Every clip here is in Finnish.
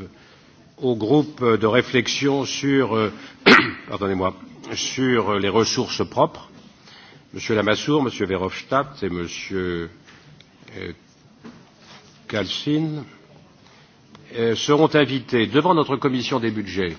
Euh, au groupe de réflexion sur, euh, pardonnez-moi, sur les ressources propres, M. Lamassoure, M. Verhofstadt et M. Euh, Kalsin, euh, seront invités devant notre commission des budgets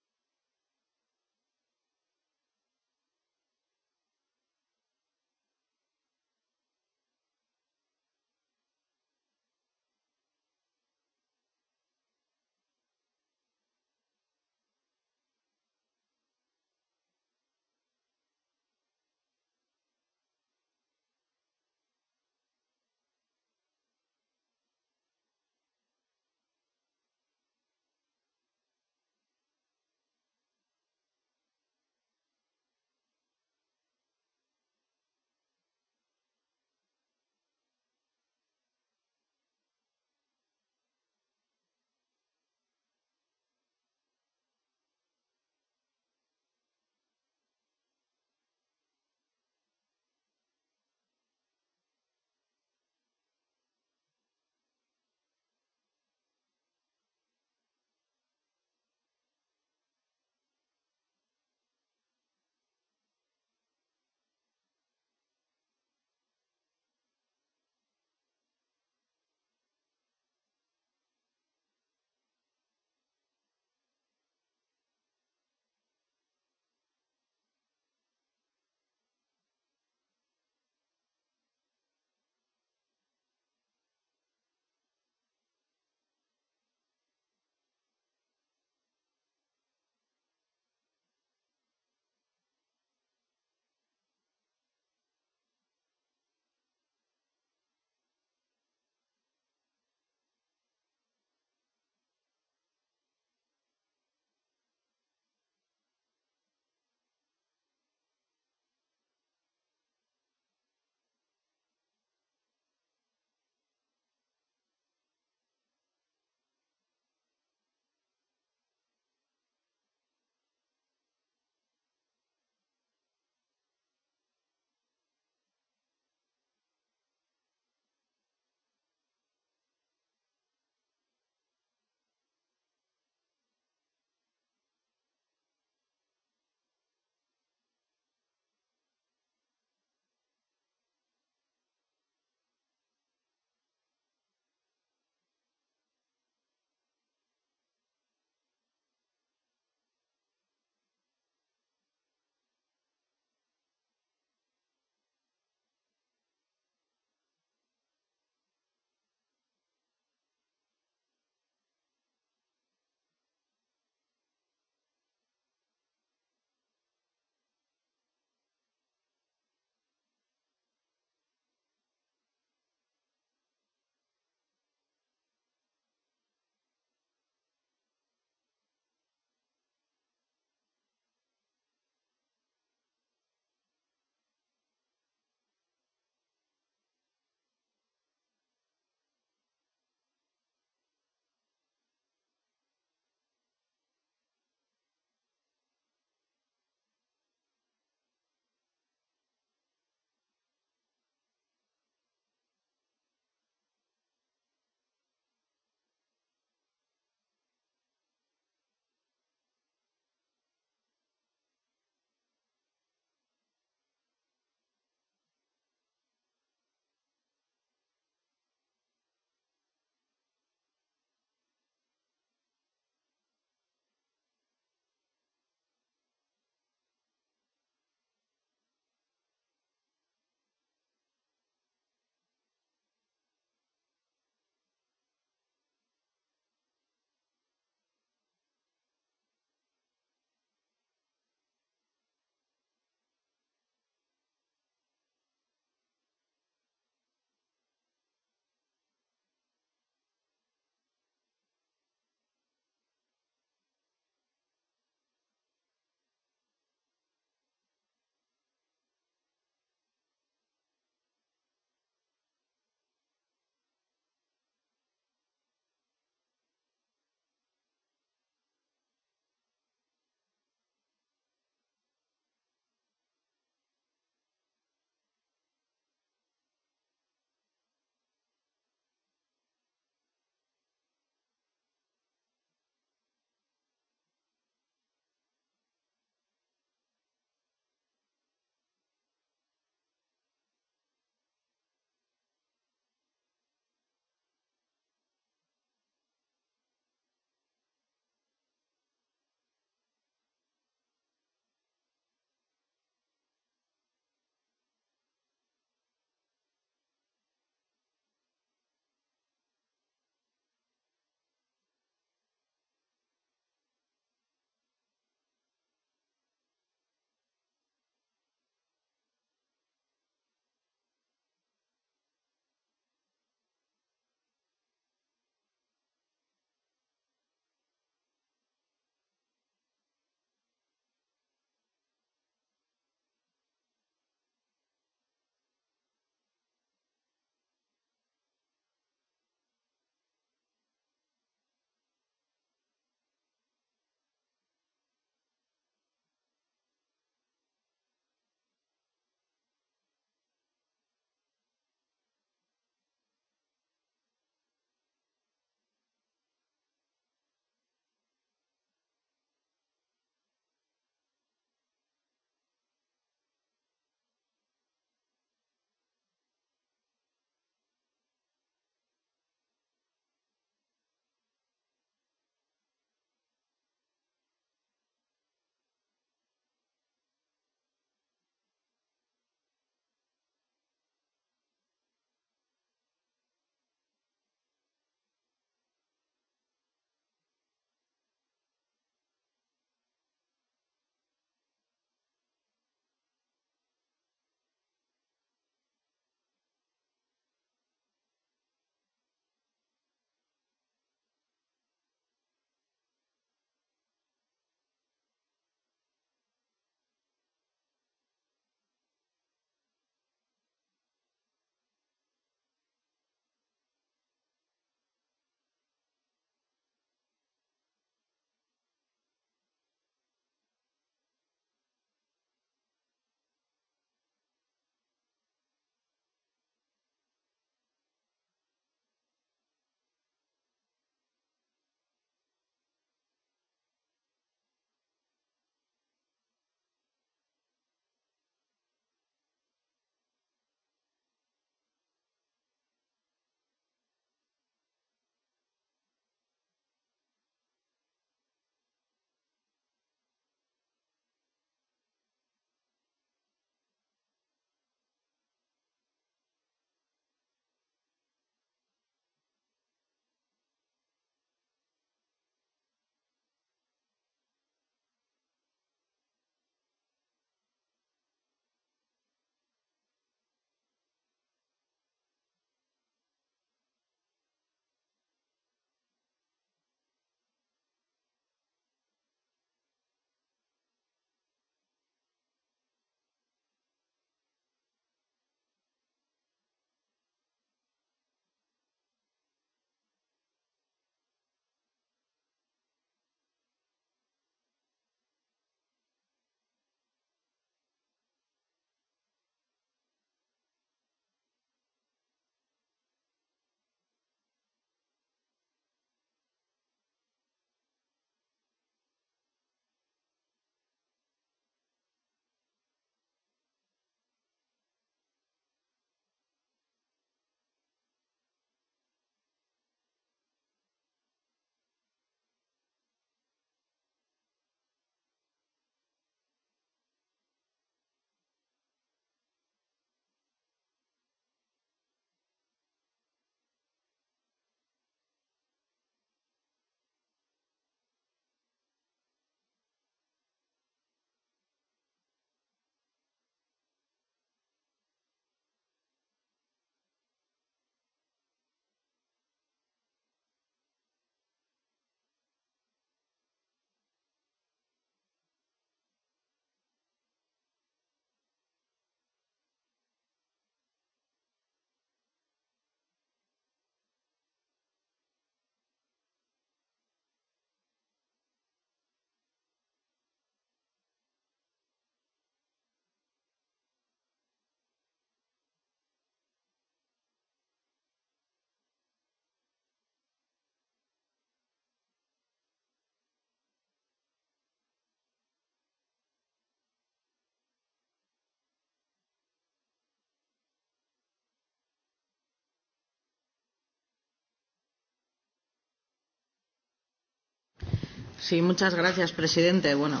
Sí, muchas gracias, presidente. Bueno.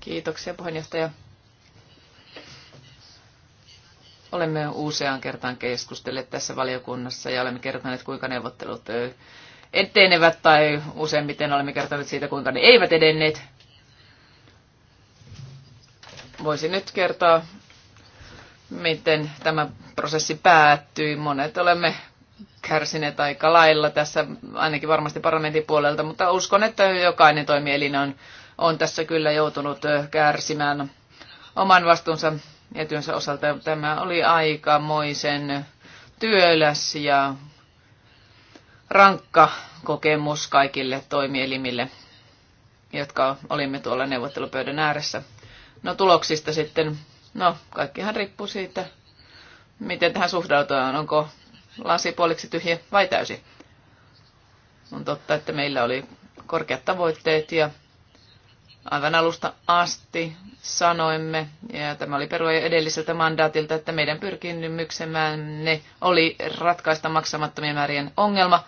Kiitoksia, puheenjohtaja. Olemme useaan kertaan keskustelleet tässä valiokunnassa ja olemme kertoneet, kuinka neuvottelut etenevät tai useimmiten olemme kertoneet siitä, kuinka ne eivät edenneet. Voisin nyt kertoa, miten tämä prosessi päättyi. Monet olemme kärsineet aika lailla tässä, ainakin varmasti parlamentin puolelta, mutta uskon, että jokainen toimielin on, on tässä kyllä joutunut kärsimään oman vastuunsa ja työnsä osalta. Tämä oli aikamoisen työläs ja rankka kokemus kaikille toimielimille, jotka olimme tuolla neuvottelupöydän ääressä. No tuloksista sitten, no kaikkihan riippuu siitä, miten tähän suhtaudutaan, onko lasi puoliksi tyhjä vai täysi. On totta, että meillä oli korkeat tavoitteet ja aivan alusta asti sanoimme, ja tämä oli perua edelliseltä mandaatilta, että meidän ne oli ratkaista maksamattomien määrien ongelma,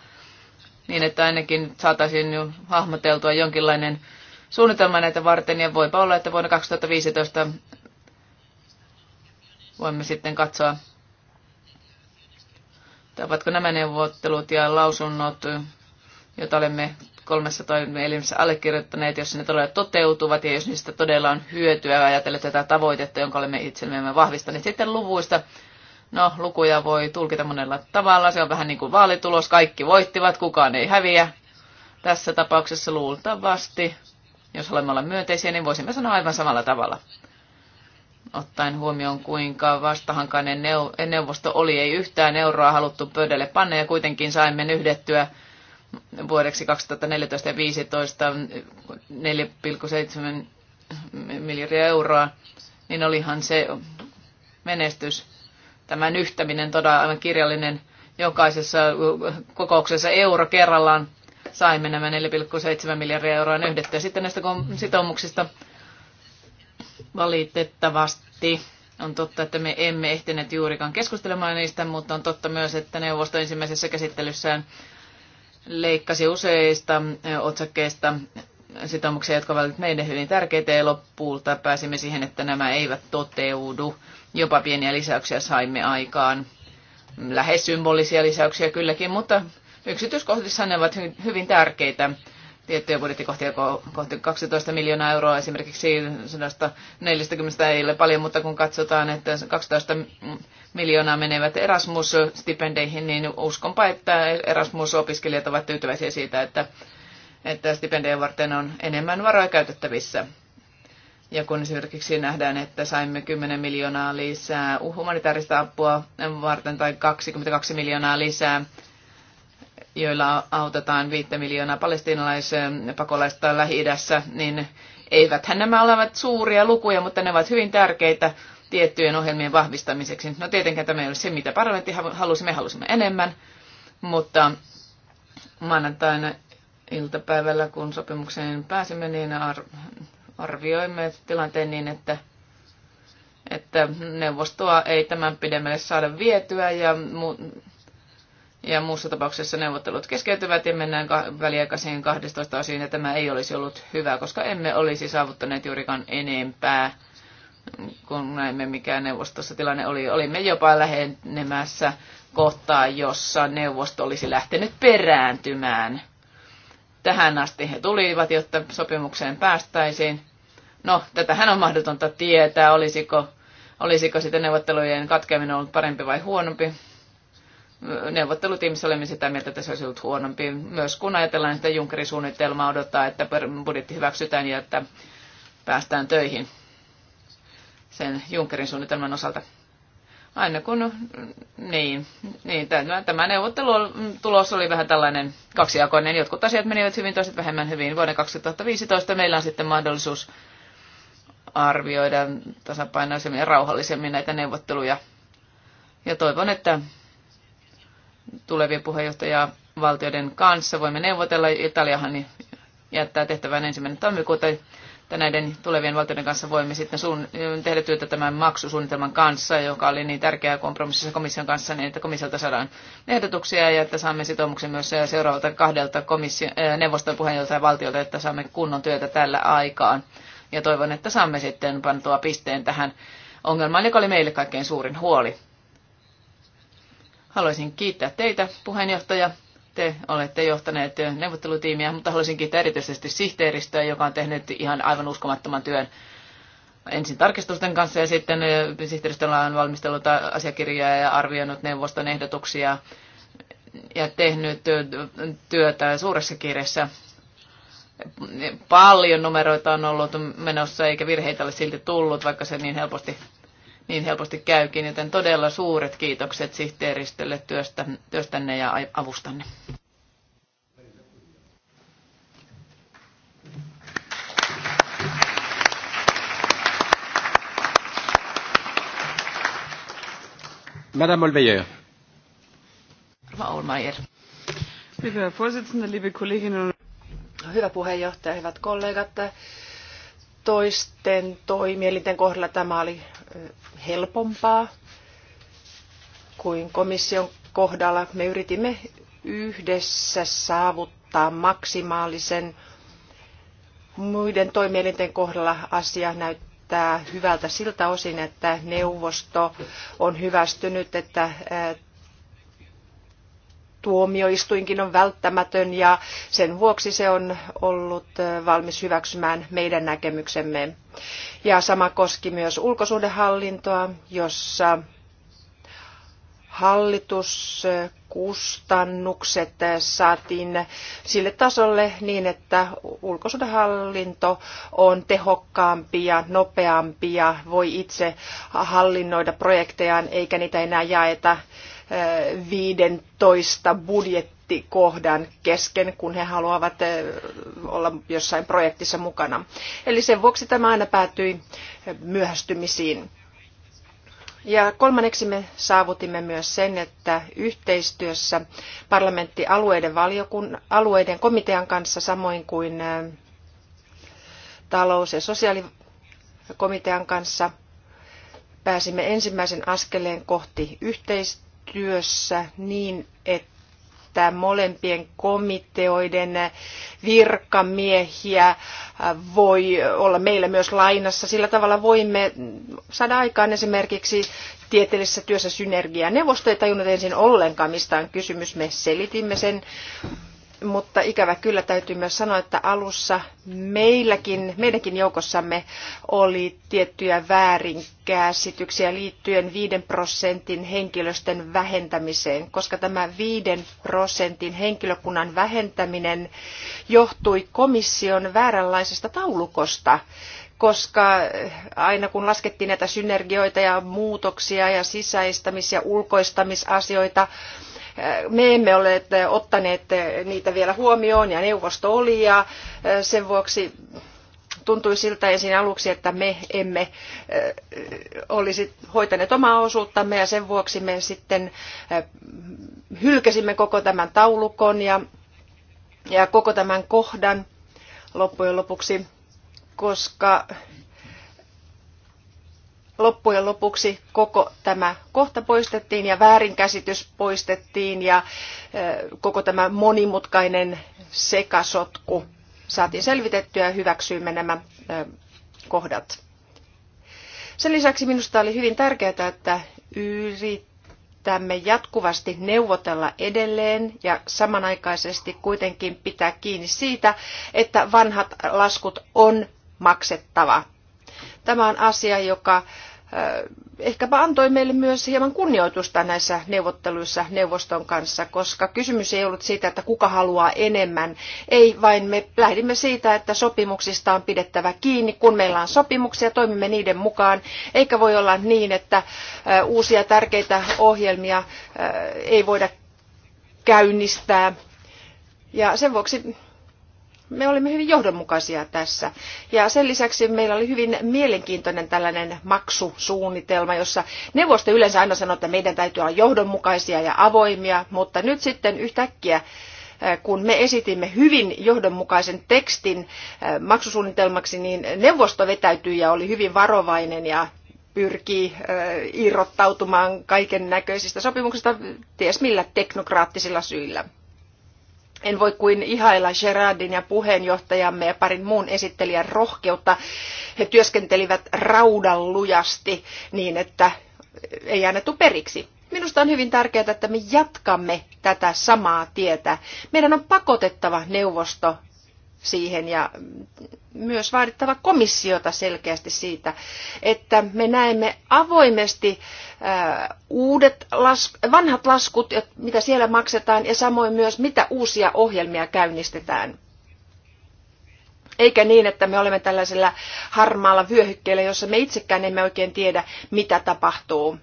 niin että ainakin saataisiin jo hahmoteltua jonkinlainen suunnitelma näitä varten, ja voipa olla, että vuonna 2015 voimme sitten katsoa, ovatko nämä neuvottelut ja lausunnot, joita olemme kolmessa toimielimessä allekirjoittaneet, jos ne todella toteutuvat ja jos niistä todella on hyötyä ajatella tätä tavoitetta, jonka olemme itsellemme vahvistaneet. Sitten luvuista. No, lukuja voi tulkita monella tavalla. Se on vähän niin kuin vaalitulos. Kaikki voittivat, kukaan ei häviä. Tässä tapauksessa luultavasti, jos olemme olla myönteisiä, niin voisimme sanoa aivan samalla tavalla ottaen huomioon, kuinka vastahankainen neuvosto oli. Ei yhtään euroa haluttu pöydälle panna ja kuitenkin saimme nyhdettyä vuodeksi 2014 ja 2015 4,7 miljardia euroa, niin olihan se menestys. Tämän yhtäminen todella aivan kirjallinen jokaisessa kokouksessa euro kerrallaan saimme nämä 4,7 miljardia euroa yhdettä. Sitten näistä sitoumuksista Valitettavasti on totta, että me emme ehtineet juurikaan keskustelemaan niistä, mutta on totta myös, että neuvosto ensimmäisessä käsittelyssään leikkasi useista otsakkeista sitoumuksia, jotka olivat meille hyvin tärkeitä ja lopulta pääsimme siihen, että nämä eivät toteudu. Jopa pieniä lisäyksiä saimme aikaan, lähes symbolisia lisäyksiä kylläkin, mutta yksityiskohdissa ne ovat hyvin tärkeitä tiettyjä budjettikohtia kohti 12 miljoonaa euroa esimerkiksi 140 ei ole paljon, mutta kun katsotaan, että 12 miljoonaa menevät Erasmus-stipendeihin, niin uskonpa, että Erasmus-opiskelijat ovat tyytyväisiä siitä, että, että stipendejä varten on enemmän varoja käytettävissä. Ja kun esimerkiksi nähdään, että saimme 10 miljoonaa lisää humanitaarista apua varten tai 22 miljoonaa lisää joilla autetaan viittä miljoonaa pakolaista Lähi-idässä, niin eiväthän nämä olevat suuria lukuja, mutta ne ovat hyvin tärkeitä tiettyjen ohjelmien vahvistamiseksi. No tietenkään tämä ei ole se, mitä parlamentti halusi, me halusimme enemmän, mutta maanantaina iltapäivällä, kun sopimukseen pääsimme, niin arvioimme tilanteen niin, että, että neuvostoa ei tämän pidemmälle saada vietyä ja mu- ja muussa tapauksessa neuvottelut keskeytyvät ja mennään väliaikaisiin 12 osiin ja tämä ei olisi ollut hyvä, koska emme olisi saavuttaneet juurikaan enempää kun näimme mikä neuvostossa tilanne oli. Olimme jopa lähenemässä kohtaa, jossa neuvosto olisi lähtenyt perääntymään. Tähän asti he tulivat, jotta sopimukseen päästäisiin. No, tätähän on mahdotonta tietää, olisiko, olisiko sitten neuvottelujen katkeaminen ollut parempi vai huonompi neuvottelutiimissä olemme sitä mieltä, että se olisi ollut huonompi. Myös kun ajatellaan sitä Junckerin suunnitelmaa odottaa, että budjetti hyväksytään ja että päästään töihin sen Junckerin suunnitelman osalta. Aina kun, niin, niin tämä, tämä neuvottelutulos oli vähän tällainen kaksijakoinen. Jotkut asiat menivät hyvin, toiset vähemmän hyvin. Vuoden 2015 meillä on sitten mahdollisuus arvioida tasapainoisemmin ja rauhallisemmin näitä neuvotteluja. Ja toivon, että tulevien puheenjohtajavaltioiden kanssa. Voimme neuvotella. Italiahan jättää tehtävän ensimmäinen tammikuuta. Ja näiden tulevien valtioiden kanssa voimme sitten suun, tehdä työtä tämän maksusuunnitelman kanssa, joka oli niin tärkeää kompromississa komission kanssa, niin että komissiolta saadaan ehdotuksia ja että saamme sitoumuksen myös seuraavalta kahdelta komissio, äh, neuvoston puheenjohtajan valtiolta, että saamme kunnon työtä tällä aikaan. Ja toivon, että saamme sitten pantua pisteen tähän ongelmaan, joka oli meille kaikkein suurin huoli. Haluaisin kiittää teitä, puheenjohtaja. Te olette johtaneet neuvottelutiimiä, mutta haluaisin kiittää erityisesti sihteeristöä, joka on tehnyt ihan aivan uskomattoman työn ensin tarkistusten kanssa ja sitten sihteeristöllä on valmistellut asiakirjaa ja arvioinut neuvoston ehdotuksia ja tehnyt työtä suuressa kirjassa. Paljon numeroita on ollut menossa eikä virheitä ole silti tullut, vaikka se niin helposti niin helposti käykin, joten todella suuret kiitokset sihteeristölle työstä, työstänne ja avustanne. Madame Olveyer. liebe Kolleginnen Hyvä puheenjohtaja, hyvät kollegat. Toisten toimielinten kohdalla tämä oli helpompaa kuin komission kohdalla. Me yritimme yhdessä saavuttaa maksimaalisen muiden toimielinten kohdalla asia näyttää hyvältä siltä osin, että neuvosto on hyvästynyt, että tuomioistuinkin on välttämätön ja sen vuoksi se on ollut valmis hyväksymään meidän näkemyksemme. Ja sama koski myös ulkosuhdehallintoa, jossa hallituskustannukset saatiin sille tasolle niin, että ulkosuhdehallinto on tehokkaampi ja nopeampi ja voi itse hallinnoida projektejaan eikä niitä enää jaeta 15 budjettikohdan kesken, kun he haluavat eh, olla jossain projektissa mukana. Eli sen vuoksi tämä aina päätyi eh, myöhästymisiin. Ja kolmanneksi me saavutimme myös sen, että yhteistyössä parlamentti alueiden, valiokun, alueiden komitean kanssa samoin kuin eh, talous- ja sosiaalikomitean kanssa pääsimme ensimmäisen askeleen kohti yhteistyötä työssä niin, että molempien komiteoiden virkamiehiä voi olla meillä myös lainassa. Sillä tavalla voimme saada aikaan esimerkiksi tieteellisessä työssä synergiaa. Neuvosto ei tajunnut ensin ollenkaan mistään kysymys. Me selitimme sen mutta ikävä kyllä täytyy myös sanoa, että alussa meilläkin, meidänkin joukossamme oli tiettyjä väärinkäsityksiä liittyen 5 prosentin henkilöstön vähentämiseen, koska tämä 5 prosentin henkilökunnan vähentäminen johtui komission vääränlaisesta taulukosta, koska aina kun laskettiin näitä synergioita ja muutoksia ja sisäistämis- ja ulkoistamisasioita, me emme ole eh, ottaneet eh, niitä vielä huomioon ja neuvosto oli ja eh, sen vuoksi tuntui siltä ensin aluksi, että me emme olisi hoitaneet omaa osuuttamme ja sen vuoksi me sitten hylkäsimme koko tämän taulukon ja, ja koko tämän kohdan loppujen lopuksi, koska loppujen lopuksi koko tämä kohta poistettiin ja väärinkäsitys poistettiin ja koko tämä monimutkainen sekasotku saatiin selvitettyä ja hyväksyimme nämä kohdat. Sen lisäksi minusta oli hyvin tärkeää, että yritämme jatkuvasti neuvotella edelleen ja samanaikaisesti kuitenkin pitää kiinni siitä, että vanhat laskut on maksettava Tämä on asia, joka ehkäpä antoi meille myös hieman kunnioitusta näissä neuvotteluissa neuvoston kanssa, koska kysymys ei ollut siitä, että kuka haluaa enemmän. Ei, vain me lähdimme siitä, että sopimuksista on pidettävä kiinni, kun meillä on sopimuksia, toimimme niiden mukaan, eikä voi olla niin, että uusia tärkeitä ohjelmia ei voida käynnistää. Ja sen vuoksi me olimme hyvin johdonmukaisia tässä. Ja sen lisäksi meillä oli hyvin mielenkiintoinen tällainen maksusuunnitelma, jossa neuvosto yleensä aina sanoo, että meidän täytyy olla johdonmukaisia ja avoimia, mutta nyt sitten yhtäkkiä äh, kun me esitimme hyvin johdonmukaisen tekstin äh, maksusuunnitelmaksi, niin neuvosto vetäytyi ja oli hyvin varovainen ja pyrkii äh, irrottautumaan kaiken näköisistä sopimuksista ties millä teknokraattisilla syillä. En voi kuin ihailla Gerardin ja puheenjohtajamme ja parin muun esittelijän rohkeutta. He työskentelivät raudallujasti niin, että ei annettu periksi. Minusta on hyvin tärkeää, että me jatkamme tätä samaa tietä. Meidän on pakotettava neuvosto siihen ja myös vaadittava komissiota selkeästi siitä, että me näemme avoimesti äh, uudet lask- vanhat laskut, mitä siellä maksetaan ja samoin myös mitä uusia ohjelmia käynnistetään. Eikä niin, että me olemme tällaisella harmaalla vyöhykkeellä, jossa me itsekään emme oikein tiedä, mitä tapahtuu.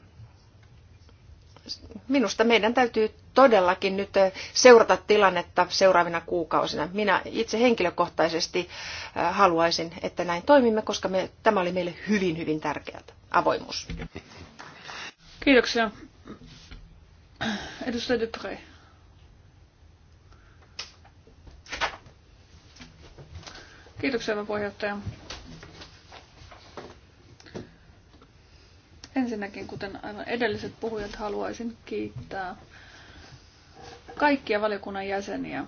Minusta meidän täytyy todellakin nyt eh, seurata tilannetta seuraavina kuukausina. Minä itse henkilökohtaisesti eh, haluaisin, että näin toimimme, koska me, tämä oli meille hyvin, hyvin tärkeää. Avoimuus. Kiitoksia. Edustaja Kiitoksia, hyvä puheenjohtaja. Ensinnäkin, kuten aivan edelliset puhujat, haluaisin kiittää kaikkia valiokunnan jäseniä.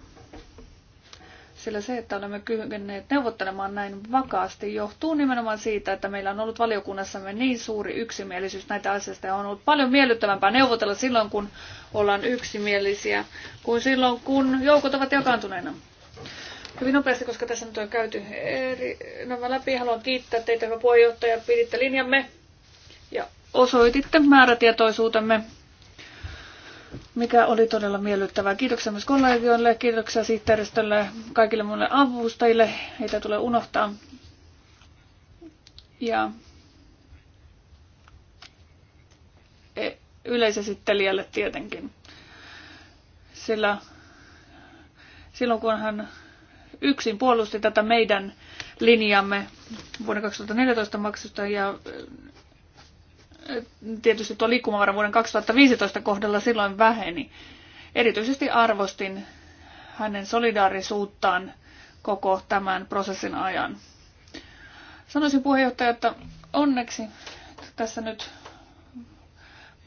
Sillä se, että olemme kyenneet neuvottelemaan näin vakaasti, johtuu nimenomaan siitä, että meillä on ollut valiokunnassamme niin suuri yksimielisyys näitä asioista. Ja on ollut paljon miellyttävämpää neuvotella silloin, kun ollaan yksimielisiä, kuin silloin, kun joukot ovat jakaantuneena hyvin nopeasti, koska tässä nyt on käyty eri, nämä no, läpi. Haluan kiittää teitä, hyvä puheenjohtaja, piditte linjamme ja osoititte määrätietoisuutemme mikä oli todella miellyttävää. Kiitoksia myös kollegioille, kiitoksia sihteeristölle, kaikille muille avustajille, heitä tulee unohtaa. Ja e, yleisesittelijälle tietenkin. Sillä silloin kun hän yksin puolusti tätä meidän linjamme vuonna 2014 maksusta ja tietysti tuo liikkumavara vuoden 2015 kohdalla silloin väheni. Erityisesti arvostin hänen solidaarisuuttaan koko tämän prosessin ajan. Sanoisin puheenjohtaja, että onneksi tässä nyt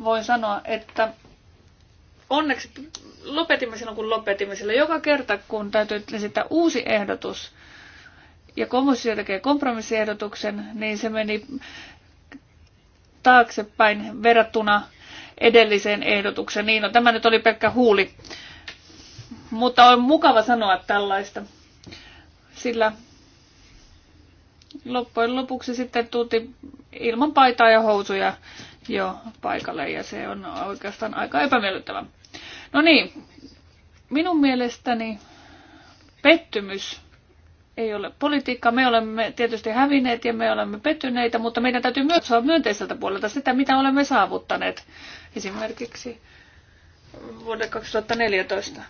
voin sanoa, että onneksi lopetimme silloin, kun lopetimme sillä joka kerta, kun täytyy esittää uusi ehdotus ja komissio tekee kompromissiehdotuksen, niin se meni taaksepäin verrattuna edelliseen ehdotukseen. Niin, no, tämä nyt oli pelkkä huuli. Mutta on mukava sanoa tällaista, sillä loppujen lopuksi sitten tuuti ilman paitaa ja housuja jo paikalle ja se on oikeastaan aika epämiellyttävä. No niin, minun mielestäni pettymys ei ole politiikkaa. Me olemme tietysti hävinneet ja me olemme pettyneitä, mutta meidän täytyy myös saada myönteiseltä puolelta sitä, mitä olemme saavuttaneet. Esimerkiksi vuoden 2014.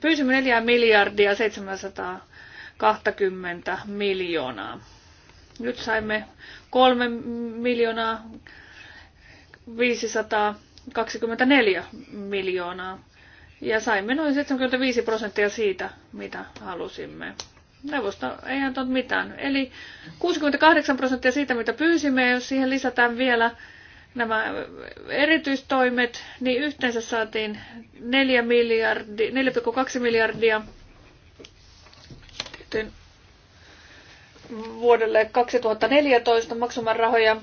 Pyysimme 4 miljardia 720 miljoonaa. Nyt saimme 3 miljoonaa 524 miljoonaa ja saimme noin 75 prosenttia siitä, mitä halusimme. Neuvosto ei antanut mitään. Eli 68 prosenttia siitä, mitä pyysimme, ja jos siihen lisätään vielä nämä erityistoimet, niin yhteensä saatiin 4 miljardi, 4,2 miljardia vuodelle 2014 rahoja,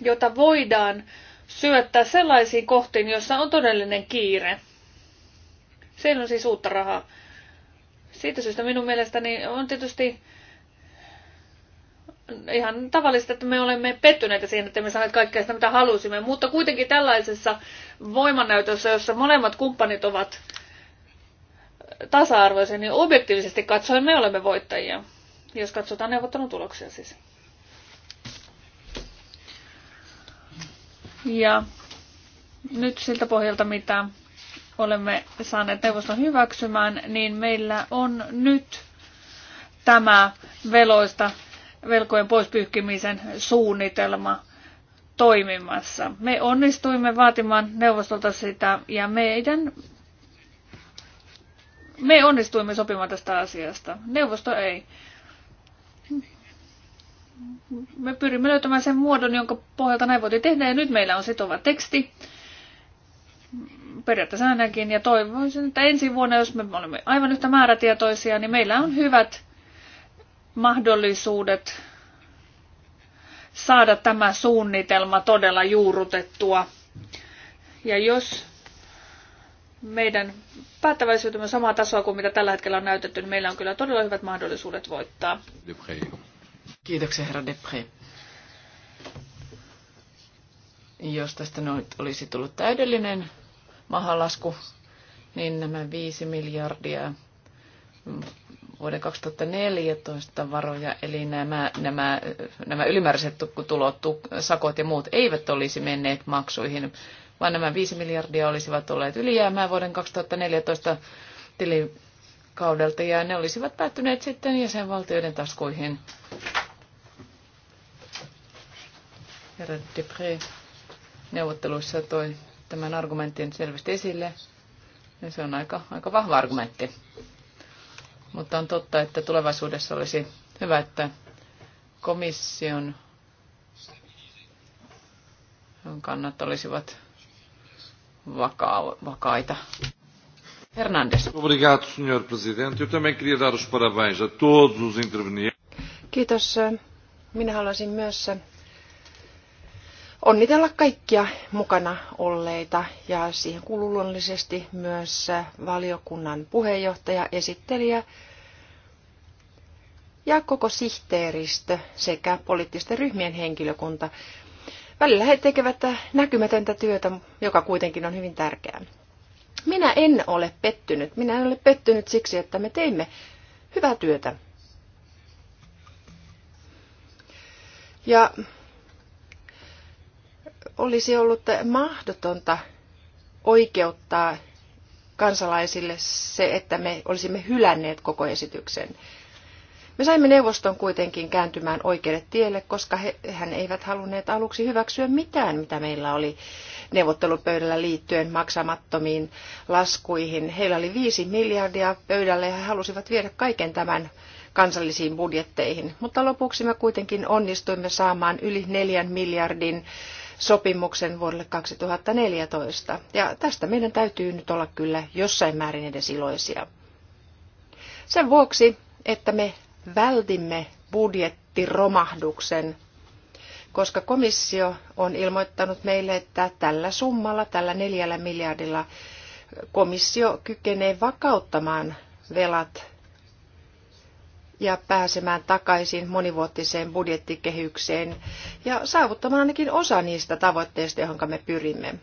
jota voidaan syöttää sellaisiin kohtiin, joissa on todellinen kiire. Siellä on siis uutta rahaa. Siitä syystä minun mielestäni on tietysti ihan tavallista, että me olemme pettyneitä siihen, että me saaneet kaikkea sitä, mitä halusimme. Mutta kuitenkin tällaisessa voimanäytössä, jossa molemmat kumppanit ovat tasa-arvoisia, niin objektiivisesti katsoen me olemme voittajia, jos katsotaan neuvottelun tuloksia siis. Ja nyt siltä pohjalta, mitä olemme saaneet neuvoston hyväksymään, niin meillä on nyt tämä veloista velkojen poispyyhkimisen suunnitelma toimimassa. Me onnistuimme vaatimaan neuvostolta sitä ja meidän me onnistuimme sopimaan tästä asiasta. Neuvosto ei. Me pyrimme löytämään sen muodon, jonka pohjalta näin voitiin tehdä ja nyt meillä on sitova teksti periaatteessa ainakin, ja toivoisin, että ensi vuonna, jos me olemme aivan yhtä määrätietoisia, niin meillä on hyvät mahdollisuudet saada tämä suunnitelma todella juurrutettua. Ja jos meidän päättäväisyytemme samaa tasoa kuin mitä tällä hetkellä on näytetty, niin meillä on kyllä todella hyvät mahdollisuudet voittaa. Kiitoksia herra Depré. Jos tästä nyt olisi tullut täydellinen mahalasku niin nämä 5 miljardia vuoden 2014 varoja, eli nämä, nämä, nämä ylimääräiset tulot, sakot ja muut eivät olisi menneet maksuihin, vaan nämä 5 miljardia olisivat olleet ylijäämää vuoden 2014 tilikaudelta, ja ne olisivat päättyneet sitten jäsenvaltioiden taskuihin. Herra Depré neuvotteluissa toi tämän argumentin selvästi esille. Ja se on aika, aika vahva argumentti. Mutta on totta, että tulevaisuudessa olisi hyvä, että komission kannat olisivat vakaa, vakaita. Fernandes. Obrigado, senhor presidente. Eu também queria dar os parabéns a todos os intervenientes. Kiitos. Minä haluaisin myös onnitella kaikkia mukana olleita ja siihen kuuluu luonnollisesti myös valiokunnan puheenjohtaja, esittelijä ja koko sihteeristö sekä poliittisten ryhmien henkilökunta. Välillä he tekevät näkymätöntä työtä, joka kuitenkin on hyvin tärkeää. Minä en ole pettynyt. Minä en ole pettynyt siksi, että me teimme hyvää työtä. Ja olisi ollut mahdotonta oikeuttaa kansalaisille se, että me olisimme hylänneet koko esityksen. Me saimme neuvoston kuitenkin kääntymään oikealle tielle, koska he, hän eivät halunneet aluksi hyväksyä mitään, mitä meillä oli neuvottelupöydällä liittyen maksamattomiin laskuihin. Heillä oli viisi miljardia pöydällä ja he halusivat viedä kaiken tämän kansallisiin budjetteihin. Mutta lopuksi me kuitenkin onnistuimme saamaan yli neljän miljardin sopimuksen vuodelle 2014. Ja tästä meidän täytyy nyt olla kyllä jossain määrin edes iloisia. Sen vuoksi, että me vältimme budjettiromahduksen, koska komissio on ilmoittanut meille, että tällä summalla, tällä neljällä miljardilla komissio kykenee vakauttamaan velat ja pääsemään takaisin monivuotiseen budjettikehykseen ja saavuttamaan ainakin osa niistä tavoitteista, johon me pyrimme.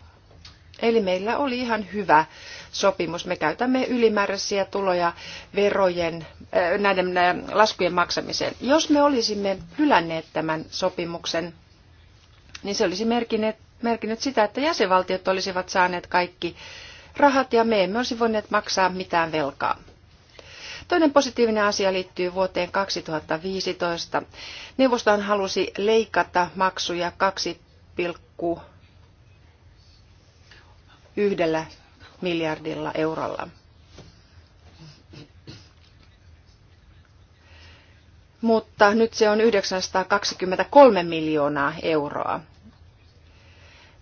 Eli meillä oli ihan hyvä sopimus. Me käytämme ylimääräisiä tuloja verojen, äh, näiden, näiden äh, laskujen maksamiseen. Jos me olisimme hylänneet tämän sopimuksen, niin se olisi merkinnyt, merkinnyt sitä, että jäsenvaltiot olisivat saaneet kaikki rahat ja me emme olisi voineet maksaa mitään velkaa. Toinen positiivinen asia liittyy vuoteen 2015. Neuvostohan halusi leikata maksuja 2,1 miljardilla eurolla. mutta nyt se on 923 miljoonaa euroa.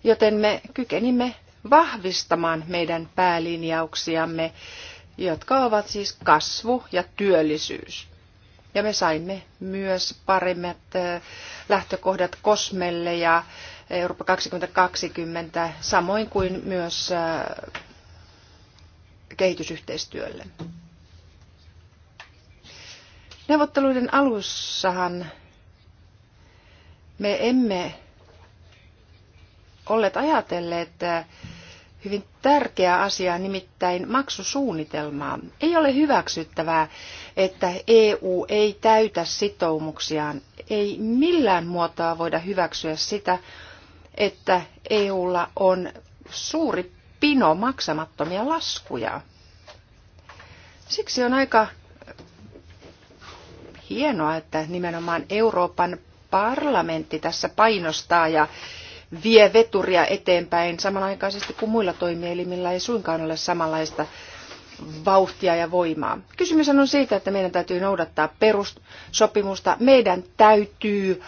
Joten me kykenimme vahvistamaan meidän päälinjauksiamme jotka ovat siis kasvu ja työllisyys. Ja me saimme myös paremmat eh, lähtökohdat Kosmelle ja Eurooppa 2020, samoin kuin myös eh, kehitysyhteistyölle. Neuvotteluiden alussahan me emme olleet ajatelleet, että eh, hyvin tärkeä asia nimittäin maksusuunnitelmaa. Ei ole hyväksyttävää, että EU ei täytä sitoumuksiaan. Ei millään muotoa voida hyväksyä sitä, että EUlla on suuri pino maksamattomia laskuja. Siksi on aika hienoa, että nimenomaan Euroopan parlamentti tässä painostaa ja vie veturia eteenpäin samanaikaisesti kuin muilla toimielimillä ei suinkaan ole samanlaista vauhtia ja voimaa. Kysymys on siitä, että meidän täytyy noudattaa perussopimusta. Meidän täytyy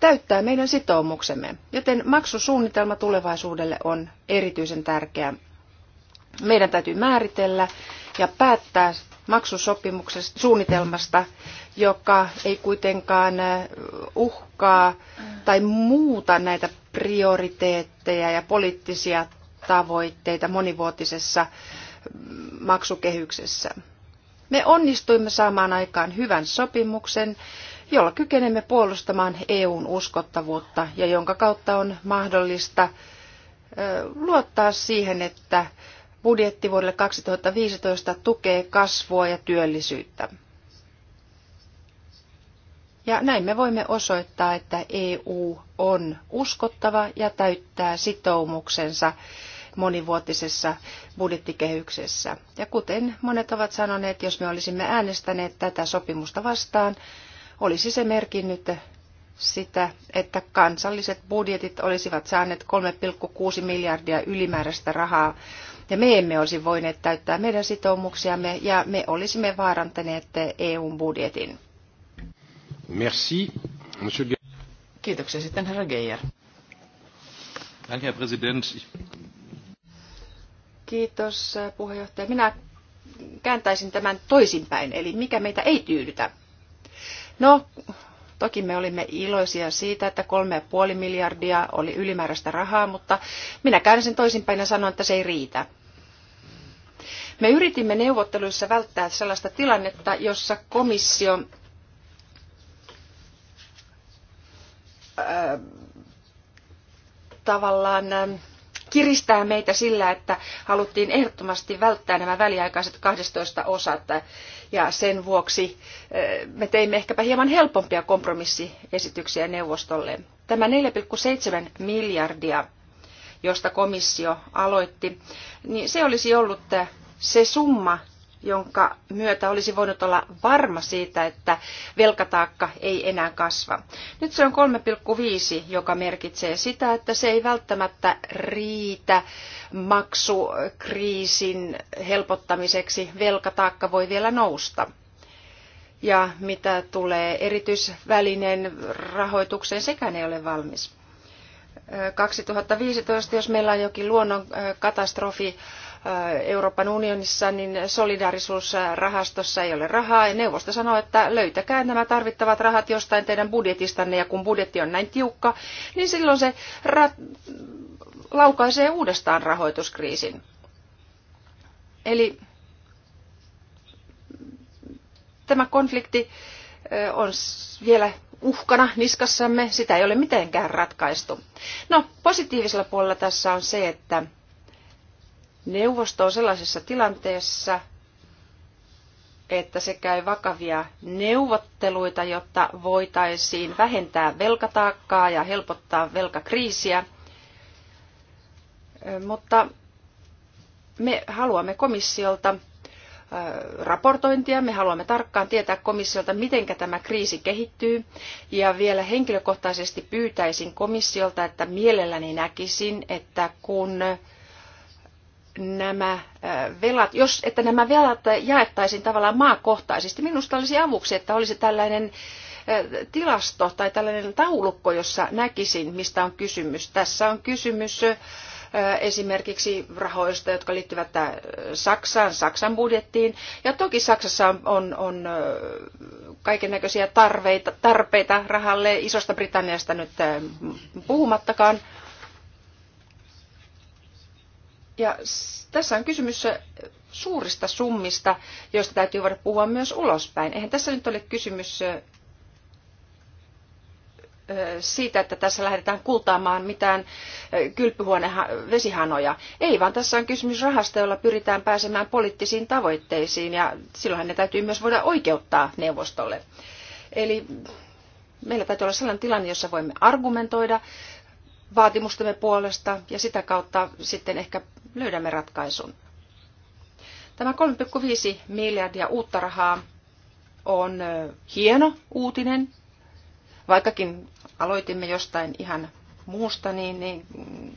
täyttää meidän sitoumuksemme, joten maksusuunnitelma tulevaisuudelle on erityisen tärkeä. Meidän täytyy määritellä ja päättää maksusopimuksesta, suunnitelmasta, joka ei kuitenkaan äh, uhkaa tai muuta näitä prioriteetteja ja poliittisia tavoitteita monivuotisessa mm, maksukehyksessä. Me onnistuimme saamaan aikaan hyvän sopimuksen, jolla kykenemme puolustamaan EUn uskottavuutta ja jonka kautta on mahdollista äh, luottaa siihen, että budjetti vuodelle 2015 tukee kasvua ja työllisyyttä. Ja näin me voimme osoittaa, että EU on uskottava ja täyttää sitoumuksensa monivuotisessa budjettikehyksessä. Ja kuten monet ovat sanoneet, jos me olisimme äänestäneet tätä sopimusta vastaan, olisi se merkinnyt sitä, että kansalliset budjetit olisivat saaneet 3,6 miljardia ylimääräistä rahaa ja me emme olisi voineet täyttää meidän sitoumuksiamme ja me olisimme vaarantaneet EUn budjetin. Merci. Monsieur... Kiitoksia sitten herra Geijer. Kiitos puheenjohtaja. Minä kääntäisin tämän toisinpäin, eli mikä meitä ei tyydytä. No, Toki me olimme iloisia siitä, että 3,5 miljardia oli ylimääräistä rahaa, mutta minä sen toisinpäin ja sanoin, että se ei riitä. Me yritimme neuvotteluissa välttää sellaista tilannetta, jossa komissio tavallaan kiristää meitä sillä, että haluttiin ehdottomasti välttää nämä väliaikaiset 12 osat. Ja sen vuoksi me teimme ehkäpä hieman helpompia kompromissiesityksiä neuvostolle. Tämä 4,7 miljardia, josta komissio aloitti, niin se olisi ollut se summa, jonka myötä olisi voinut olla varma siitä, että velkataakka ei enää kasva. Nyt se on 3,5, joka merkitsee sitä, että se ei välttämättä riitä maksukriisin helpottamiseksi. Velkataakka voi vielä nousta. Ja mitä tulee erityisvälineen rahoitukseen, sekään ei ole valmis. 2015, jos meillä on jokin luonnon katastrofi, Äh, Euroopan unionissa, niin solidaarisuusrahastossa ei ole rahaa. Ja neuvosto sanoo, että löytäkää nämä tarvittavat rahat jostain teidän budjetistanne, ja kun budjetti on näin tiukka, niin silloin se ra- laukaisee uudestaan rahoituskriisin. Eli tämä konflikti äh, on vielä uhkana niskassamme, sitä ei ole mitenkään ratkaistu. No, positiivisella puolella tässä on se, että Neuvosto on sellaisessa tilanteessa, että se käy vakavia neuvotteluita, jotta voitaisiin vähentää velkataakkaa ja helpottaa velkakriisiä. Mutta me haluamme komissiolta raportointia. Me haluamme tarkkaan tietää komissiolta, miten tämä kriisi kehittyy. Ja vielä henkilökohtaisesti pyytäisin komissiolta, että mielelläni näkisin, että kun nämä velat, jos, että nämä velat jaettaisiin tavallaan maakohtaisesti. Minusta olisi avuksi, että olisi tällainen tilasto tai tällainen taulukko, jossa näkisin, mistä on kysymys. Tässä on kysymys esimerkiksi rahoista, jotka liittyvät Saksaan, Saksan budjettiin. Ja toki Saksassa on, on, on kaiken näköisiä tarpeita rahalle, Isosta Britanniasta nyt puhumattakaan. Ja tässä on kysymys suurista summista, joista täytyy voida puhua myös ulospäin. Eihän tässä nyt ole kysymys siitä, että tässä lähdetään kultaamaan mitään kylpyhuonevesihanoja. Ei, vaan tässä on kysymys rahasta, jolla pyritään pääsemään poliittisiin tavoitteisiin ja silloinhan ne täytyy myös voida oikeuttaa neuvostolle. Eli meillä täytyy olla sellainen tilanne, jossa voimme argumentoida vaatimustemme puolesta ja sitä kautta sitten ehkä löydämme ratkaisun. Tämä 3,5 miljardia uutta rahaa on hieno uutinen, vaikkakin aloitimme jostain ihan muusta, niin, niin mm,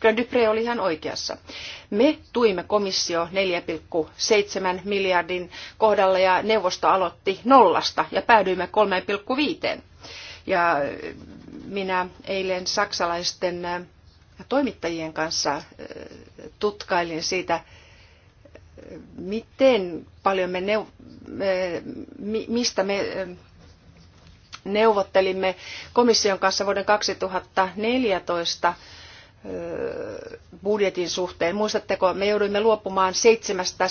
Grand Dupré oli ihan oikeassa. Me tuimme komissio 4,7 miljardin kohdalla ja neuvosto aloitti nollasta ja päädyimme 3,5. Ja minä eilen saksalaisten äh, toimittajien kanssa äh, tutkailin siitä, äh, miten paljon me, mistä me neuvottelimme komission kanssa vuoden 2014 budjetin suhteen. Muistatteko, me jouduimme luopumaan 700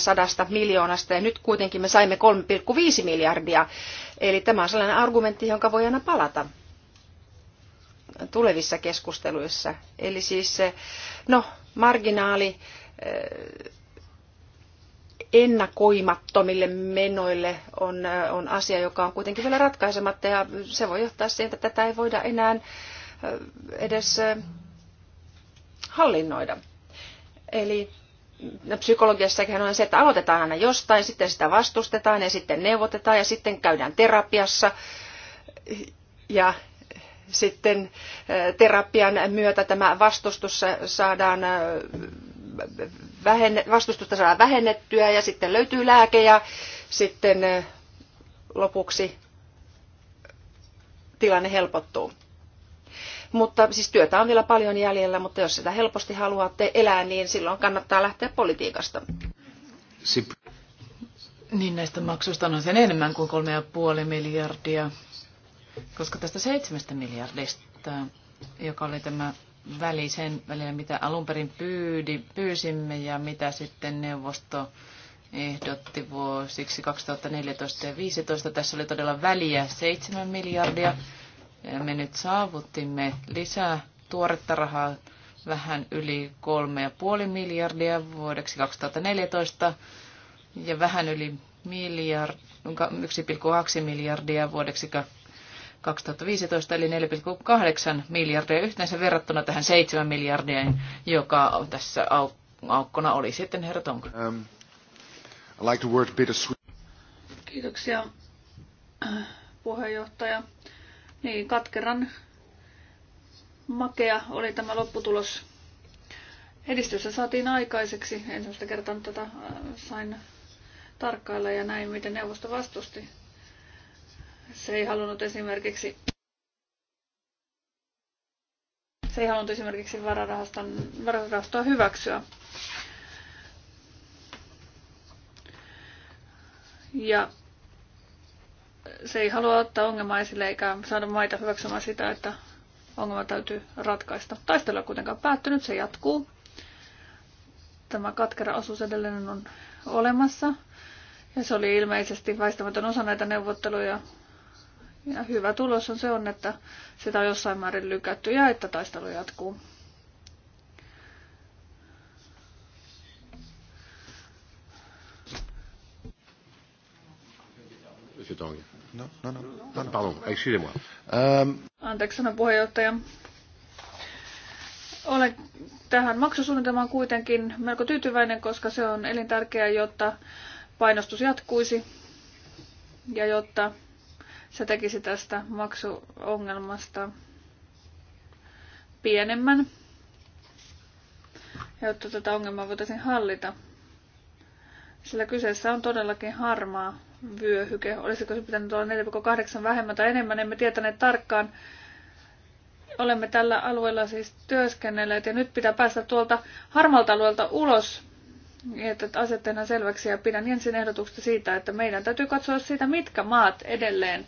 miljoonasta ja nyt kuitenkin me saimme 3,5 miljardia. Eli tämä on sellainen argumentti, jonka voi aina palata tulevissa keskusteluissa. Eli siis eh, no, marginaali eh, ennakoimattomille menoille on, eh, on asia, joka on kuitenkin vielä ratkaisematta ja se voi johtaa siihen, että tätä ei voida enää edes hallinnoida. Eli mm, no, psykologiassakin on se, että aloitetaan aina jostain, sitten sitä vastustetaan ja sitten neuvotetaan ja sitten käydään terapiassa. Ja sitten eh, terapian myötä tämä vastustus saadaan eh, vähenne, vastustusta saadaan vähennettyä ja sitten löytyy lääke ja sitten eh, lopuksi tilanne helpottuu. Mutta siis työtä on vielä paljon jäljellä, mutta jos sitä helposti haluatte elää, niin silloin kannattaa lähteä politiikasta. Niin näistä maksuista on sen enemmän kuin 3,5 miljardia koska tästä seitsemästä miljardista, joka oli tämä väli sen välillä, mitä alun perin pyydi, pyysimme ja mitä sitten neuvosto ehdotti vuosiksi 2014 ja 2015. Tässä oli todella väliä 7 miljardia. Ja me nyt saavuttimme lisää tuoretta rahaa vähän yli 3,5 miljardia vuodeksi 2014 ja vähän yli miljard, 1,2 miljardia vuodeksi 2015 eli 4,8 miljardia yhteensä verrattuna tähän 7 miljardiin, joka tässä aukkona oli sitten herra Um, like the word Kiitoksia puheenjohtaja. Niin, katkeran makea oli tämä lopputulos. Edistössä saatiin aikaiseksi. Ensimmäistä kertaa tätä äh, sain tarkkailla ja näin, miten neuvosto vastusti se ei halunnut esimerkiksi se ei halunnut esimerkiksi vararahastoa hyväksyä. Ja se ei halua ottaa ongelmaa esille eikä saada maita hyväksymään sitä, että ongelma täytyy ratkaista. Taistelu on kuitenkaan päättynyt, se jatkuu. Tämä katkera osuus edelleen on olemassa. Ja se oli ilmeisesti väistämätön osa näitä neuvotteluja ja hyvä tulos on se on, että sitä on jossain määrin lykätty ja että taistelu jatkuu. No, no, no. Ähm. Anteeksi, sanon puheenjohtaja. Olen tähän maksusuunnitelmaan kuitenkin melko tyytyväinen, koska se on elintärkeää, jotta painostus jatkuisi ja jotta se tekisi tästä maksuongelmasta pienemmän, jotta tätä ongelmaa voitaisiin hallita. Sillä kyseessä on todellakin harmaa vyöhyke. Olisiko se pitänyt olla 4,8 vähemmän tai enemmän, emme tietäneet tarkkaan. Olemme tällä alueella siis työskennelleet ja nyt pitää päästä tuolta harmalta alueelta ulos, että asiat tehdään selväksi ja pidän ensin ehdotuksesta siitä, että meidän täytyy katsoa siitä, mitkä maat edelleen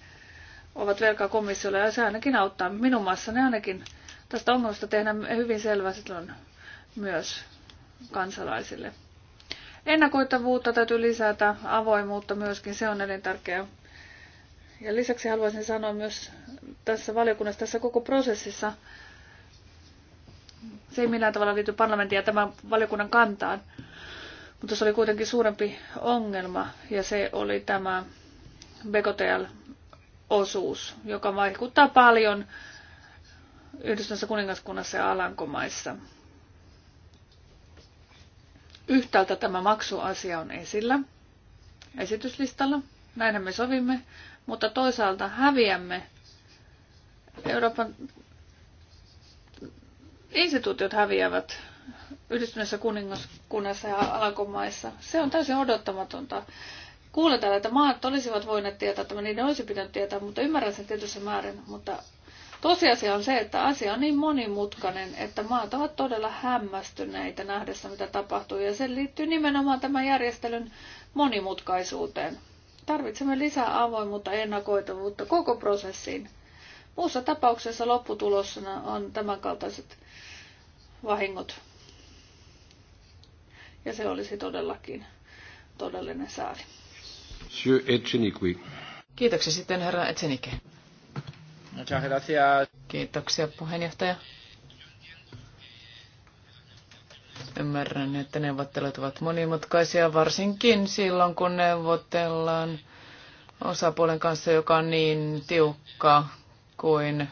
ovat velkaa komissiolle ja se ainakin auttaa. Minun maassani ainakin tästä ongelmasta tehdä hyvin selvä silloin myös kansalaisille. Ennakoitavuutta täytyy lisätä, avoimuutta myöskin, se on elintärkeää. Ja lisäksi haluaisin sanoa myös tässä valiokunnassa, tässä koko prosessissa, se ei millään tavalla liity parlamentin ja tämän valiokunnan kantaan, mutta se oli kuitenkin suurempi ongelma ja se oli tämä BKTL osuus, joka vaikuttaa paljon Yhdistyneessä kuningaskunnassa ja Alankomaissa. Yhtäältä tämä maksuasia on esillä esityslistalla, näinhän me sovimme, mutta toisaalta häviämme Euroopan instituutiot häviävät yhdistyneessä kuningaskunnassa ja alankomaissa. Se on täysin odottamatonta. Kuulen täällä, että maat olisivat voineet tietää, että niiden olisi pitänyt tietää, mutta ymmärrän sen tietyssä määrin. Mutta tosiasia on se, että asia on niin monimutkainen, että maat ovat todella hämmästyneitä nähdessä, mitä tapahtuu. Ja se liittyy nimenomaan tämän järjestelyn monimutkaisuuteen. Tarvitsemme lisää avoimuutta ja ennakoitavuutta koko prosessiin. Muussa tapauksessa lopputulossana on tämänkaltaiset vahingot. Ja se olisi todellakin todellinen sääli. Monsieur Kiitoksia sitten herra Echenique. No, Kiitoksia puheenjohtaja. Ymmärrän, että neuvottelut ovat monimutkaisia, varsinkin silloin kun neuvotellaan osapuolen kanssa, joka on niin tiukka kuin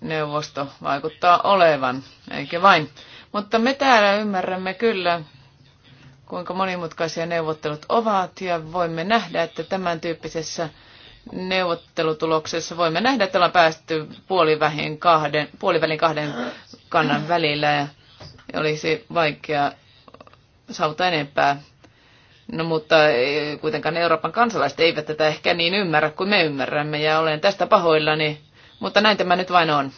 neuvosto vaikuttaa olevan, eikä vain. Mutta me täällä ymmärrämme kyllä kuinka monimutkaisia neuvottelut ovat ja voimme nähdä, että tämän tyyppisessä neuvottelutuloksessa voimme nähdä, että ollaan päästy puolivälin kahden, puolivälin kahden kannan välillä ja olisi vaikea saavuttaa enempää. No mutta eh, kuitenkaan Euroopan kansalaiset eivät tätä ehkä niin ymmärrä kuin me ymmärrämme ja olen tästä pahoillani, mutta näin tämä nyt vain on.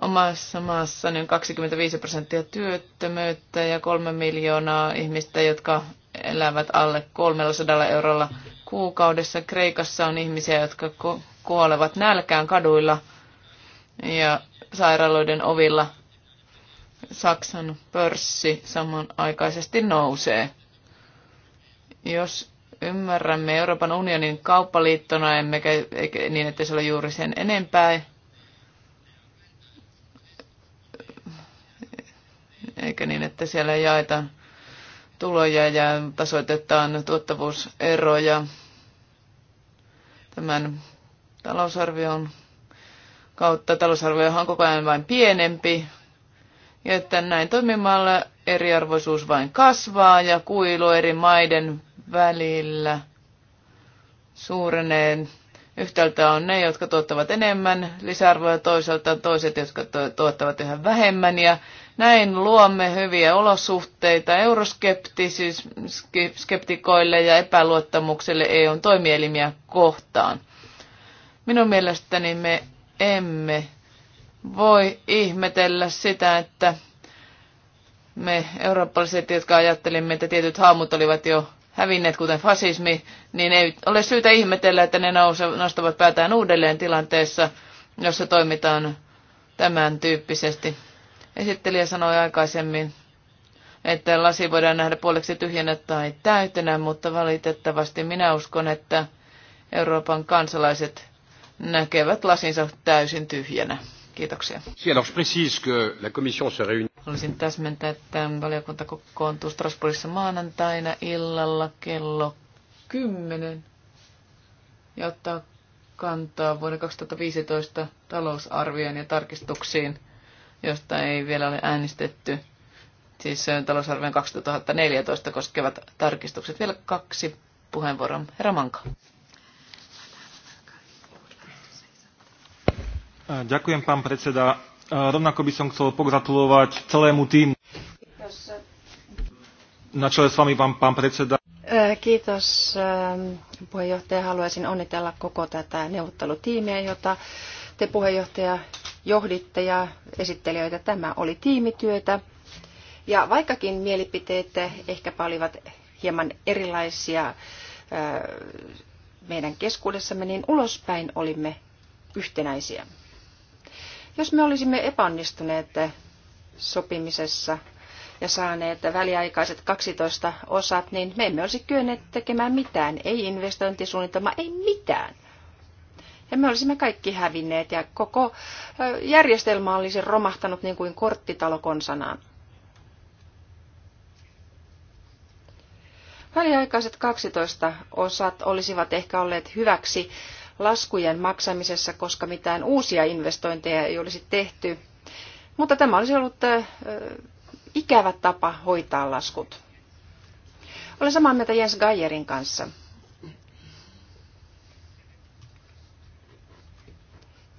Omassa maassa niin 25 prosenttia työttömyyttä ja kolme miljoonaa ihmistä, jotka elävät alle 300 eurolla kuukaudessa. Kreikassa on ihmisiä, jotka kuolevat nälkään kaduilla ja sairaaloiden ovilla. Saksan pörssi samanaikaisesti nousee. Jos ymmärrämme Euroopan unionin kauppaliittona, emmekä, niin että se ole juuri sen enempää, eikä niin, että siellä jaetaan tuloja ja tasoitetaan tuottavuuseroja. Tämän talousarvion kautta talousarviohan on koko ajan vain pienempi, ja että näin toimimalla eriarvoisuus vain kasvaa ja kuilu eri maiden välillä suurenee. Yhtäältä on ne, jotka tuottavat enemmän lisäarvoa, toisaalta toiset, jotka tuottavat yhä vähemmän, ja näin luomme hyviä olosuhteita euroskeptikoille ja epäluottamukselle EUn toimielimiä kohtaan. Minun mielestäni me emme voi ihmetellä sitä, että me eurooppalaiset, jotka ajattelimme, että tietyt haamut olivat jo hävinneet, kuten fasismi, niin ei ole syytä ihmetellä, että ne nostavat päätään uudelleen tilanteessa, jossa toimitaan tämän tyyppisesti. Esittelijä sanoi aikaisemmin, että lasi voidaan nähdä puoleksi tyhjänä tai täytenä, mutta valitettavasti minä uskon, että Euroopan kansalaiset näkevät lasinsa täysin tyhjänä. Kiitoksia. Haluaisin täsmentää, että valiokunta kokoontuu Strasbourgissa maanantaina illalla kello 10 ja ottaa kantaa vuoden 2015 talousarvioon ja tarkistuksiin josta ei vielä ole äänestetty. Siis talousarvion 2014 koskevat tarkistukset. Vielä kaksi puheenvuoron. Herra Manka. Ďakujem, pán predseda. Rovnako by som chcel pogratulovať celému týmu. Kiitos. Na čele s vami, pán, pán predseda. Kiitos puheenjohtaja. Haluaisin onnitella koko tätä neuvottelutiimiä, jota te puheenjohtaja johditte ja esittelijöitä. Tämä oli tiimityötä. Ja vaikkakin mielipiteet ehkäpä olivat hieman erilaisia meidän keskuudessamme, niin ulospäin olimme yhtenäisiä. Jos me olisimme epäonnistuneet sopimisessa ja saaneet väliaikaiset 12 osat, niin me emme olisi kyenneet tekemään mitään. Ei investointisuunnitelma, ei mitään – ja me olisimme kaikki hävinneet ja koko järjestelmä olisi romahtanut niin kuin korttitalo konsanaan. Väliaikaiset 12 osat olisivat ehkä olleet hyväksi laskujen maksamisessa, koska mitään uusia investointeja ei olisi tehty. Mutta tämä olisi ollut ikävä tapa hoitaa laskut. Olen samaa mieltä Jens Geierin kanssa.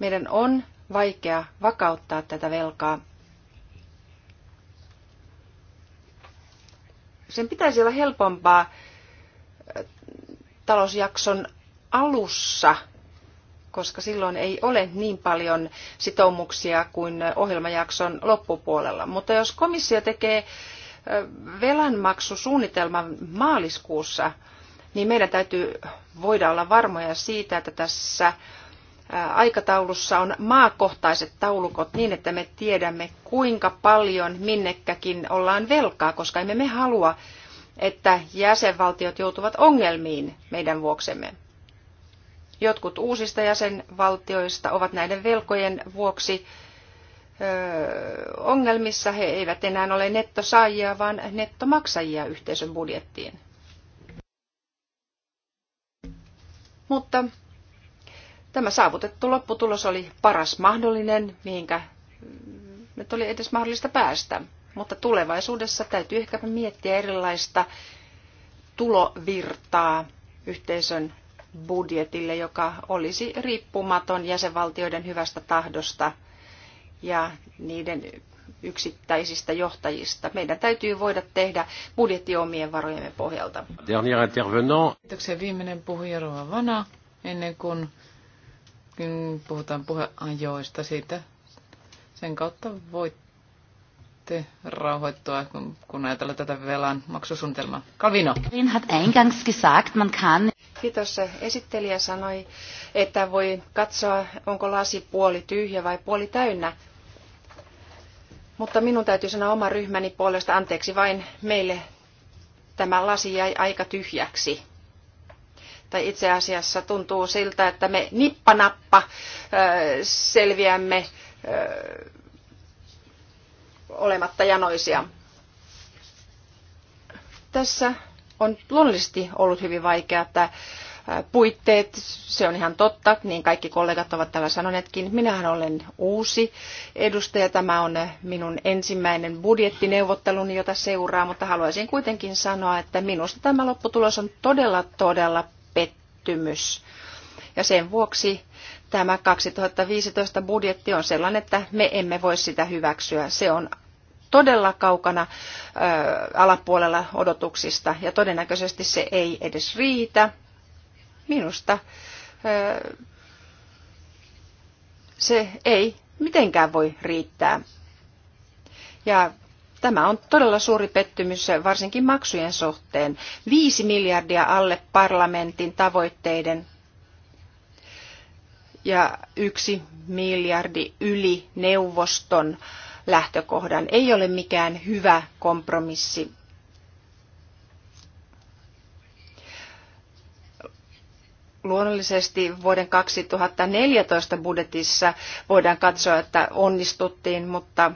Meidän on vaikea vakauttaa tätä velkaa. Sen pitäisi olla helpompaa äh, talousjakson alussa, koska silloin ei ole niin paljon sitoumuksia kuin ohjelmajakson loppupuolella. Mutta jos komissio tekee äh, velanmaksusuunnitelman maaliskuussa, niin meidän täytyy voida olla varmoja siitä, että tässä aikataulussa on maakohtaiset taulukot niin, että me tiedämme, kuinka paljon minnekäkin ollaan velkaa, koska emme me halua, että jäsenvaltiot joutuvat ongelmiin meidän vuoksemme. Jotkut uusista jäsenvaltioista ovat näiden velkojen vuoksi ongelmissa. He eivät enää ole nettosaajia, vaan nettomaksajia yhteisön budjettiin. Mutta Tämä saavutettu lopputulos oli paras mahdollinen, mihinkä nyt oli edes mahdollista päästä. Mutta tulevaisuudessa täytyy ehkä miettiä erilaista tulovirtaa yhteisön budjetille, joka olisi riippumaton jäsenvaltioiden hyvästä tahdosta ja niiden yksittäisistä johtajista. Meidän täytyy voida tehdä budjetti omien varojemme pohjalta. Kiitoksia viimeinen puhuja vana, ennen kuin kun puhutaan puheajoista siitä, sen kautta voitte rauhoittua, kun, kun ajatellaan tätä velan maksusuunnitelmaa. Kalvino. hat eingangs gesagt, man kann... Kiitos. Esittelijä sanoi, että voi katsoa, onko lasi puoli tyhjä vai puoli täynnä. Mutta minun täytyy sanoa oma ryhmäni puolesta anteeksi vain meille tämä lasi jäi aika tyhjäksi että itse asiassa tuntuu siltä, että me nippanappa selviämme olematta janoisia. Tässä on luonnollisesti ollut hyvin vaikeaa, että puitteet, se on ihan totta, niin kaikki kollegat ovat täällä sanoneetkin. Minähän olen uusi edustaja, tämä on minun ensimmäinen budjettineuvotteluni, jota seuraa, mutta haluaisin kuitenkin sanoa, että minusta tämä lopputulos on todella, todella pettymys. Ja sen vuoksi tämä 2015 budjetti on sellainen, että me emme voi sitä hyväksyä. Se on todella kaukana ö, alapuolella odotuksista ja todennäköisesti se ei edes riitä. Minusta ö, se ei mitenkään voi riittää. Ja Tämä on todella suuri pettymys varsinkin maksujen suhteen. Viisi miljardia alle parlamentin tavoitteiden ja yksi miljardi yli neuvoston lähtökohdan ei ole mikään hyvä kompromissi. Luonnollisesti vuoden 2014 budjetissa voidaan katsoa, että onnistuttiin, mutta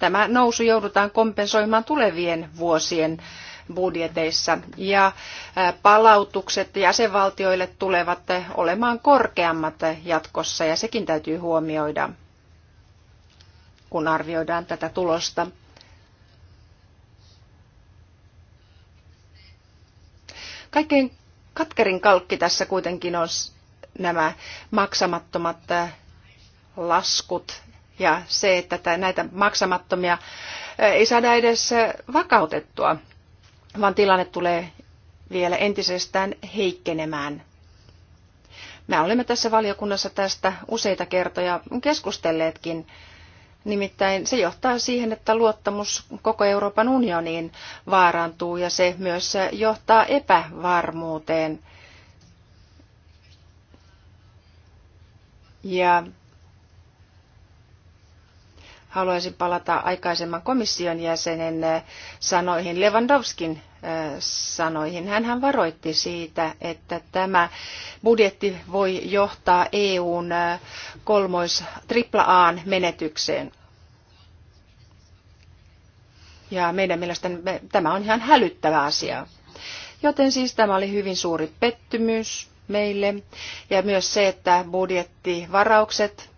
tämä nousu joudutaan kompensoimaan tulevien vuosien budjeteissa ja palautukset jäsenvaltioille tulevat olemaan korkeammat jatkossa ja sekin täytyy huomioida, kun arvioidaan tätä tulosta. Kaikkein katkerin kalkki tässä kuitenkin on nämä maksamattomat laskut ja se, että näitä maksamattomia ei saada edes vakautettua, vaan tilanne tulee vielä entisestään heikkenemään. Me olemme tässä valiokunnassa tästä useita kertoja keskustelleetkin. Nimittäin se johtaa siihen, että luottamus koko Euroopan unioniin vaarantuu ja se myös johtaa epävarmuuteen. Ja haluaisin palata aikaisemman komission jäsenen äh, sanoihin, Lewandowskin äh, sanoihin. Hänhän varoitti siitä, että tämä budjetti voi johtaa EUn äh, kolmois AAAn menetykseen. Ja meidän mielestämme tämä on ihan hälyttävä asia. Joten siis tämä oli hyvin suuri pettymys meille. Ja myös se, että budjettivaraukset,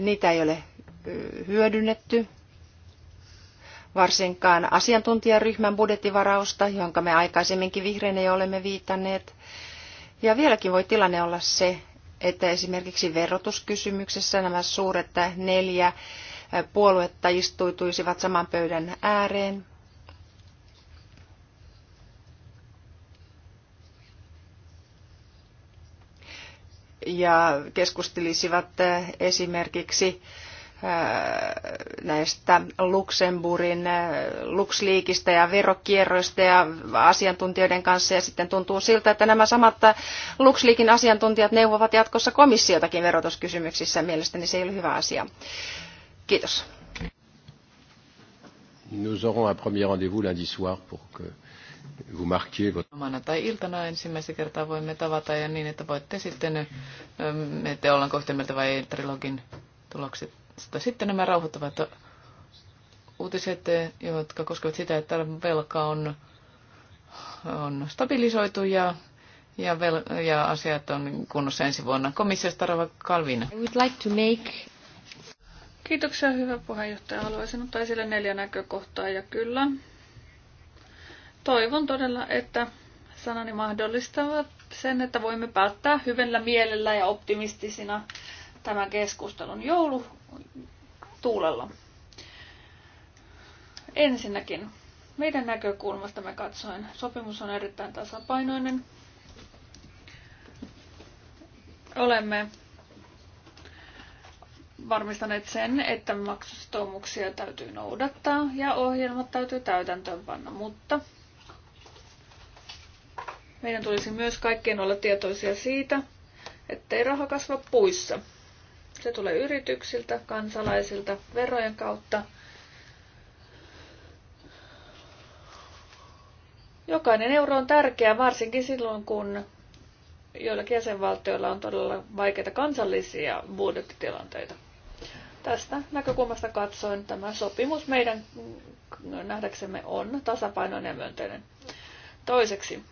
niitä ei ole hyödynnetty varsinkaan asiantuntijaryhmän budjettivarausta, jonka me aikaisemminkin vihreinä jo olemme viitanneet. Ja vieläkin voi tilanne olla se, että esimerkiksi verotuskysymyksessä nämä suuret neljä puoluetta istuituisivat saman pöydän ääreen. Ja keskustelisivat esimerkiksi Äh, näistä Luxemburgin äh, luxliikistä ja verokierroista ja asiantuntijoiden kanssa ja sitten tuntuu siltä, että nämä samat äh, luxliikin asiantuntijat neuvovat jatkossa komissiotakin verotuskysymyksissä. Mielestäni se ei ole hyvä asia. Kiitos. Nous aurons un premier rendez-vous lundi soir pour que vous marquiez votre... Maanantai-iltana ensimmäisen kertaa voimme tavata ja niin, että voitte sitten, että ollaanko yhtä mieltä vai ei, trilogin tulokset sitten nämä rauhoittavat uutiset, jotka koskevat sitä, että velka on, on stabilisoitu ja, ja, vel- ja asiat on kunnossa ensi vuonna. Komissiosta Rava Kalvina. I would like to make... Kiitoksia, hyvä puheenjohtaja. Haluaisin ottaa esille neljä näkökohtaa ja kyllä. Toivon todella, että sanani mahdollistavat sen, että voimme päättää hyvällä mielellä ja optimistisina tämän keskustelun joulu tuulella. Ensinnäkin, meidän me katsoen sopimus on erittäin tasapainoinen. Olemme varmistaneet sen, että maksusitoumuksia täytyy noudattaa ja ohjelmat täytyy täytäntöönpanna, mutta meidän tulisi myös kaikkien olla tietoisia siitä, ettei raha kasva puissa. Se tulee yrityksiltä, kansalaisilta, verojen kautta. Jokainen euro on tärkeä, varsinkin silloin, kun joillakin jäsenvaltioilla on todella vaikeita kansallisia budjettitilanteita. Tästä näkökulmasta katsoen tämä sopimus meidän nähdäksemme on tasapainoinen ja myönteinen. Toiseksi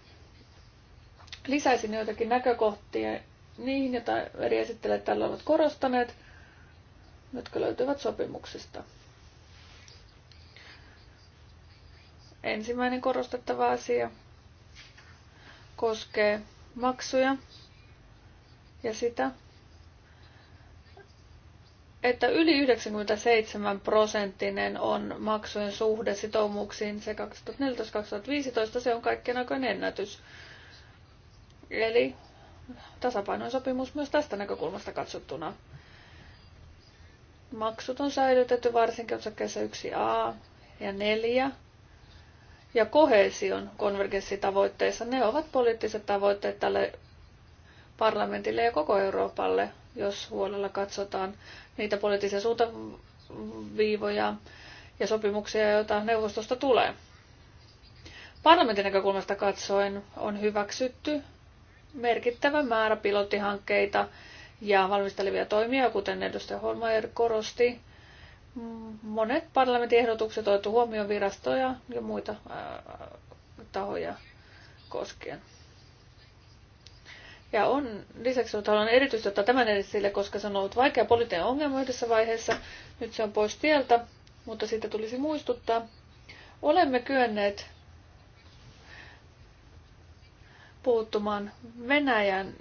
lisäisin joitakin näkökohtia, niihin, joita eri esittelijät tällä ovat korostaneet, jotka löytyvät sopimuksista. Ensimmäinen korostettava asia koskee maksuja ja sitä, että yli 97 prosenttinen on maksujen suhde sitoumuksiin se 2014-2015, se on kaikkien aikojen ennätys. Eli tasapainoinen sopimus myös tästä näkökulmasta katsottuna. Maksut on säilytetty varsinkin osakkeessa 1a ja 4. Ja kohesion konvergenssitavoitteissa ne ovat poliittiset tavoitteet tälle parlamentille ja koko Euroopalle, jos huolella katsotaan niitä poliittisia suuntaviivoja ja sopimuksia, joita neuvostosta tulee. Parlamentin näkökulmasta katsoen on hyväksytty merkittävä määrä pilottihankkeita ja valmistelevia toimia, kuten edustaja Holmeier korosti. Monet parlamentin ehdotukset on otettu huomioon virastoja ja muita äh, tahoja koskien. Ja on lisäksi haluan erityisesti ottaa tämän esille, koska se on ollut vaikea poliittinen ongelma yhdessä vaiheessa. Nyt se on pois tieltä, mutta siitä tulisi muistuttaa. Olemme kyenneet puuttumaan Venäjän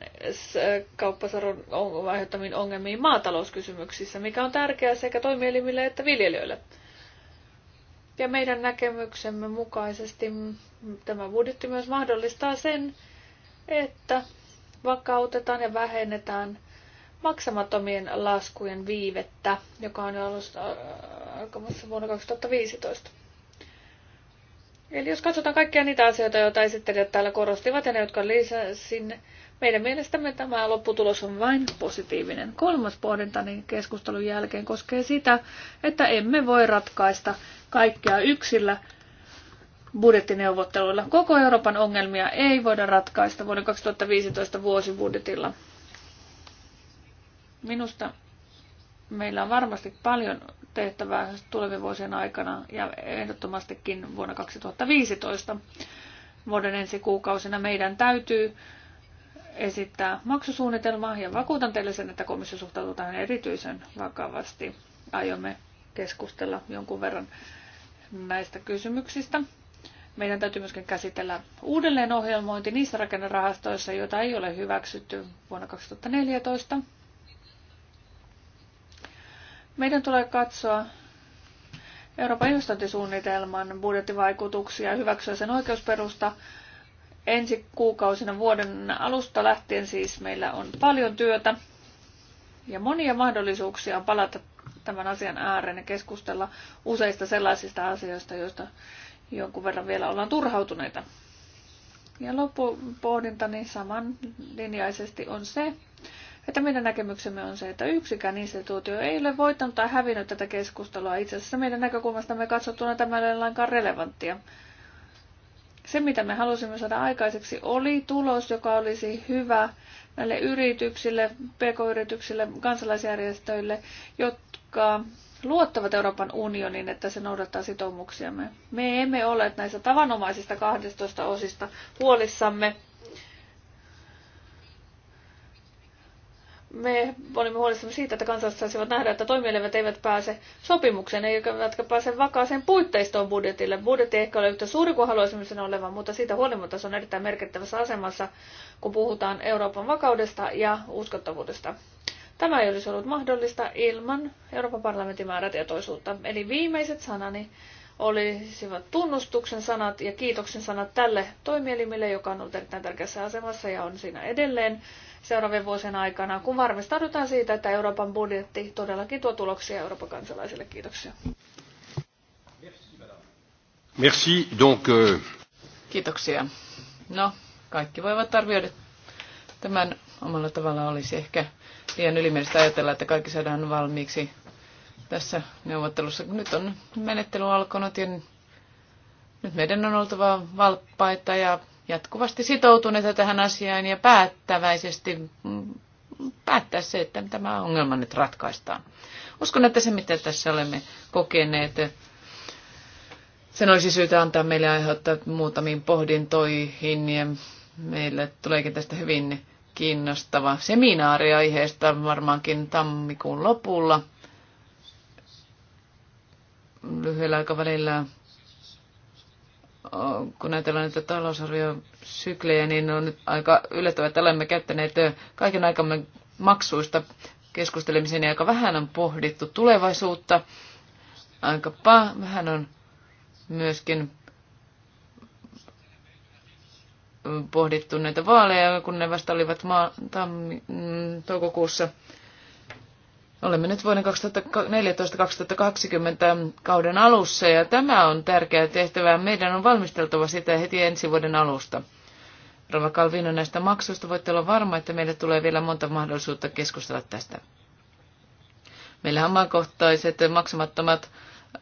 kauppasaron aiheuttamiin ongelmiin maatalouskysymyksissä, mikä on tärkeää sekä toimielimille että viljelijöille. Ja meidän näkemyksemme mukaisesti tämä budjetti myös mahdollistaa sen, että vakautetaan ja vähennetään maksamattomien laskujen viivettä, joka on jo alkamassa vuonna 2015. Eli jos katsotaan kaikkia niitä asioita, joita esittelijät täällä korostivat ja ne, jotka lisäsin, meidän mielestämme tämä lopputulos on vain positiivinen. Kolmas pohdintani niin keskustelun jälkeen koskee sitä, että emme voi ratkaista kaikkea yksillä budjettineuvotteluilla. Koko Euroopan ongelmia ei voida ratkaista vuoden 2015 vuosibudjetilla. Minusta meillä on varmasti paljon tehtävää tulevien vuosien aikana ja ehdottomastikin vuonna 2015 vuoden ensi kuukausina meidän täytyy esittää maksusuunnitelmaa ja vakuutan teille sen, että komissio suhtautuu tähän erityisen vakavasti. Aiomme keskustella jonkun verran näistä kysymyksistä. Meidän täytyy myöskin käsitellä uudelleenohjelmointi niissä rakennerahastoissa, joita ei ole hyväksytty vuonna 2014 meidän tulee katsoa Euroopan investointisuunnitelman budjettivaikutuksia ja hyväksyä sen oikeusperusta. Ensi kuukausina vuoden alusta lähtien siis meillä on paljon työtä ja monia mahdollisuuksia palata tämän asian ääreen ja keskustella useista sellaisista asioista, joista jonkun verran vielä ollaan turhautuneita. Ja loppupohdintani samanlinjaisesti on se, että meidän näkemyksemme on se, että yksikään instituutio ei ole voittanut tai hävinnyt tätä keskustelua. Itse asiassa meidän näkökulmastamme katsottuna tämä ei ole lainkaan relevanttia. Se, mitä me halusimme saada aikaiseksi, oli tulos, joka olisi hyvä näille yrityksille, pk-yrityksille, kansalaisjärjestöille, jotka luottavat Euroopan unionin, että se noudattaa sitoumuksiamme. Me emme ole näistä tavanomaisista 12 osista huolissamme me olimme huolissamme siitä, että kansalaiset saisivat nähdä, että toimielimet eivät pääse sopimukseen, eivätkä pääse vakaaseen puitteistoon budjetille. Budjetti ei ehkä ole yhtä suuri kuin haluaisimme sen olevan, mutta siitä huolimatta se on erittäin merkittävässä asemassa, kun puhutaan Euroopan vakaudesta ja uskottavuudesta. Tämä ei olisi ollut mahdollista ilman Euroopan parlamentin määrätietoisuutta. Eli viimeiset sanani olisivat tunnustuksen sanat ja kiitoksen sanat tälle toimielimelle, joka on ollut erittäin tärkeässä asemassa ja on siinä edelleen seuraavien vuosien aikana, kun varmistaudutaan siitä, että Euroopan budjetti todellakin tuo tuloksia Euroopan kansalaisille. Kiitoksia. Merci. Donc, euh... Kiitoksia. No, kaikki voivat arvioida tämän omalla tavalla. Olisi ehkä liian ylimielistä ajatella, että kaikki saadaan valmiiksi tässä neuvottelussa. Nyt on menettely alkanut ja nyt meidän on oltava valppaita ja jatkuvasti sitoutuneita tähän asiaan ja päättäväisesti mm, päättää se, että tämä ongelma nyt ratkaistaan. Uskon, että se mitä tässä olemme kokeneet, sen olisi syytä antaa meille aiheuttaa muutamiin pohdintoihin ja meille tuleekin tästä hyvin kiinnostava seminaari aiheesta varmaankin tammikuun lopulla. Lyhyellä aikavälillä kun ajatellaan näitä syklejä, niin on aika yllättävää, että olemme käyttäneet kaiken aikamme maksuista keskustelemiseen ja aika vähän on pohdittu tulevaisuutta. Aika vähän on myöskin pohdittu näitä vaaleja, kun ne vasta olivat ma- tam- mm, toukokuussa – Olemme nyt vuoden 2014-2020 kauden alussa ja tämä on tärkeä tehtävä. Meidän on valmisteltava sitä heti ensi vuoden alusta. Rova Kalvino, näistä maksuista voitte olla varma, että meille tulee vielä monta mahdollisuutta keskustella tästä. Meillä on maakohtaiset maksamattomat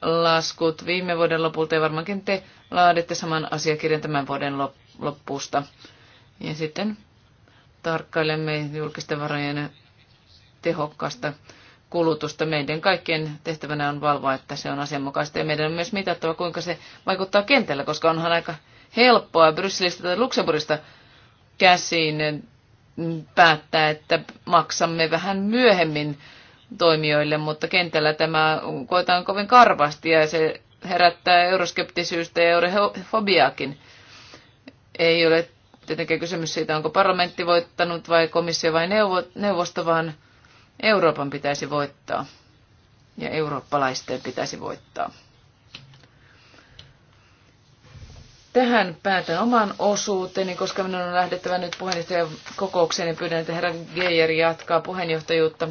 laskut viime vuoden lopulta ja varmaankin te laaditte saman asiakirjan tämän vuoden loppuusta. Ja sitten tarkkailemme julkisten varojen tehokkaasta kulutusta. Meidän kaikkien tehtävänä on valvoa, että se on asianmukaista ja meidän on myös mitattava, kuinka se vaikuttaa kentällä, koska onhan aika helppoa Brysselistä tai Luxemburgista käsin mm, päättää, että maksamme vähän myöhemmin toimijoille, mutta kentällä tämä koetaan kovin karvasti ja se herättää euroskeptisyystä ja eurofobiaakin. Ei ole tietenkään kysymys siitä, onko parlamentti voittanut vai komissio vai neuvosto, vaan Euroopan pitäisi voittaa ja eurooppalaisten pitäisi voittaa. Tähän päätän oman osuuteni, koska minun on lähdettävä nyt puheenjohtajan kokoukseen ja pyydän, että herra Geijer jatkaa puheenjohtajuutta.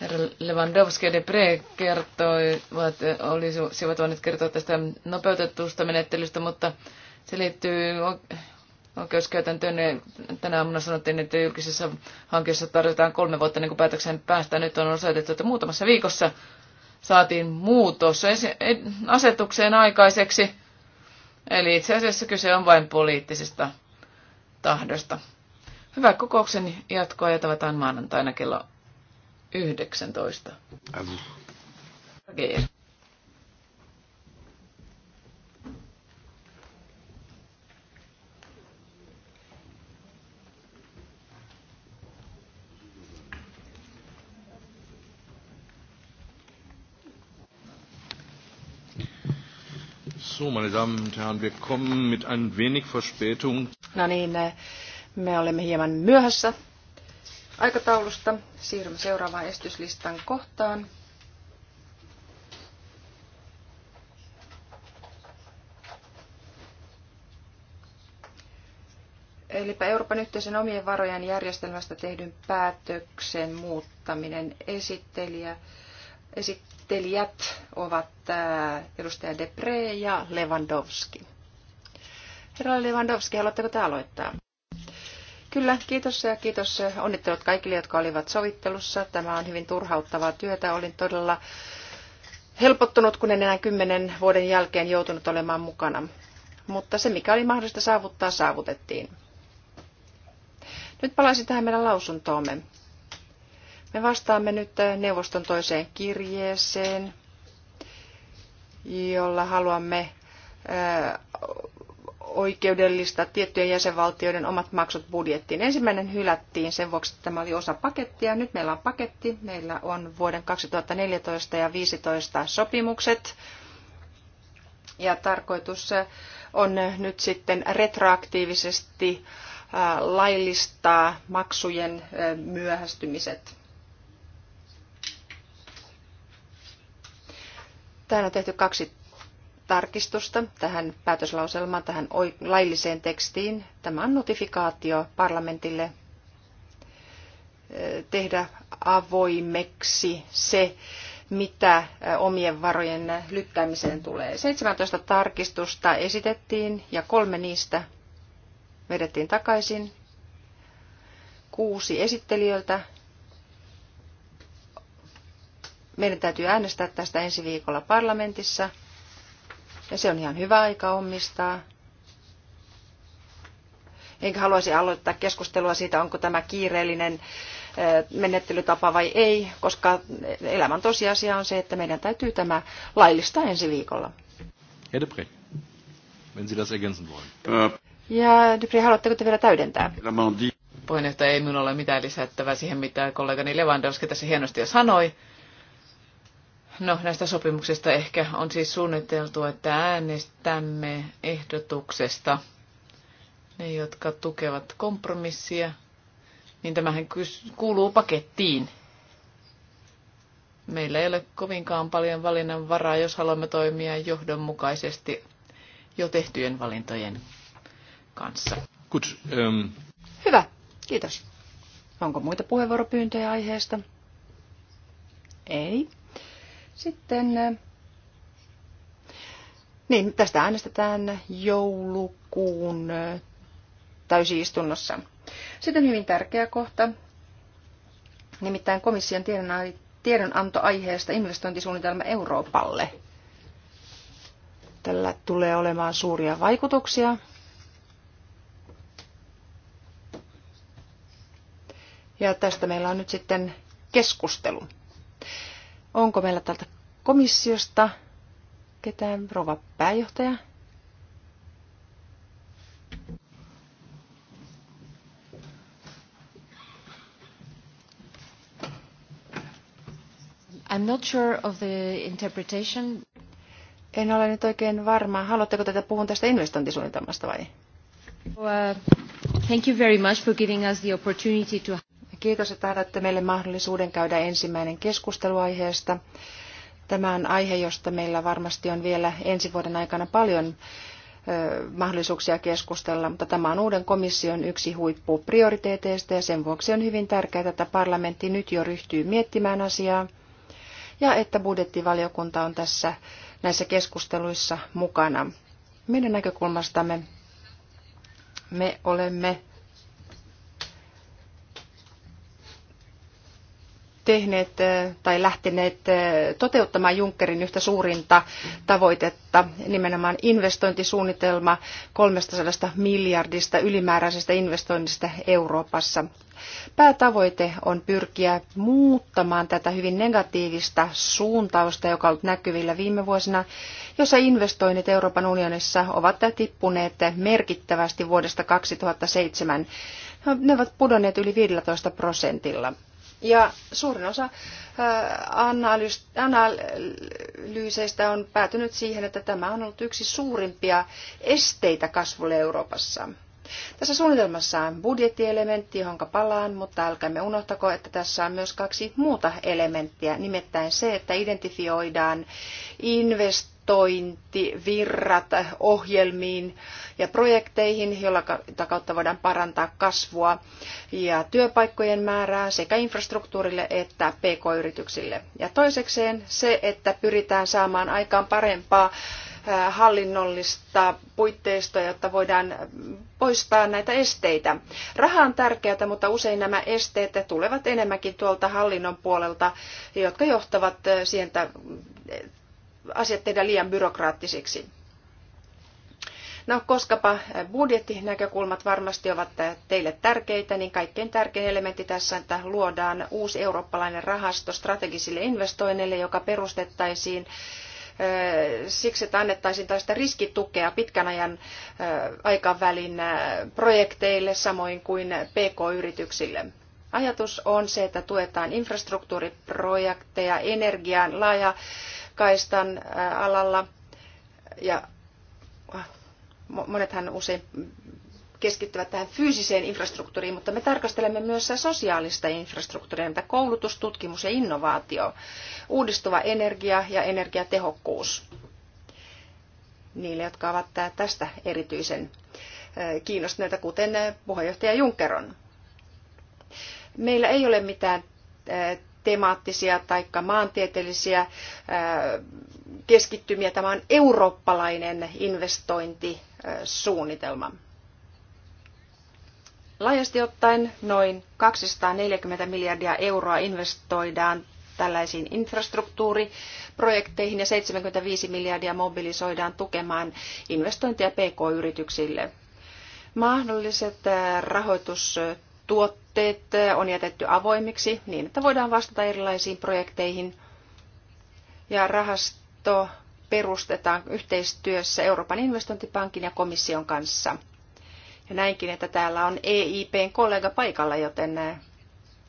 Herra Lewandowski ja Depre kertoivat, olisivat voineet kertoa tästä nopeutetusta menettelystä, mutta se liittyy oikeuskäytäntöön. Niin tänä aamuna sanottiin, että julkisessa hankkeessa tarvitaan kolme vuotta niin kuin päätökseen päästään. Nyt on osoitettu, että muutamassa viikossa saatiin muutos e- asetukseen aikaiseksi. Eli itse asiassa kyse on vain poliittisesta tahdosta. Hyvä kokouksen jatkoa ja tavataan maanantaina kello 19. Okay. So, meine Damen und Herren, wir kommen mit ein wenig Verspätung. No niin, eh, me olemme hieman myöhässä aikataulusta. Siirrymme seuraavaan estyslistan kohtaan. Eli Euroopan yhteisön omien varojen järjestelmästä tehdyn päätöksen muuttaminen esittelijä Esittelijät ovat äh, edustaja Depre ja Lewandowski. Herra Lewandowski, haluatteko te aloittaa? Kyllä, kiitos ja kiitos onnittelut kaikille, jotka olivat sovittelussa. Tämä on hyvin turhauttavaa työtä. Olin todella helpottunut, kun en enää kymmenen vuoden jälkeen joutunut olemaan mukana. Mutta se, mikä oli mahdollista saavuttaa, saavutettiin. Nyt palaisin tähän meidän lausuntoomme. Me vastaamme nyt äh, neuvoston toiseen kirjeeseen, jolla haluamme äh, oikeudellista tiettyjen jäsenvaltioiden omat maksut budjettiin. Ensimmäinen hylättiin sen vuoksi, että tämä oli osa pakettia. Nyt meillä on paketti. Meillä on vuoden 2014 ja 2015 sopimukset. Ja tarkoitus äh, on nyt sitten retroaktiivisesti laillistaa maksujen myöhästymiset. Tähän on tehty kaksi tarkistusta tähän päätöslauselmaan, tähän lailliseen tekstiin. Tämä on notifikaatio parlamentille tehdä avoimeksi se, mitä omien varojen lykkäämiseen tulee. 17 tarkistusta esitettiin ja kolme niistä vedettiin takaisin. Kuusi esittelijöiltä meidän täytyy äänestää tästä ensi viikolla parlamentissa. Ja se on ihan hyvä aika omistaa. Enkä haluaisi aloittaa keskustelua siitä, onko tämä kiireellinen menettelytapa vai ei, koska elämän tosiasia on se, että meidän täytyy tämä laillistaa ensi viikolla. Herr Depré, wenn Sie das ergänzen wollen. Äh. Ja Depré, haluatteko te vielä täydentää? Puheenjohtaja, ei minulla ole mitään lisättävää siihen, mitä kollegani Lewandowski tässä hienosti jo sanoi No, näistä sopimuksista ehkä on siis suunniteltu, että äänestämme ehdotuksesta ne, jotka tukevat kompromissia, niin tämähän kuuluu pakettiin. Meillä ei ole kovinkaan paljon valinnan varaa, jos haluamme toimia johdonmukaisesti jo tehtyjen valintojen kanssa. Good, um... Ähm. Hyvä, kiitos. Onko muita puheenvuoropyyntöjä aiheesta? Ei. Sitten äh, niin, tästä äänestetään joulukuun äh, täysistunnossa. Sitten hyvin tärkeä kohta, nimittäin komission tiedonanto aiheesta investointisuunnitelma Euroopalle. Tällä tulee olemaan suuria vaikutuksia. Ja tästä meillä on nyt sitten keskustelu. Onko meillä täältä komissiosta ketään rova pääjohtaja? I'm not sure of the interpretation. En ole nyt oikein varma. Haluatteko tätä puhun tästä investointisuunnitelmasta vai? Well, Uh, thank you very much for giving us the opportunity to... Kiitos, että annatte meille mahdollisuuden käydä ensimmäinen keskustelu aiheesta. Tämä on aihe, josta meillä varmasti on vielä ensi vuoden aikana paljon mahdollisuuksia keskustella, mutta tämä on uuden komission yksi huippu prioriteeteista ja sen vuoksi on hyvin tärkeää, että parlamentti nyt jo ryhtyy miettimään asiaa ja että budjettivaliokunta on tässä näissä keskusteluissa mukana. Meidän näkökulmastamme me olemme tehneet eh, tai lähteneet eh, toteuttamaan Junckerin yhtä suurinta tavoitetta, nimenomaan investointisuunnitelma 300 miljardista ylimääräisestä investoinnista Euroopassa. Päätavoite on pyrkiä muuttamaan tätä hyvin negatiivista suuntausta, joka on ollut näkyvillä viime vuosina, jossa investoinnit Euroopan unionissa ovat tippuneet merkittävästi vuodesta 2007. Ne ovat pudonneet yli 15 prosentilla. Ja suurin osa analyyseistä on päätynyt siihen, että tämä on ollut yksi suurimpia esteitä kasvulle Euroopassa. Tässä suunnitelmassa on budjettielementti, johon palaan, mutta älkäämme unohtako, että tässä on myös kaksi muuta elementtiä, nimittäin se, että identifioidaan invest investointivirrat ohjelmiin ja projekteihin, joilla kautta voidaan parantaa kasvua ja työpaikkojen määrää sekä infrastruktuurille että pk-yrityksille. Ja toisekseen se, että pyritään saamaan aikaan parempaa hallinnollista puitteistoa, jotta voidaan poistaa näitä esteitä. Raha on tärkeää, mutta usein nämä esteet tulevat enemmänkin tuolta hallinnon puolelta, jotka johtavat siihen, että asiat tehdä liian byrokraattisiksi. No, koskapa budjettinäkökulmat varmasti ovat teille tärkeitä, niin kaikkein tärkein elementti tässä, että luodaan uusi eurooppalainen rahasto strategisille investoinneille, joka perustettaisiin siksi, että annettaisiin tästä riskitukea pitkän ajan aikavälin projekteille samoin kuin PK-yrityksille. Ajatus on se, että tuetaan infrastruktuuriprojekteja, energiaan, laaja kaistan alalla ja äh, monethan usein keskittyvät tähän fyysiseen infrastruktuuriin, mutta me tarkastelemme myös sosiaalista infrastruktuuria, mitä koulutus, tutkimus ja innovaatio, uudistuva energia ja energiatehokkuus. Niille, jotka ovat tästä erityisen kiinnostuneita, kuten puheenjohtaja Juncker on. Meillä ei ole mitään temaattisia tai maantieteellisiä keskittymiä. Tämä on eurooppalainen investointisuunnitelma. Laajasti ottaen noin 240 miljardia euroa investoidaan tällaisiin infrastruktuuriprojekteihin ja 75 miljardia mobilisoidaan tukemaan investointeja PK-yrityksille. Mahdolliset rahoitus tuotteet on jätetty avoimiksi niin, että voidaan vastata erilaisiin projekteihin. Ja rahasto perustetaan yhteistyössä Euroopan investointipankin ja komission kanssa. Ja näinkin, että täällä on EIPn kollega paikalla, joten äh,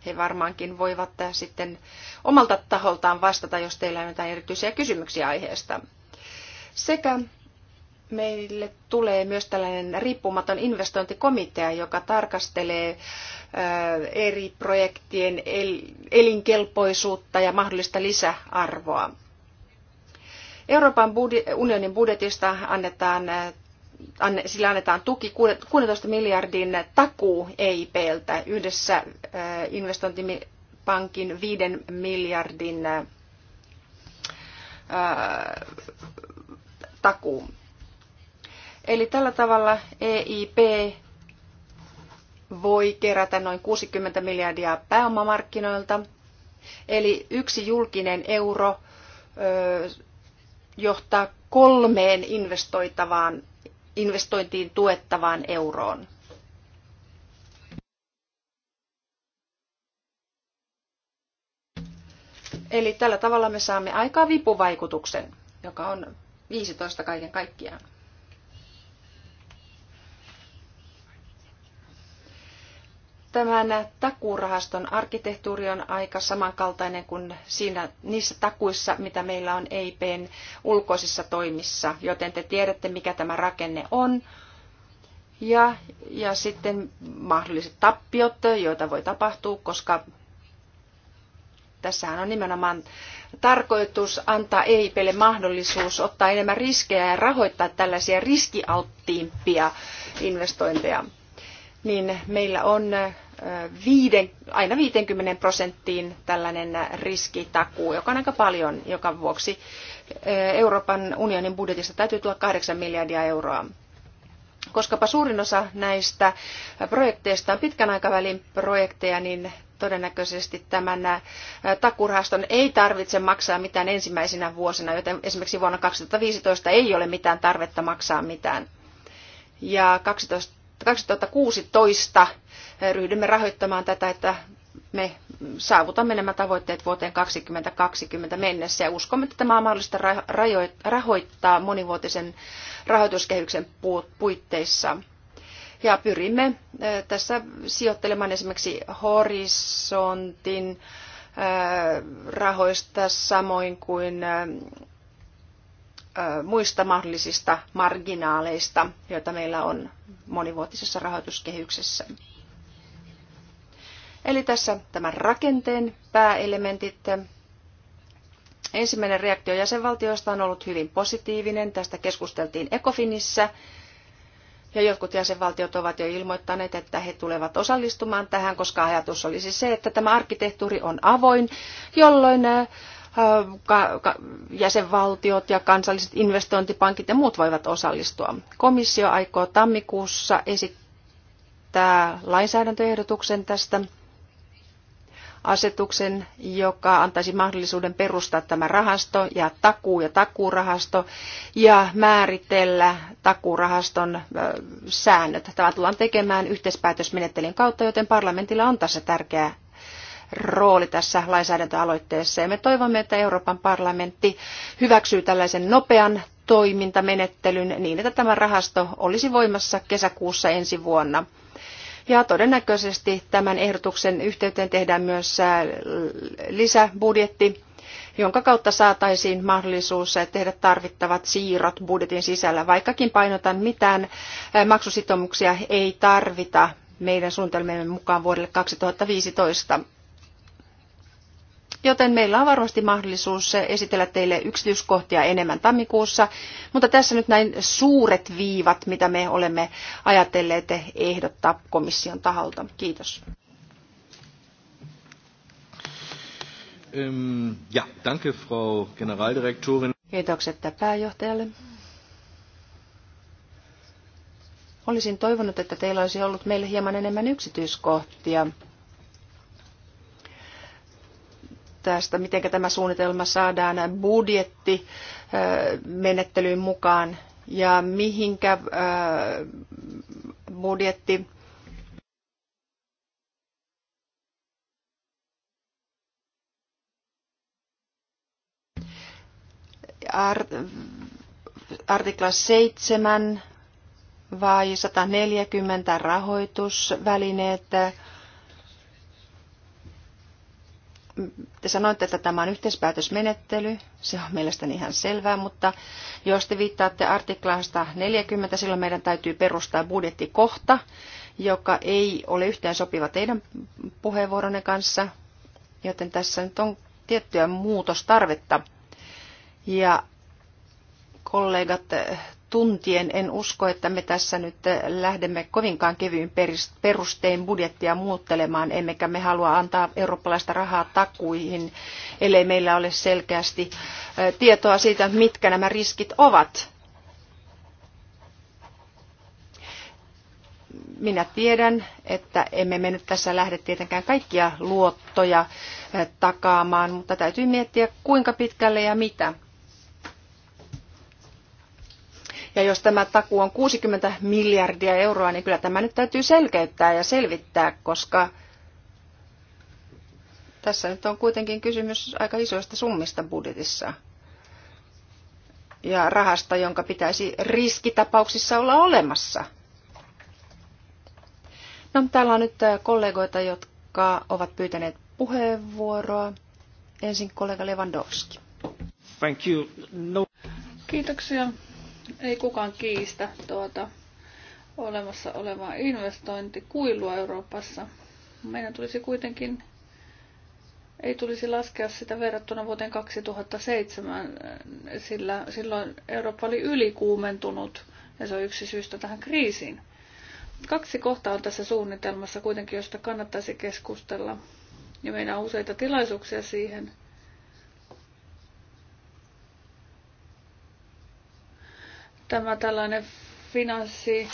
he varmaankin voivat äh, sitten omalta taholtaan vastata, jos teillä on jotain erityisiä kysymyksiä aiheesta. Sekä meille tulee myös tällainen riippumaton investointikomitea, joka tarkastelee eri projektien elinkelpoisuutta ja mahdollista lisäarvoa. Euroopan unionin budjetista annetaan, sillä annetaan tuki 16 miljardin takuu EIPltä yhdessä investointipankin 5 miljardin takuu. Eli tällä tavalla EIP voi kerätä noin 60 miljardia pääomamarkkinoilta. Eli yksi julkinen euro johtaa kolmeen investoitavaan, investointiin tuettavaan euroon. Eli tällä tavalla me saamme aikaa vipuvaikutuksen, joka on 15 kaiken kaikkiaan. tämän takuurahaston arkkitehtuuri on aika samankaltainen kuin siinä, niissä takuissa, mitä meillä on EIPn ulkoisissa toimissa, joten te tiedätte, mikä tämä rakenne on. Ja, ja sitten mahdolliset tappiot, joita voi tapahtua, koska tässähän on nimenomaan tarkoitus antaa EIPlle mahdollisuus ottaa enemmän riskejä ja rahoittaa tällaisia riskialttiimpia investointeja. Niin meillä on viiden, aina 50 prosenttiin tällainen riskitakuu, joka on aika paljon, joka vuoksi Euroopan unionin budjetista täytyy tulla 8 miljardia euroa. Koskapa suurin osa näistä projekteista on pitkän aikavälin projekteja, niin todennäköisesti tämän takurahaston ei tarvitse maksaa mitään ensimmäisinä vuosina, joten esimerkiksi vuonna 2015 ei ole mitään tarvetta maksaa mitään. Ja 12, 2016 ryhdymme rahoittamaan tätä, että me saavutamme nämä tavoitteet vuoteen 2020 mennessä ja uskomme, että tämä on mahdollista rahoittaa monivuotisen rahoituskehyksen puitteissa. Ja pyrimme tässä sijoittelemaan esimerkiksi horisontin rahoista samoin kuin muista mahdollisista marginaaleista, joita meillä on monivuotisessa rahoituskehyksessä. Eli tässä tämän rakenteen pääelementit. Ensimmäinen reaktio jäsenvaltioista on ollut hyvin positiivinen. Tästä keskusteltiin Ecofinissä. Ja jotkut jäsenvaltiot ovat jo ilmoittaneet, että he tulevat osallistumaan tähän, koska ajatus olisi se, että tämä arkkitehtuuri on avoin, jolloin äh, jäsenvaltiot ja kansalliset investointipankit ja muut voivat osallistua. Komissio aikoo tammikuussa esittää lainsäädäntöehdotuksen tästä asetuksen, joka antaisi mahdollisuuden perustaa tämä rahasto ja takuu- ja takuurahasto ja määritellä takuurahaston säännöt. Tämä tullaan tekemään yhteispäätösmenettelyn kautta, joten parlamentilla on tässä tärkeä rooli tässä lainsäädäntöaloitteessa. Ja me toivomme, että Euroopan parlamentti hyväksyy tällaisen nopean toimintamenettelyn niin, että tämä rahasto olisi voimassa kesäkuussa ensi vuonna – ja todennäköisesti tämän ehdotuksen yhteyteen tehdään myös lisäbudjetti, jonka kautta saataisiin mahdollisuus tehdä tarvittavat siirrot budjetin sisällä. Vaikkakin painotan, mitään maksusitoumuksia ei tarvita meidän suunnitelmiemme mukaan vuodelle 2015 joten meillä on varmasti mahdollisuus esitellä teille yksityiskohtia enemmän tammikuussa, mutta tässä nyt näin suuret viivat, mitä me olemme ajatelleet ehdottaa komission taholta. Kiitos. Ja, danke Frau Generaldirektorin. Kiitokset pääjohtajalle. Olisin toivonut, että teillä olisi ollut meille hieman enemmän yksityiskohtia tästä, miten tämä suunnitelma saadaan budjetti menettelyyn mukaan ja mihinkä budjetti artikla 7 vai 140 rahoitusvälineet te sanoitte, että tämä on yhteispäätösmenettely, se on mielestäni ihan selvää, mutta jos te viittaatte artiklaasta 40, silloin meidän täytyy perustaa budjettikohta, joka ei ole yhteen sopiva teidän puheenvuoronne kanssa, joten tässä nyt on tiettyä muutostarvetta. Ja kollegat tuntien en usko, että me tässä nyt lähdemme kovinkaan kevyin perustein budjettia muuttelemaan, emmekä me halua antaa eurooppalaista rahaa takuihin, ellei meillä ole selkeästi tietoa siitä, mitkä nämä riskit ovat. minä tiedän, että emme me nyt tässä lähde tietenkään kaikkia luottoja takaamaan, mutta täytyy miettiä kuinka pitkälle ja mitä. Ja jos tämä takuu on 60 miljardia euroa, niin kyllä tämä nyt täytyy selkeyttää ja selvittää, koska tässä nyt on kuitenkin kysymys aika isoista summista budjetissa ja rahasta, jonka pitäisi riskitapauksissa olla olemassa. No, täällä on nyt äh, kollegoita, jotka ovat pyytäneet puheenvuoroa. Ensin kollega Lewandowski. Thank you. No. Kiitoksia. Ei kukaan kiistä tuota olemassa olevaa investointikuilua Euroopassa. Meidän tulisi kuitenkin, ei tulisi laskea sitä verrattuna vuoteen 2007, sillä silloin Eurooppa oli ylikuumentunut ja se on yksi syystä tähän kriisiin. Kaksi kohtaa on tässä suunnitelmassa kuitenkin, josta kannattaisi keskustella. Ja meillä on useita tilaisuuksia siihen – tämä tällainen finanssi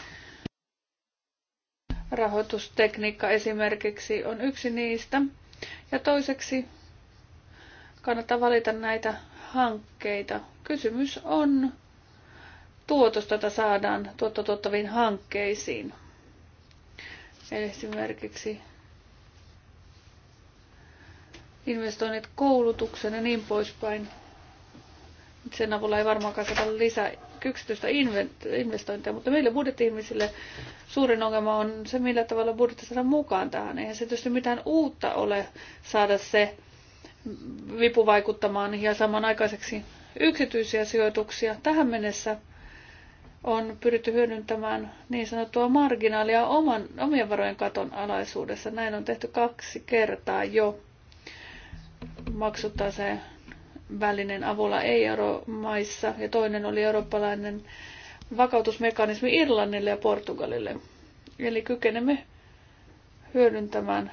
rahoitustekniikka esimerkiksi on yksi niistä. Ja toiseksi kannattaa valita näitä hankkeita. Kysymys on tuotosta, jota saadaan tuotto tuottaviin hankkeisiin. Esimerkiksi investoinnit koulutuksen ja niin poispäin. Sen avulla ei varmaankaan saada lisää yksityistä investointia, mutta meille budjetti-ihmisille suurin ongelma on se, millä tavalla budjetti saadaan mukaan tähän. Eihän se tietysti mitään uutta ole saada se vipu vaikuttamaan ja samanaikaiseksi yksityisiä sijoituksia. Tähän mennessä on pyritty hyödyntämään niin sanottua marginaalia oman, omien varojen katon alaisuudessa. Näin on tehty kaksi kertaa jo maksuttaa se välinen avulla ei-euromaissa ja toinen oli eurooppalainen vakautusmekanismi Irlannille ja Portugalille. Eli kykenemme hyödyntämään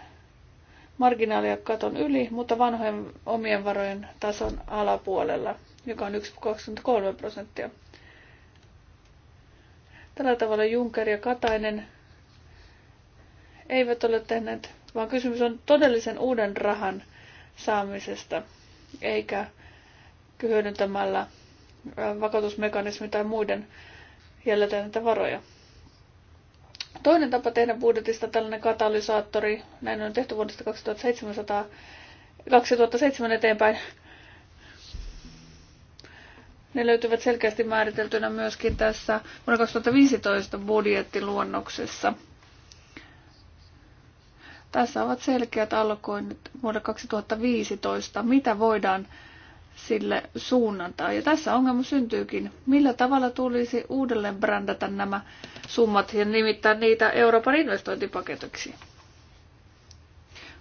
marginaalia katon yli, mutta vanhojen omien varojen tason alapuolella, joka on 1,23 prosenttia. Tällä tavalla Juncker ja Katainen eivät ole tehneet, vaan kysymys on todellisen uuden rahan saamisesta, eikä hyödyntämällä vakautusmekanismi tai muiden jäljellä näitä varoja. Toinen tapa tehdä budjetista tällainen katalysaattori, näin on tehty vuodesta 2700, 2007 eteenpäin, ne löytyvät selkeästi määriteltynä myöskin tässä vuonna 2015 budjettiluonnoksessa. Tässä ovat selkeät alkoinnit vuonna 2015, mitä voidaan sille suunnataan. Ja tässä ongelma syntyykin, millä tavalla tulisi uudelleen brändätä nämä summat ja nimittää niitä Euroopan investointipaketiksi.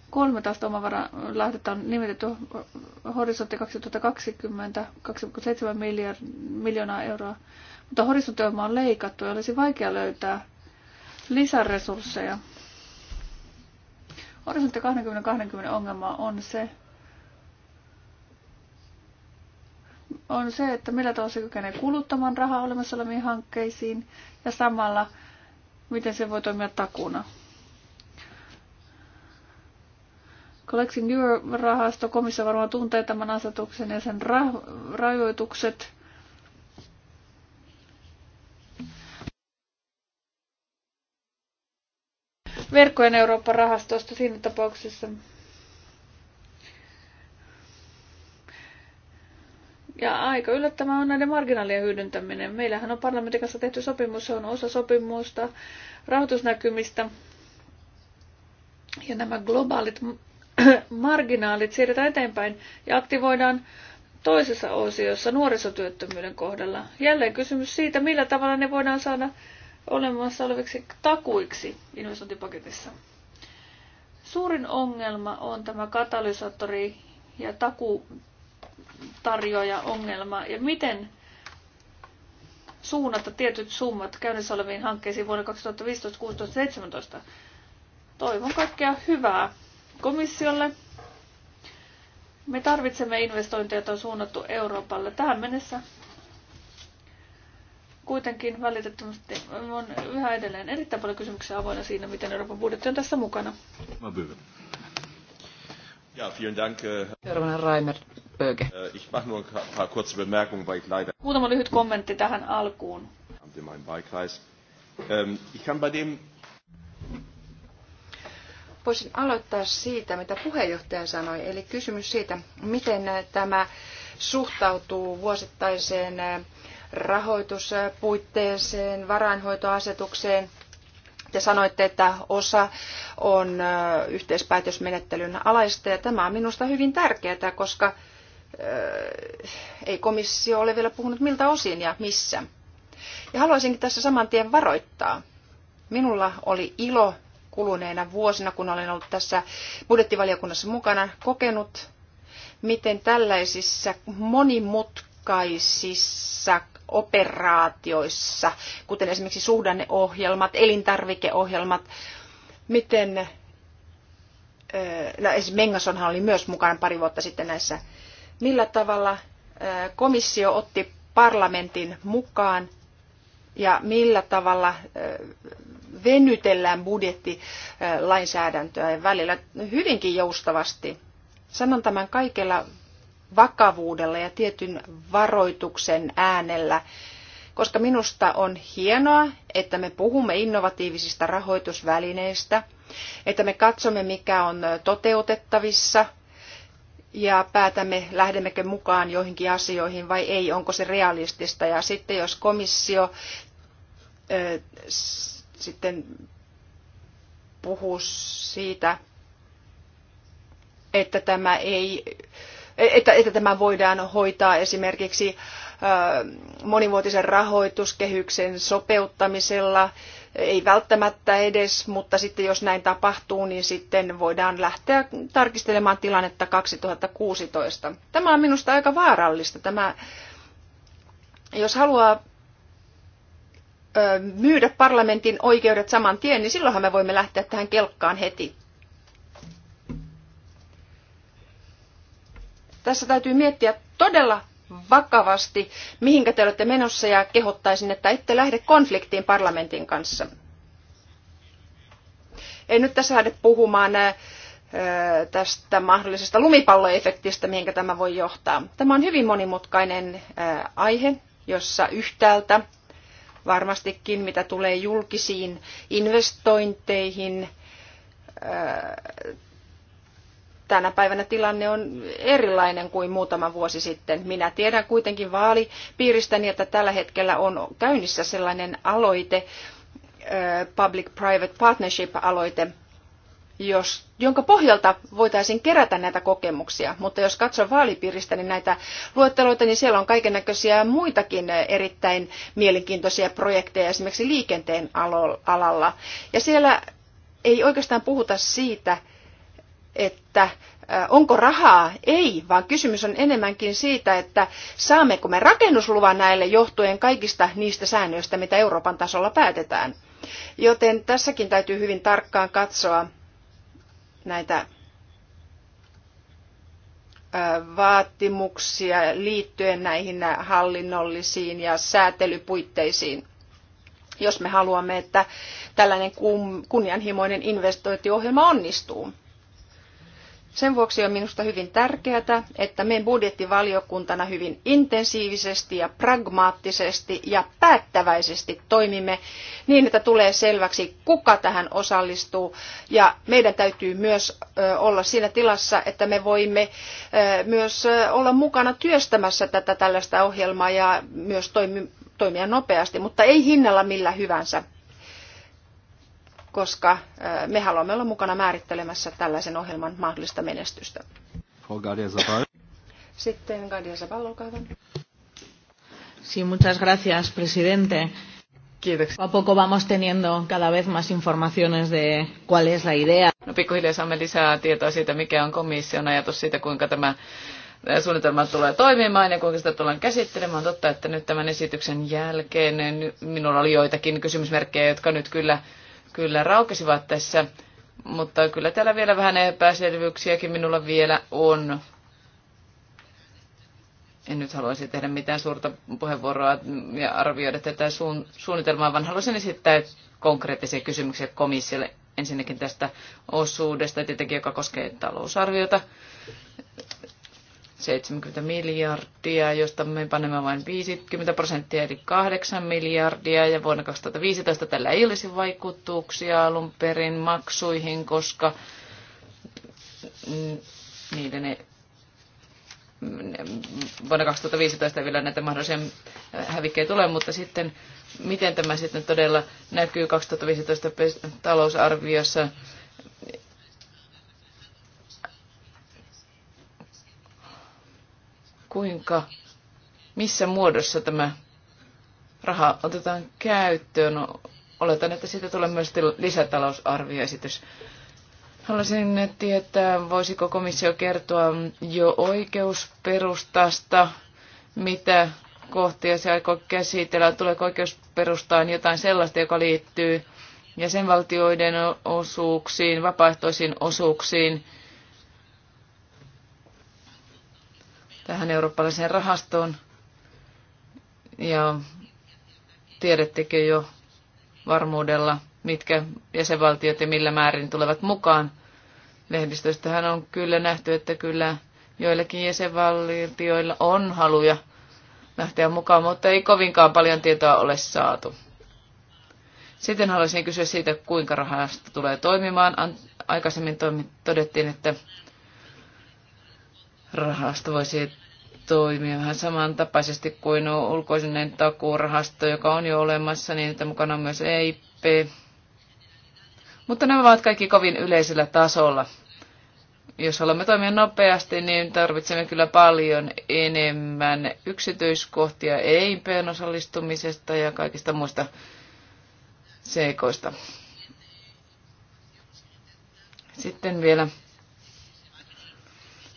13 omavaralähdettä on nimitetty horisontti 2020 2,7 miljoonaa euroa, mutta horisonttiohjelma on leikattu ja olisi vaikea löytää lisäresursseja. Horisontti 2020 ongelma on se, on se, että millä tavalla se kykenee kuluttamaan rahaa olemassa oleviin hankkeisiin ja samalla miten se voi toimia takuna. Collecting Euro-rahasto, komissio varmaan tuntee tämän asetuksen ja sen ra- rajoitukset. Verkkojen Eurooppa-rahastosta siinä tapauksessa Ja aika yllättävää on näiden marginaalien hyödyntäminen. Meillähän on parlamentin kanssa tehty sopimus, se on osa sopimusta rahoitusnäkymistä. Ja nämä globaalit marginaalit siirretään eteenpäin ja aktivoidaan toisessa osiossa nuorisotyöttömyyden kohdalla. Jälleen kysymys siitä, millä tavalla ne voidaan saada olemassa oleviksi takuiksi investointipaketissa. Suurin ongelma on tämä katalysaattori ja taku tarjoaja ongelma ja miten suunnata tietyt summat käynnissä oleviin hankkeisiin vuonna 2015, 16, 17. Toivon kaikkea hyvää komissiolle. Me tarvitsemme investointeja, jotka on suunnattu Euroopalle tähän mennessä. Kuitenkin valitettavasti on yhä edelleen erittäin paljon kysymyksiä avoinna siinä, miten Euroopan budjetti on tässä mukana. Äh, äh, Muutama lyhyt kommentti tähän alkuun. Ähm, Voisin aloittaa siitä, mitä puheenjohtaja sanoi, eli kysymys siitä, miten tämä suhtautuu vuosittaiseen äh, rahoituspuitteeseen, varainhoitoasetukseen – te sanoitte, että osa on yhteispäätösmenettelyn alaista ja tämä on minusta hyvin tärkeää, koska ei komissio ole vielä puhunut miltä osin ja missä. Ja haluaisinkin tässä saman tien varoittaa. Minulla oli ilo kuluneena vuosina, kun olen ollut tässä budjettivaliokunnassa mukana, kokenut, miten tällaisissa monimutkaisissa monimutkaisissa operaatioissa, kuten esimerkiksi suhdanneohjelmat, elintarvikeohjelmat, miten no esimerkiksi Mengasonhan oli myös mukana pari vuotta sitten näissä, millä tavalla komissio otti parlamentin mukaan ja millä tavalla venytellään budjettilainsäädäntöä ja välillä hyvinkin joustavasti. Sanon tämän kaikella vakavuudella ja tietyn varoituksen äänellä, koska minusta on hienoa, että me puhumme innovatiivisista rahoitusvälineistä, että me katsomme, mikä on toteutettavissa ja päätämme, lähdemmekö mukaan joihinkin asioihin vai ei, onko se realistista. Ja sitten jos komissio ö, sitten puhuu siitä, että tämä ei että, että tämä voidaan hoitaa esimerkiksi monivuotisen rahoituskehyksen sopeuttamisella, ei välttämättä edes, mutta sitten jos näin tapahtuu, niin sitten voidaan lähteä tarkistelemaan tilannetta 2016. Tämä on minusta aika vaarallista. Tämä, jos haluaa myydä parlamentin oikeudet saman tien, niin silloinhan me voimme lähteä tähän kelkkaan heti. Tässä täytyy miettiä todella vakavasti, mihinkä te olette menossa ja kehottaisin, että ette lähde konfliktiin parlamentin kanssa. En nyt tässä lähde puhumaan äh, tästä mahdollisesta lumipalloefektistä, mihinkä tämä voi johtaa. Tämä on hyvin monimutkainen äh, aihe, jossa yhtäältä varmastikin, mitä tulee julkisiin investointeihin, äh, tänä päivänä tilanne on erilainen kuin muutama vuosi sitten. Minä tiedän kuitenkin vaalipiiristäni, niin, että tällä hetkellä on käynnissä sellainen aloite, Public-Private Partnership-aloite, jos, jonka pohjalta voitaisiin kerätä näitä kokemuksia. Mutta jos katson vaalipiiristä niin näitä luetteloita, niin siellä on näköisiä muitakin erittäin mielenkiintoisia projekteja esimerkiksi liikenteen alalla. Ja siellä ei oikeastaan puhuta siitä, että onko rahaa? Ei, vaan kysymys on enemmänkin siitä, että saammeko me rakennusluvan näille johtuen kaikista niistä säännöistä, mitä Euroopan tasolla päätetään. Joten tässäkin täytyy hyvin tarkkaan katsoa näitä vaatimuksia liittyen näihin hallinnollisiin ja säätelypuitteisiin jos me haluamme, että tällainen kunnianhimoinen investointiohjelma onnistuu. Sen vuoksi on minusta hyvin tärkeää, että me budjettivaliokuntana hyvin intensiivisesti ja pragmaattisesti ja päättäväisesti toimimme niin, että tulee selväksi, kuka tähän osallistuu. Ja meidän täytyy myös olla siinä tilassa, että me voimme myös olla mukana työstämässä tätä tällaista ohjelmaa ja myös toimia nopeasti, mutta ei hinnalla millä hyvänsä koska me haluamme olla mukana määrittelemässä tällaisen ohjelman mahdollista menestystä. Sitten Gadia Zabal, olkaa hyvä. Sí, muchas gracias, presidente. Kiitoksia. A poco vamos teniendo cada vez más informaciones de cuál es la idea. No pikkuhiljaa saamme lisää tietoa siitä, mikä on komission ajatus siitä, kuinka tämä suunnitelma tulee toimimaan ja kuinka sitä tullaan käsittelemään. On totta, että nyt tämän esityksen jälkeen niin minulla oli joitakin kysymysmerkkejä, jotka nyt kyllä kyllä raukesivat tässä, mutta kyllä täällä vielä vähän epäselvyyksiäkin minulla vielä on. En nyt haluaisi tehdä mitään suurta puheenvuoroa ja arvioida tätä suun, suunnitelmaa, vaan haluaisin esittää konkreettisia kysymyksiä komissiolle ensinnäkin tästä osuudesta, tietenkin joka koskee talousarviota. 70 miljardia, josta me panemme vain 50 prosenttia eli 8 miljardia ja vuonna 2015 tällä ei olisi vaikutuksia alun perin maksuihin, koska niiden vuonna 2015 vielä näitä mahdollisia hävikkejä tulee, mutta sitten miten tämä sitten todella näkyy 2015 talousarviossa kuinka, missä muodossa tämä raha otetaan käyttöön. No, oletan, että siitä tulee myös lisätalousarvioesitys. Haluaisin tietää, voisiko komissio kertoa jo oikeusperustasta, mitä kohtia se aikoo käsitellä, tuleeko oikeusperustaan jotain sellaista, joka liittyy jäsenvaltioiden osuuksiin, vapaaehtoisiin osuuksiin, tähän eurooppalaiseen rahastoon. Ja tiedättekö jo varmuudella, mitkä jäsenvaltiot ja millä määrin tulevat mukaan. Lehdistöstähän on kyllä nähty, että kyllä joillakin jäsenvaltioilla on haluja lähteä mukaan, mutta ei kovinkaan paljon tietoa ole saatu. Sitten haluaisin kysyä siitä, kuinka rahasta tulee toimimaan. Aikaisemmin todettiin, että rahasto voisi toimia vähän samantapaisesti kuin ulkoinen takuurahasto, joka on jo olemassa, niin että mukana on myös EIP. Mutta nämä ovat kaikki kovin yleisellä tasolla. Jos haluamme toimia nopeasti, niin tarvitsemme kyllä paljon enemmän yksityiskohtia EIPn osallistumisesta ja kaikista muista seikoista. Sitten vielä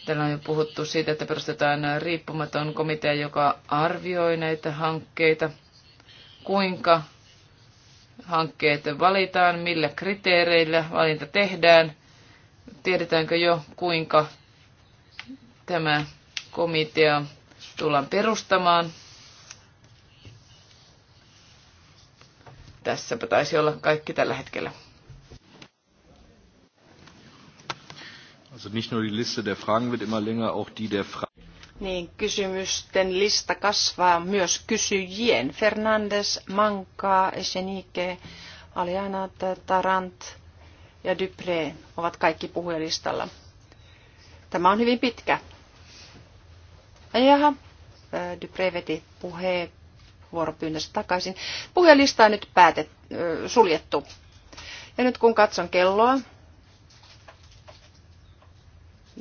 Täällä on jo puhuttu siitä, että perustetaan riippumaton komitea, joka arvioi näitä hankkeita, kuinka hankkeet valitaan, millä kriteereillä valinta tehdään, tiedetäänkö jo kuinka tämä komitea tullaan perustamaan. Tässäpä taisi olla kaikki tällä hetkellä. Also nicht nur die Liste der Fragen wird immer länger, auch die der Fragen. Niin, kysymysten lista kasvaa myös kysyjien. Fernandes, Manka, Esenike, Aliana, Tarant ja Dupré ovat kaikki puhujalistalla. Tämä on hyvin pitkä. Jaha, Dupré veti puheenvuoropyynnössä takaisin. Puhujalista on nyt päätet, suljettu. Ja nyt kun katson kelloa,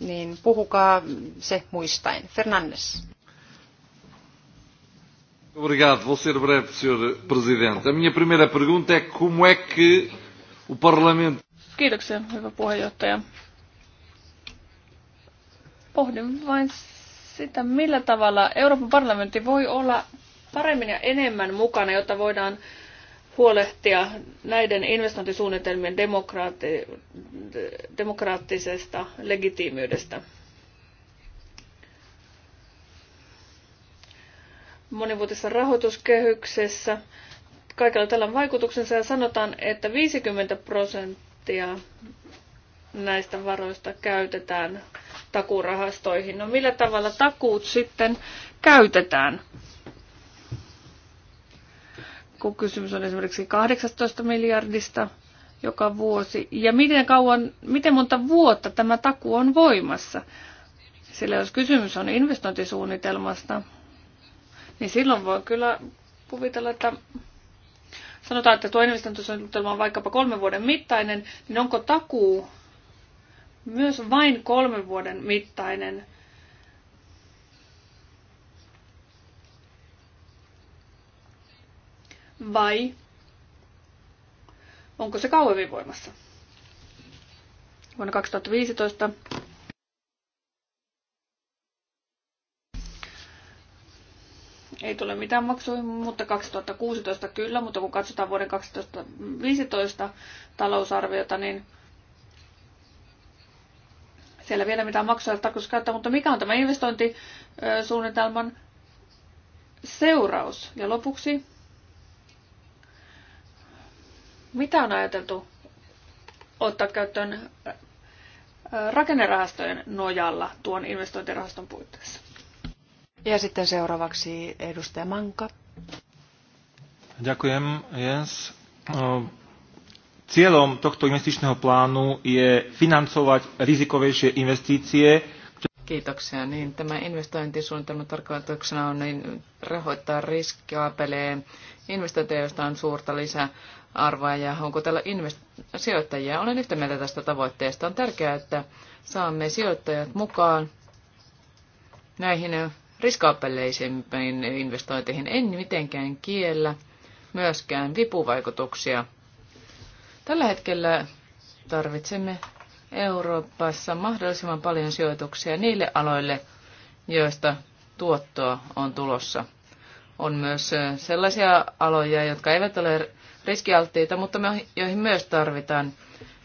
niin puhukaa se muistain. Fernandes. Obrigado, vou ser breve, Sr. Presidente. A minha primeira pergunta é como é que o Parlamento... Kiitoksia, hyvä puheenjohtaja. Pohdin vain sitä, millä tavalla Euroopan parlamentti voi olla paremmin ja enemmän mukana, jotta voidaan huolehtia näiden investointisuunnitelmien demokraatti, demokraattisesta legitiimiydestä. Monivuotisessa rahoituskehyksessä kaikella tällä vaikutuksensa ja sanotaan, että 50 prosenttia näistä varoista käytetään takurahastoihin. No millä tavalla takuut sitten käytetään? kun kysymys on esimerkiksi 18 miljardista joka vuosi. Ja miten, kauan, miten monta vuotta tämä takuu on voimassa? Sillä jos kysymys on investointisuunnitelmasta, niin silloin voi kyllä kuvitella, että sanotaan, että tuo investointisuunnitelma on vaikkapa kolmen vuoden mittainen, niin onko takuu myös vain kolmen vuoden mittainen – vai onko se kauemmin voimassa. Vuonna 2015 ei tule mitään maksuja, mutta 2016 kyllä, mutta kun katsotaan vuoden 2015 talousarviota, niin siellä vielä mitään maksuja tarkoitus käyttää, mutta mikä on tämä investointisuunnitelman seuraus? Ja lopuksi mitä on ajateltu ottaa käyttöön äh, rakennerahastojen nojalla tuon investointirahaston puitteissa? Ja sitten seuraavaksi edustaja Manka. Ďakujem, Jens. Cieľom tohto investičného plánu je financovať rizikovejšie investície. Kiitoksia. Niin, tämä investointisuunnitelma tarkoituksena on niin rahoittaa riskiapelejä investointeja, joista on suurta lisää arvoa ja onko tällä invest- sijoittajia. Olen yhtä mieltä tästä tavoitteesta. On tärkeää, että saamme sijoittajat mukaan näihin riskaapelleisempiin investointeihin. En mitenkään kiellä myöskään vipuvaikutuksia. Tällä hetkellä tarvitsemme Euroopassa mahdollisimman paljon sijoituksia niille aloille, joista tuottoa on tulossa. On myös sellaisia aloja, jotka eivät ole riskialttiita, mutta joihin myös tarvitaan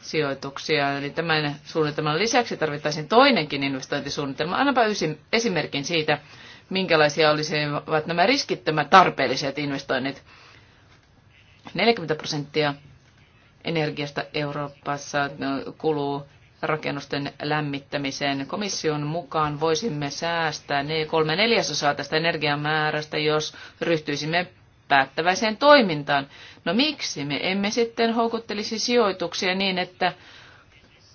sijoituksia. Eli tämän suunnitelman lisäksi tarvittaisiin toinenkin investointisuunnitelma. Annapa esimerkin siitä, minkälaisia olisivat nämä riskittömät tarpeelliset investoinnit. 40 prosenttia energiasta Euroopassa kuluu rakennusten lämmittämiseen. Komission mukaan voisimme säästää ne kolme neljäsosaa tästä energiamäärästä, jos ryhtyisimme päättäväiseen toimintaan. No miksi me emme sitten houkuttelisi sijoituksia niin, että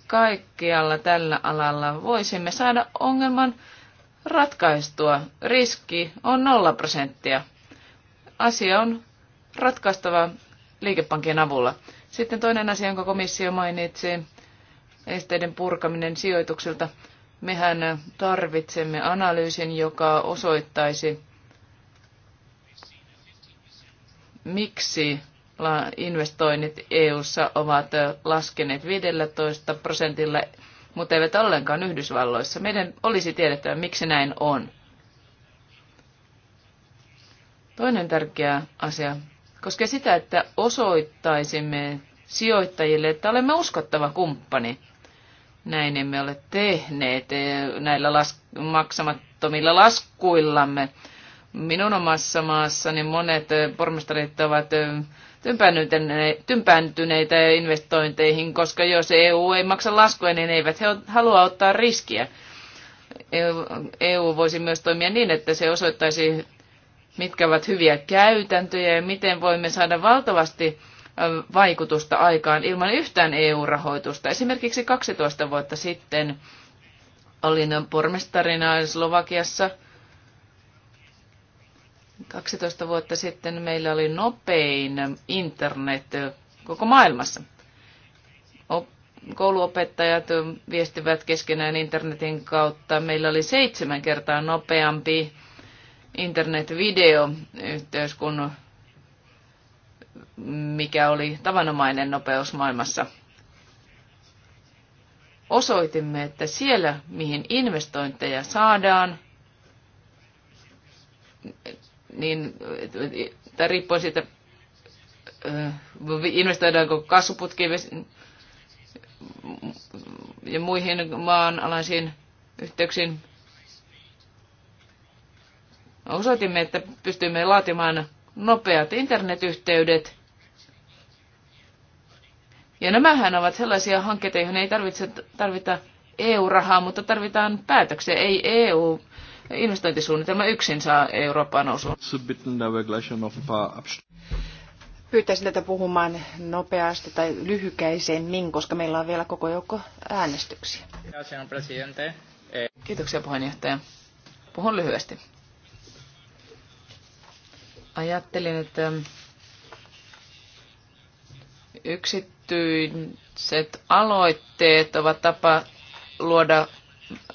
kaikkialla tällä alalla voisimme saada ongelman ratkaistua. Riski on nolla prosenttia. Asia on ratkaistava liikepankin avulla. Sitten toinen asia, jonka komissio mainitsi, esteiden purkaminen sijoituksilta. Mehän tarvitsemme analyysin, joka osoittaisi, miksi investoinnit EU:ssa ovat laskeneet 15 prosentilla, mutta eivät ollenkaan Yhdysvalloissa. Meidän olisi tiedettävä, miksi näin on. Toinen tärkeä asia koskee sitä, että osoittaisimme sijoittajille, että olemme uskottava kumppani. Näin emme ole tehneet näillä las- maksamattomilla laskuillamme Minun omassa maassani monet pormestarit ovat tympääntyneitä investointeihin, koska jos EU ei maksa laskuja, niin eivät he halua ottaa riskiä. EU e voisi myös toimia niin, että se osoittaisi, mitkä ovat hyviä käytäntöjä ja miten voimme saada valtavasti vaikutusta aikaan ilman yhtään EU-rahoitusta. Esimerkiksi 12 vuotta sitten olin pormestarina Slovakiassa – 12 vuotta sitten meillä oli nopein internet koko maailmassa. Kouluopettajat viestivät keskenään internetin kautta. Meillä oli seitsemän kertaa nopeampi internetvideoyhteys kuin mikä oli tavanomainen nopeus maailmassa. Osoitimme, että siellä, mihin investointeja saadaan, niin tämä riippuu siitä, investoidaanko kasvuputkiin ja muihin maanalaisiin yhteyksiin. Osoitimme, että pystymme laatimaan nopeat internetyhteydet. Ja nämähän ovat sellaisia hankkeita, joihin ei tarvitse, tarvita EU-rahaa, mutta tarvitaan päätöksiä. Ei EU investointisuunnitelma yksin saa Eurooppaa nousuun. Pyytäisin tätä puhumaan nopeasti tai lyhykäisemmin, koska meillä on vielä koko joukko äänestyksiä. Kiitoksia puheenjohtaja. Puhun lyhyesti. Ajattelin, että yksityiset aloitteet ovat tapa luoda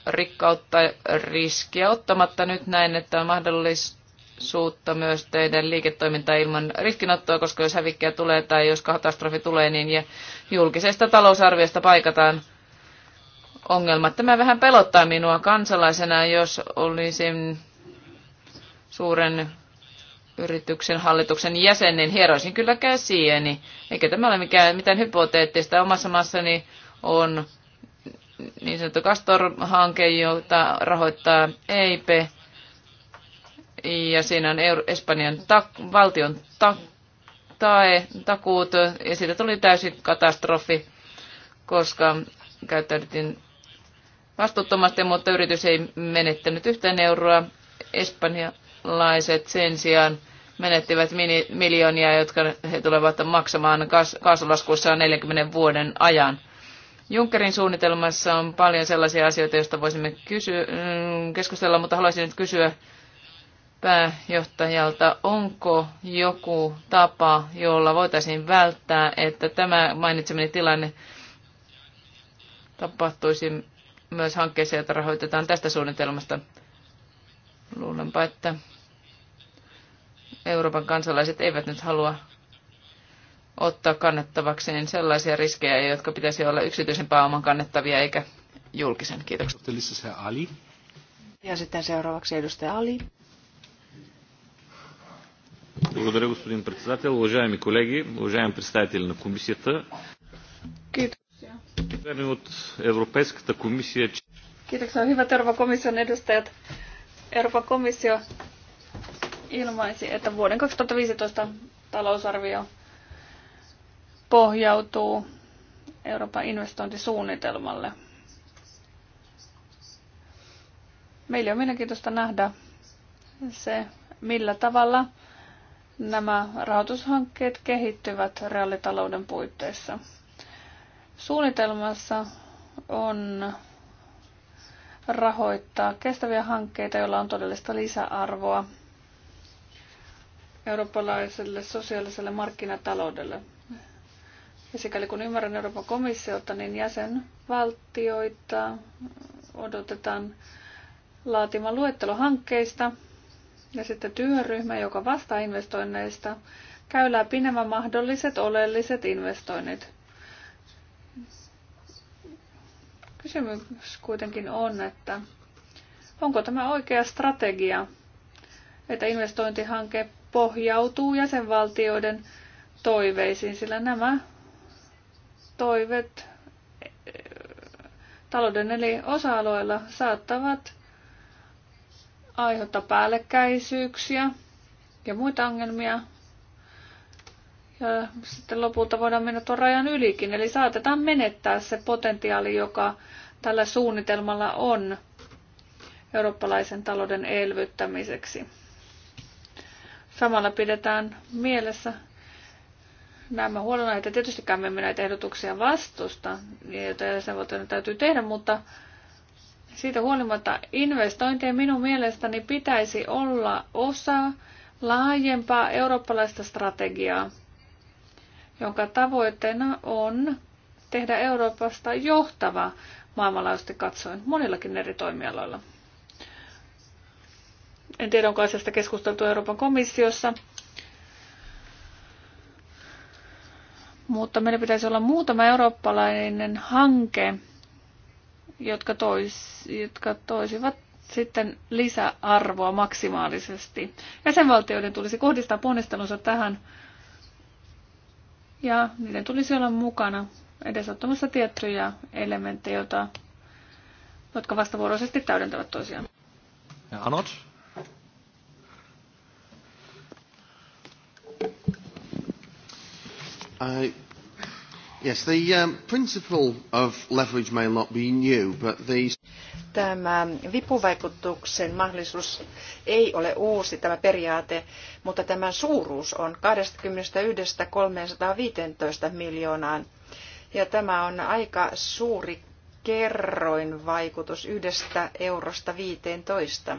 rikkautta riskiä ottamatta. Nyt näin, että on mahdollisuutta myös teidän liiketoimintaa ilman riskinottoa, koska jos hävikkiä tulee tai jos katastrofi tulee, niin julkisesta talousarviosta paikataan ongelmat. Tämä vähän pelottaa minua kansalaisena, jos olisin suuren yrityksen hallituksen jäsen, niin hieroisin kyllä käsiäni. Eikä tämä ole mikään, mitään hypoteettista. Omassa maassani on niin sanottu Castor-hanke, jota rahoittaa EIP, ja siinä on Euro- Espanjan ta- valtion ta- tae, takuut, ja siitä tuli täysin katastrofi, koska käyttäydyttiin vastuuttomasti, mutta yritys ei menettänyt yhtään euroa. Espanjalaiset sen sijaan menettivät mini- miljoonia, jotka he tulevat maksamaan kas- kaasulaskuissaan 40 vuoden ajan. Junckerin suunnitelmassa on paljon sellaisia asioita, joista voisimme kysyä, mm, keskustella, mutta haluaisin nyt kysyä pääjohtajalta, onko joku tapa, jolla voitaisiin välttää, että tämä mainitsemani tilanne tapahtuisi myös hankkeeseen, jota rahoitetaan tästä suunnitelmasta. Luulenpa, että Euroopan kansalaiset eivät nyt halua ottaa kannettavakseen sellaisia riskejä, jotka pitäisi olla yksityisen pääoman kannettavia eikä julkisen. Kiitoksia. Ja sitten seuraavaksi edustaja Ali. Благодаря, господин председател. Уважаеми колеги, уважаеми представители на комисията. Kiitoksia. От Европейската комисия. Kiitoksia, hyvät Euroopan komission edustajat. Euroopan komissio ilmaisi, että vuoden 2015 talousarvio pohjautuu Euroopan investointisuunnitelmalle. Meillä on mielenkiintoista nähdä se, millä tavalla nämä rahoitushankkeet kehittyvät reaalitalouden puitteissa. Suunnitelmassa on rahoittaa kestäviä hankkeita, joilla on todellista lisäarvoa eurooppalaiselle sosiaaliselle markkinataloudelle. Ja sikäli kun ymmärrän Euroopan komissiota, niin jäsenvaltioita odotetaan laatimaan luettelo hankkeista ja sitten työryhmä, joka vastaa investoinneista, käy läpi nämä mahdolliset oleelliset investoinnit. Kysymys kuitenkin on, että onko tämä oikea strategia, että investointihanke pohjautuu jäsenvaltioiden toiveisiin, sillä nämä toiveet eh, talouden eli osa-alueilla saattavat aiheuttaa päällekkäisyyksiä ja muita ongelmia. Ja sitten lopulta voidaan mennä tuon rajan ylikin, eli saatetaan menettää se potentiaali, joka tällä suunnitelmalla on eurooppalaisen talouden elvyttämiseksi. Samalla pidetään mielessä nämä huolenaiheet, että tietystikään me emme näitä ehdotuksia vastusta, niin joita jäsenvaltioiden täytyy tehdä, mutta siitä huolimatta investointien minun mielestäni pitäisi olla osa laajempaa eurooppalaista strategiaa, jonka tavoitteena on tehdä Euroopasta johtava maailmanlaajuisesti katsoen monillakin eri toimialoilla. En tiedä, onko asiasta keskusteltu Euroopan komissiossa, Mutta meillä pitäisi olla muutama eurooppalainen hanke, jotka, tois, jotka toisivat sitten lisäarvoa maksimaalisesti. Jäsenvaltioiden tulisi kohdistaa ponnistelunsa tähän ja niiden tulisi olla mukana edesottamassa tiettyjä elementtejä, joita, jotka vastavuoroisesti täydentävät toisiaan. Ja Anot? Uh, yes, the um, principle of leverage may not be new, but Tämä vipuvaikutuksen mahdollisuus ei ole uusi tämä periaate, mutta tämän suuruus on 21-315 miljoonaan. Ja tämä on aika suuri vaikutus yhdestä eurosta 15.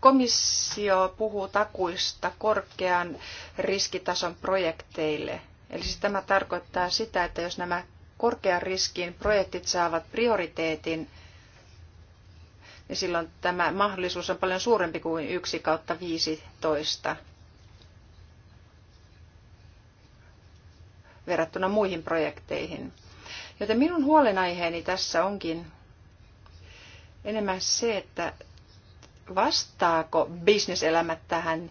Komissio puhuu takuista korkean riskitason projekteille. Eli siis tämä tarkoittaa sitä, että jos nämä korkean riskin projektit saavat prioriteetin, niin silloin tämä mahdollisuus on paljon suurempi kuin 1 kautta 15 verrattuna muihin projekteihin. Joten minun huolenaiheeni tässä onkin enemmän se, että vastaako bisneselämä tähän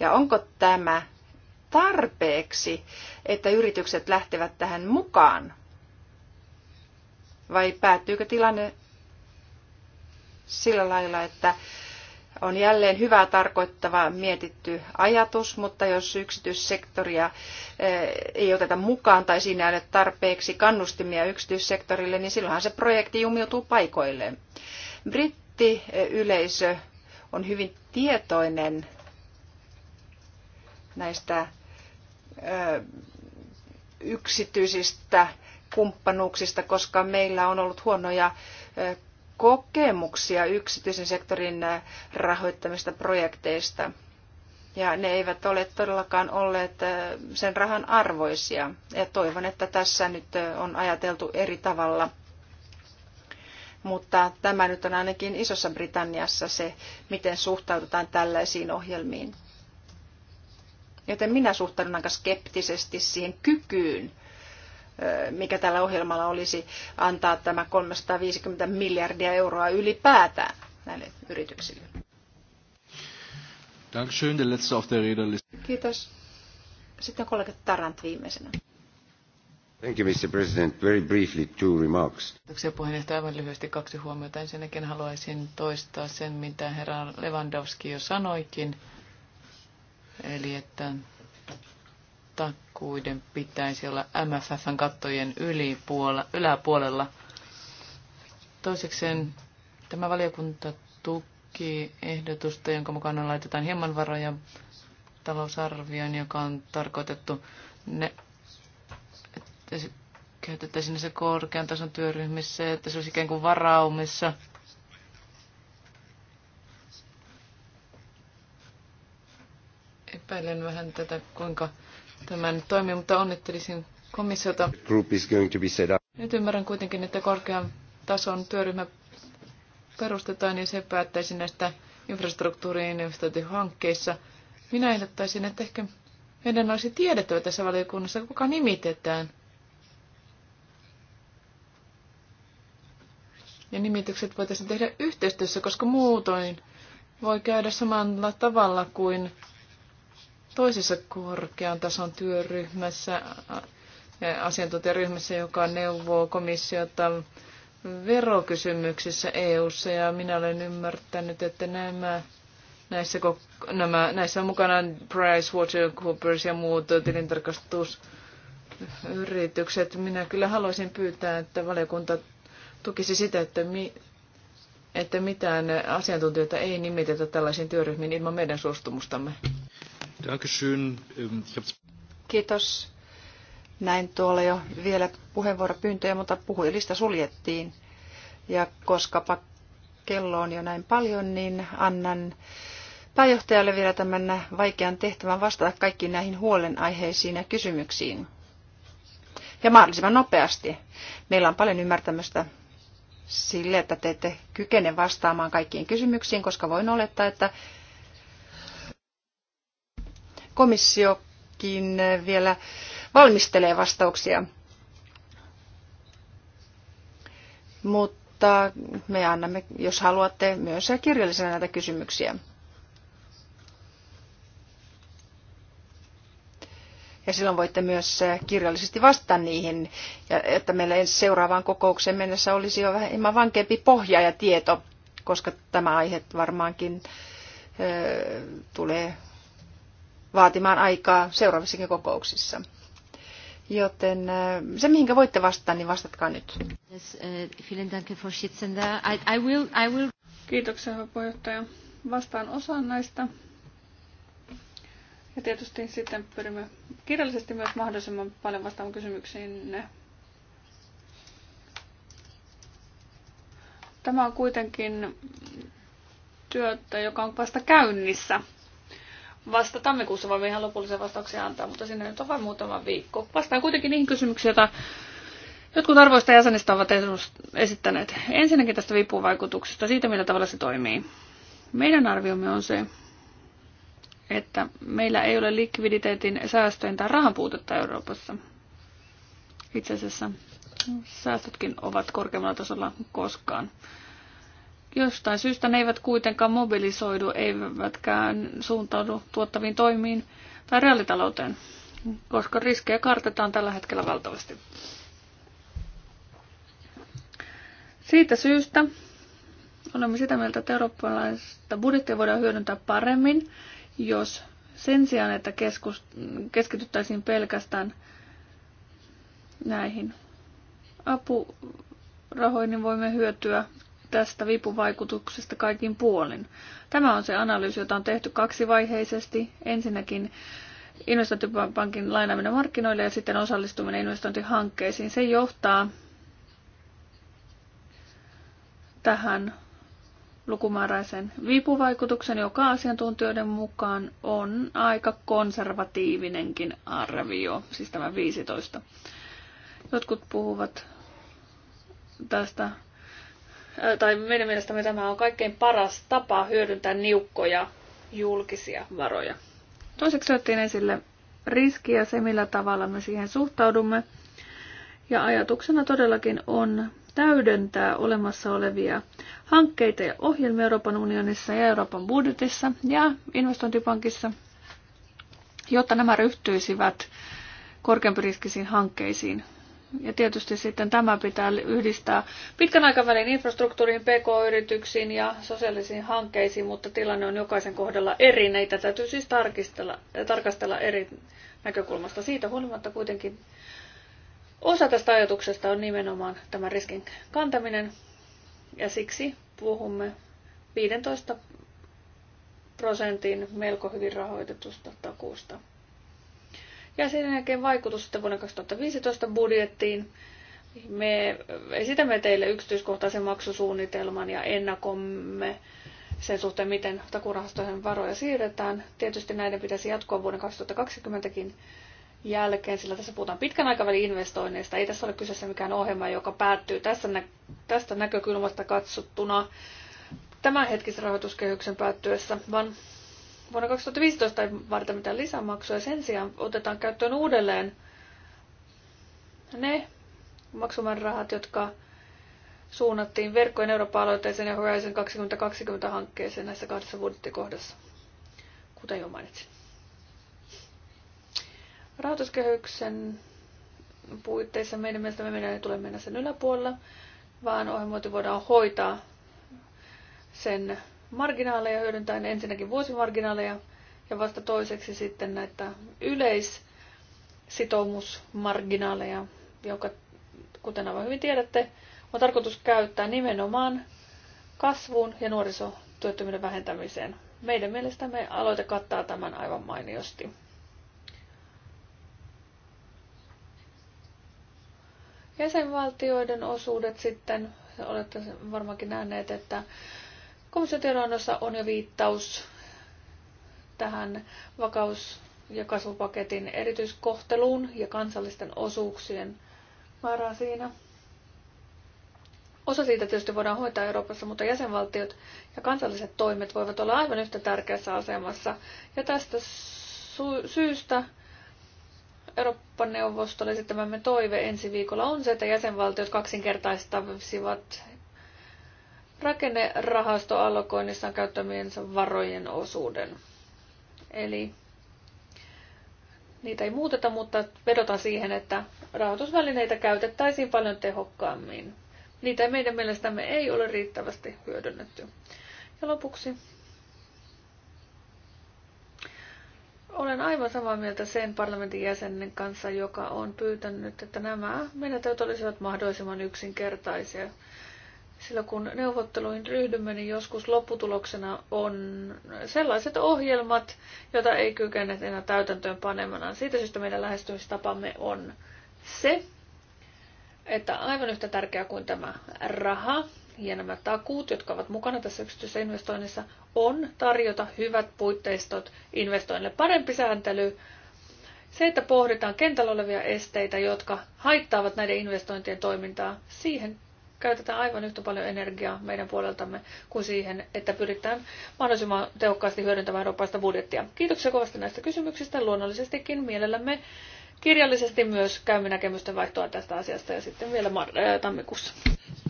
ja onko tämä tarpeeksi, että yritykset lähtevät tähän mukaan? Vai päättyykö tilanne sillä lailla, että on jälleen hyvää tarkoittava mietitty ajatus, mutta jos yksityissektoria eh, ei oteta mukaan tai siinä ei ole tarpeeksi kannustimia yksityissektorille, niin silloinhan se projekti jumiutuu paikoilleen. Britti yleisö on hyvin tietoinen näistä yksityisistä kumppanuuksista, koska meillä on ollut huonoja kokemuksia yksityisen sektorin rahoittamista projekteista. Ja ne eivät ole todellakaan olleet sen rahan arvoisia. Ja toivon, että tässä nyt on ajateltu eri tavalla – mutta tämä nyt on ainakin Isossa Britanniassa se, miten suhtaudutaan tällaisiin ohjelmiin. Joten minä suhtaudun aika skeptisesti siihen kykyyn, mikä tällä ohjelmalla olisi antaa tämä 350 miljardia euroa ylipäätään näille yrityksille. Kiitos. Sitten kollega Tarant viimeisenä. Thank you, Kiitoksia puheenjohtaja. Aivan lyhyesti kaksi huomiota. Ensinnäkin haluaisin toistaa sen, mitä herra Lewandowski jo sanoikin. Eli että takkuiden pitäisi olla MFFn kattojen yläpuolella. Toisekseen tämä valiokunta tuki ehdotusta, jonka mukaan laitetaan hieman varoja talousarvioon, joka on tarkoitettu ne käytettäisiin näissä korkean tason työryhmissä, että se olisi ikään kuin varaumissa. Epäilen vähän tätä, kuinka tämä nyt toimii, mutta onnittelisin komissiota. Group is going to be set up. Nyt ymmärrän kuitenkin, että korkean tason työryhmä perustetaan ja se päättäisi näistä infrastruktuuriin investointihankkeissa. Minä ehdottaisin, että ehkä meidän olisi tiedettävä tässä valiokunnassa, kuka nimitetään ja nimitykset voitaisiin tehdä yhteistyössä, koska muutoin voi käydä samalla tavalla kuin toisessa korkean tason työryhmässä, asiantuntijaryhmässä, joka neuvoo komissiota verokysymyksissä EU:ssa ja minä olen ymmärtänyt, että nämä näissä, nämä, näissä on mukana Price, Watercoopers ja muut tilintarkastusyritykset. Minä kyllä haluaisin pyytää, että valiokunta tukisi sitä, että, mi, että mitään asiantuntijoita ei nimitetä tällaisiin työryhmiin ilman meidän suostumustamme. Ähm, Kiitos. Näin tuolla jo vielä puheenvuoropyyntöjä, mutta puhujalista suljettiin. Ja koskapa kello on jo näin paljon, niin annan pääjohtajalle vielä tämän vaikean tehtävän vastata kaikkiin näihin huolenaiheisiin ja kysymyksiin. Ja mahdollisimman nopeasti. Meillä on paljon ymmärtämystä sille, että te ette kykene vastaamaan kaikkiin kysymyksiin, koska voin olettaa, että komissiokin vielä valmistelee vastauksia. Mutta me annamme, jos haluatte, myös kirjallisena näitä kysymyksiä. ja silloin voitte myös eh, kirjallisesti vastata niihin, ja että meillä seuraavaan kokoukseen mennessä olisi jo vähän vankempi pohja ja tieto, koska tämä aihe varmaankin ö, eh, tulee vaatimaan aikaa seuraavissakin kokouksissa. Joten eh, se, mihinkä voitte vastata, niin vastatkaa nyt. Yes, vielen dank, I, I will, I will... Kiitoksia, puheenjohtaja. Vastaan osaan näistä ja tietysti sitten pyrimme kirjallisesti myös mahdollisimman paljon vastaamaan kysymyksiin. Tämä on kuitenkin työtä, joka on vasta käynnissä. Vasta tammikuussa voimme ihan lopullisia vastauksia antaa, mutta sinne nyt on vain muutama viikko. Vastaan kuitenkin niihin kysymyksiin, joita jotkut arvoista jäsenistä ovat esittäneet. Ensinnäkin tästä vipuvaikutuksesta, siitä millä tavalla se toimii. Meidän arviomme on se, että meillä ei ole likviditeetin säästöjen tai rahan puutetta Euroopassa. Itse asiassa säästötkin ovat korkeammalla tasolla koskaan. Jostain syystä ne eivät kuitenkaan mobilisoidu, eivätkään suuntaudu tuottaviin toimiin tai reaalitalouteen, koska riskejä kartetaan tällä hetkellä valtavasti. Siitä syystä olemme sitä mieltä, että eurooppalaista budjettia voidaan hyödyntää paremmin jos sen sijaan, että keskus, keskityttäisiin pelkästään näihin apurahoihin, niin voimme hyötyä tästä vipuvaikutuksesta kaikin puolin. Tämä on se analyysi, jota on tehty kaksivaiheisesti. Ensinnäkin investointipankin lainaaminen markkinoille ja sitten osallistuminen investointihankkeisiin. Se johtaa tähän lukumääräisen vipuvaikutuksen, joka asiantuntijoiden mukaan on aika konservatiivinenkin arvio, siis tämä 15. Jotkut puhuvat tästä, tai meidän mielestämme tämä on kaikkein paras tapa hyödyntää niukkoja julkisia varoja. Toiseksi otettiin esille riski ja se, millä tavalla me siihen suhtaudumme. Ja ajatuksena todellakin on täydentää olemassa olevia hankkeita ja ohjelmia Euroopan unionissa ja Euroopan budjetissa ja investointipankissa, jotta nämä ryhtyisivät korkeampiriskisiin hankkeisiin. Ja tietysti sitten tämä pitää yhdistää pitkän aikavälin infrastruktuuriin, pk-yrityksiin ja sosiaalisiin hankkeisiin, mutta tilanne on jokaisen kohdalla eri. Näitä täytyy siis tarkistella, tarkastella eri näkökulmasta. Siitä huolimatta kuitenkin Osa tästä ajatuksesta on nimenomaan tämä riskin kantaminen, ja siksi puhumme 15 prosentin melko hyvin rahoitetusta takuusta. Ja sen jälkeen vaikutus sitten vuonna 2015 budjettiin. Me esitämme teille yksityiskohtaisen maksusuunnitelman ja ennakomme sen suhteen, miten takurahastojen varoja siirretään. Tietysti näiden pitäisi jatkoa vuonna 2020kin, jälkeen, sillä tässä puhutaan pitkän aikavälin investoinneista. Ei tässä ole kyseessä mikään ohjelma, joka päättyy tässä nä- tästä näkökulmasta katsottuna hetkisen rahoituskehyksen päättyessä, vaan vuonna 2015 ei varta mitään lisämaksuja. Sen sijaan otetaan käyttöön uudelleen ne maksumäärärahat, jotka suunnattiin verkkojen Eurooppa-aloitteeseen ja Horizon 2020-hankkeeseen näissä kahdessa budjettikohdassa, kuten jo mainitsin. Rahoituskehyksen puitteissa meidän me meidän ei tule mennä sen yläpuolella, vaan ohjelmointi voidaan hoitaa sen marginaaleja hyödyntäen ensinnäkin vuosimarginaaleja ja vasta toiseksi sitten näitä yleissitoumusmarginaaleja, joka, kuten aivan hyvin tiedätte, on tarkoitus käyttää nimenomaan kasvuun ja nuorisotyöttömyyden vähentämiseen. Meidän mielestämme aloite kattaa tämän aivan mainiosti. Jäsenvaltioiden osuudet sitten, olette varmaankin nähneet, että komission on jo viittaus tähän vakaus- ja kasvupaketin erityiskohteluun ja kansallisten osuuksien määrään siinä. Osa siitä tietysti voidaan hoitaa Euroopassa, mutta jäsenvaltiot ja kansalliset toimet voivat olla aivan yhtä tärkeässä asemassa. Ja tästä syystä Euroopan neuvostolle esittämämme toive ensi viikolla on se, että jäsenvaltiot kaksinkertaistaisivat rakennerahastoallokoinnissaan käyttämiensä varojen osuuden. Eli niitä ei muuteta, mutta vedotaan siihen, että rahoitusvälineitä käytettäisiin paljon tehokkaammin. Niitä meidän mielestämme ei ole riittävästi hyödynnetty. Ja lopuksi olen aivan samaa mieltä sen parlamentin jäsenen kanssa, joka on pyytänyt, että nämä menetelmät olisivat mahdollisimman yksinkertaisia. Sillä kun neuvotteluihin ryhdymme, niin joskus lopputuloksena on sellaiset ohjelmat, joita ei kykene enää täytäntöön panemana. Siitä syystä meidän lähestymistapamme on se, että aivan yhtä tärkeää kuin tämä raha, ja nämä takuut, jotka ovat mukana tässä yksityisessä investoinnissa, on tarjota hyvät puitteistot investoinnille. Parempi sääntely, se, että pohditaan kentällä olevia esteitä, jotka haittaavat näiden investointien toimintaa, siihen käytetään aivan yhtä paljon energiaa meidän puoleltamme kuin siihen, että pyritään mahdollisimman tehokkaasti hyödyntämään eurooppaista budjettia. Kiitoksia kovasti näistä kysymyksistä. Luonnollisestikin mielellämme kirjallisesti myös käymme näkemysten vaihtoa tästä asiasta ja sitten vielä äh, tammikuussa.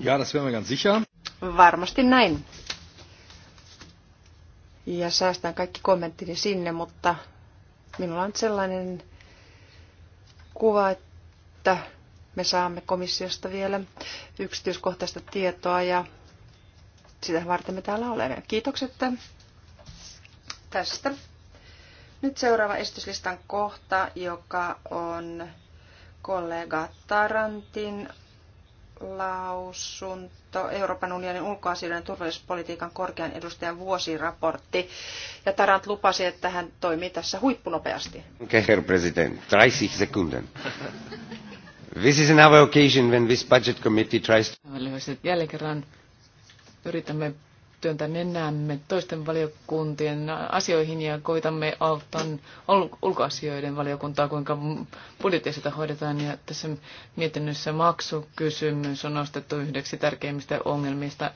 Ja, das wären wir ganz sicher. Varmasti näin. Ja säästän kaikki kommenttini sinne, mutta minulla on sellainen kuva, että me saamme komissiosta vielä yksityiskohtaista tietoa ja sitä varten me täällä olemme. Kiitokset tästä. Nyt seuraava esityslistan kohta, joka on kollega Tarantin lausunto, Euroopan unionin ulkoasioiden ja turvallisuuspolitiikan korkean edustajan vuosiraportti. Ja Tarant lupasi, että hän toimii tässä huippunopeasti. Okay, herr president, 30 sekunden. This is another occasion when this budget committee tries to... jälleen kerran yritämme työntää nenämme toisten valiokuntien asioihin ja koitamme auttaa ulkoasioiden valiokuntaa, kuinka budjettiasioita hoidetaan. Ja tässä mietinnössä maksukysymys on nostettu yhdeksi tärkeimmistä ongelmista,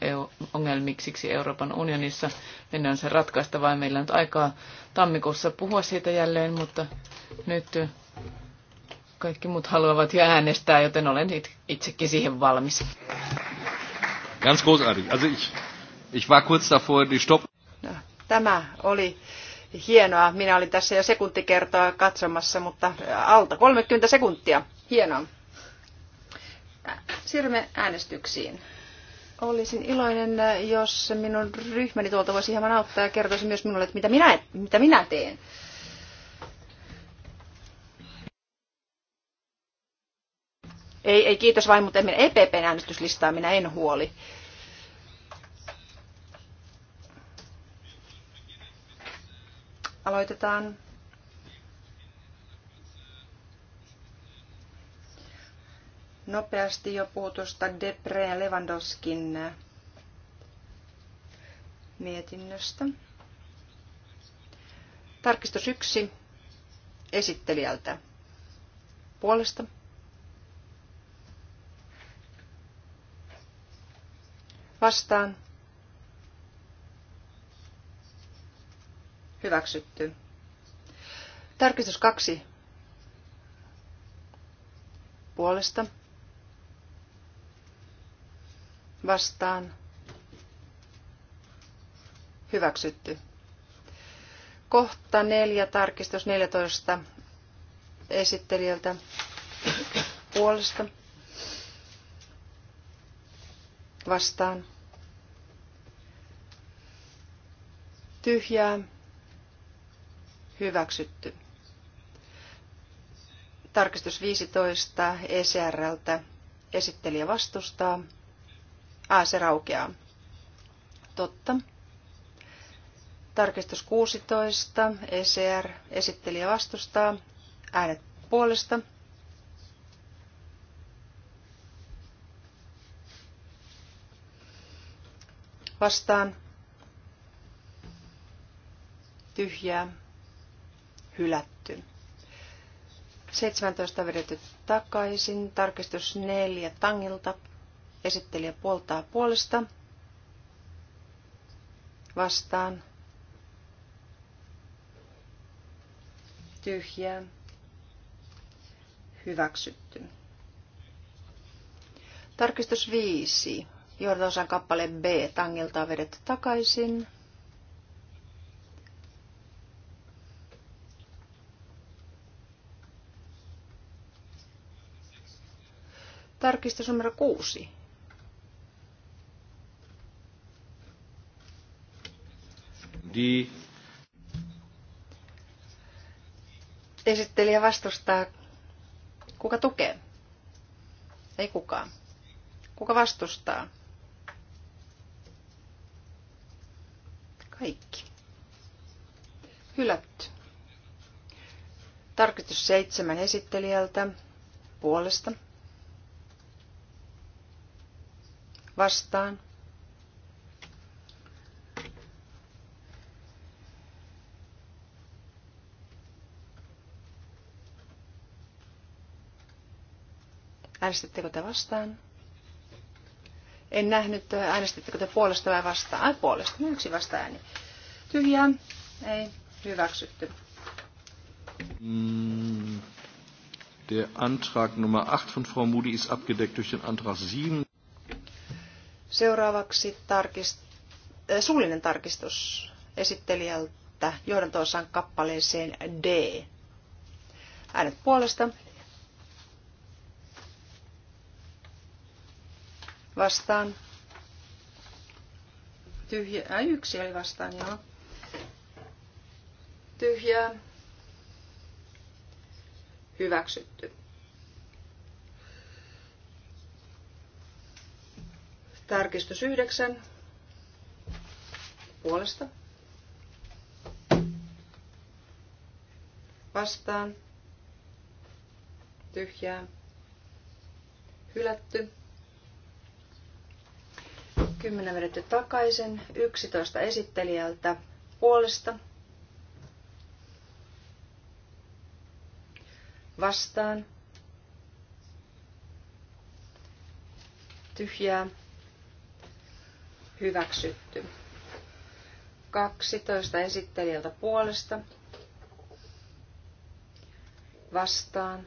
ongelmiksiksi Euroopan unionissa. Meidän on se ratkaistava ja meillä on nyt aikaa tammikuussa puhua siitä jälleen, mutta nyt kaikki muut haluavat jo äänestää, joten olen itsekin siihen valmis. Ganz großartig. Also ich Ich war kurz davor, die Stopp. No, tämä oli hienoa. Minä olin tässä jo sekuntikertoa katsomassa, mutta alta 30 sekuntia. Hienoa. Siirrymme äänestyksiin. Olisin iloinen, jos minun ryhmäni tuolta voisi hieman auttaa ja kertoisi myös minulle, että mitä minä, mitä minä teen. Ei, ei kiitos vain, mutta minä EPPn äänestyslistaa minä en huoli. Aloitetaan. Nopeasti jo puutusta Depre ja Lewandowskin mietinnöstä. Tarkistus yksi esittelijältä puolesta. Vastaan Hyväksytty. Tarkistus kaksi puolesta. Vastaan. Hyväksytty. Kohta neljä, tarkistus 14 esittelijältä puolesta. Vastaan. Tyhjää. Hyväksytty. Tarkistus 15 ECRltä. Esittelijä vastustaa. A, se raukeaa. Totta. Tarkistus 16. ECR. Esittelijä vastustaa. Äänet puolesta. Vastaan. Tyhjää hylätty. 17 vedetty takaisin, tarkistus 4 tangilta, esittelijä puoltaa puolesta, vastaan, tyhjää, hyväksytty. Tarkistus 5, johdonosan kappale B, tangilta on vedetty takaisin, Tarkistus numero kuusi. Di. Esittelijä vastustaa. Kuka tukee? Ei kukaan. Kuka vastustaa? Kaikki. Hylätty. Tarkistus seitsemän esittelijältä puolesta vastaan. Äänestittekö te vastaan? En nähnyt, äänestittekö te puolesta vai vastaan? Ai puolesta, no yksi ääni. Tyhjää, ei, hyväksytty. Mm. Der Antrag Nummer 8 von Frau Moody ist abgedeckt durch den Antrag 7. Seuraavaksi tarkist, äh, suullinen tarkistus esittelijältä johdantoosaan kappaleeseen D. Äänet puolesta. Vastaan. Tyhjä, äh, yksi oli vastaan, joo. Tyhjää. Hyväksytty. Tarkistus 9 puolesta. Vastaan. Tyhjää. Hylätty. 10 vedetty takaisin. 11 esittelijältä puolesta. Vastaan. Tyhjää hyväksytty. 12 esittelijältä puolesta vastaan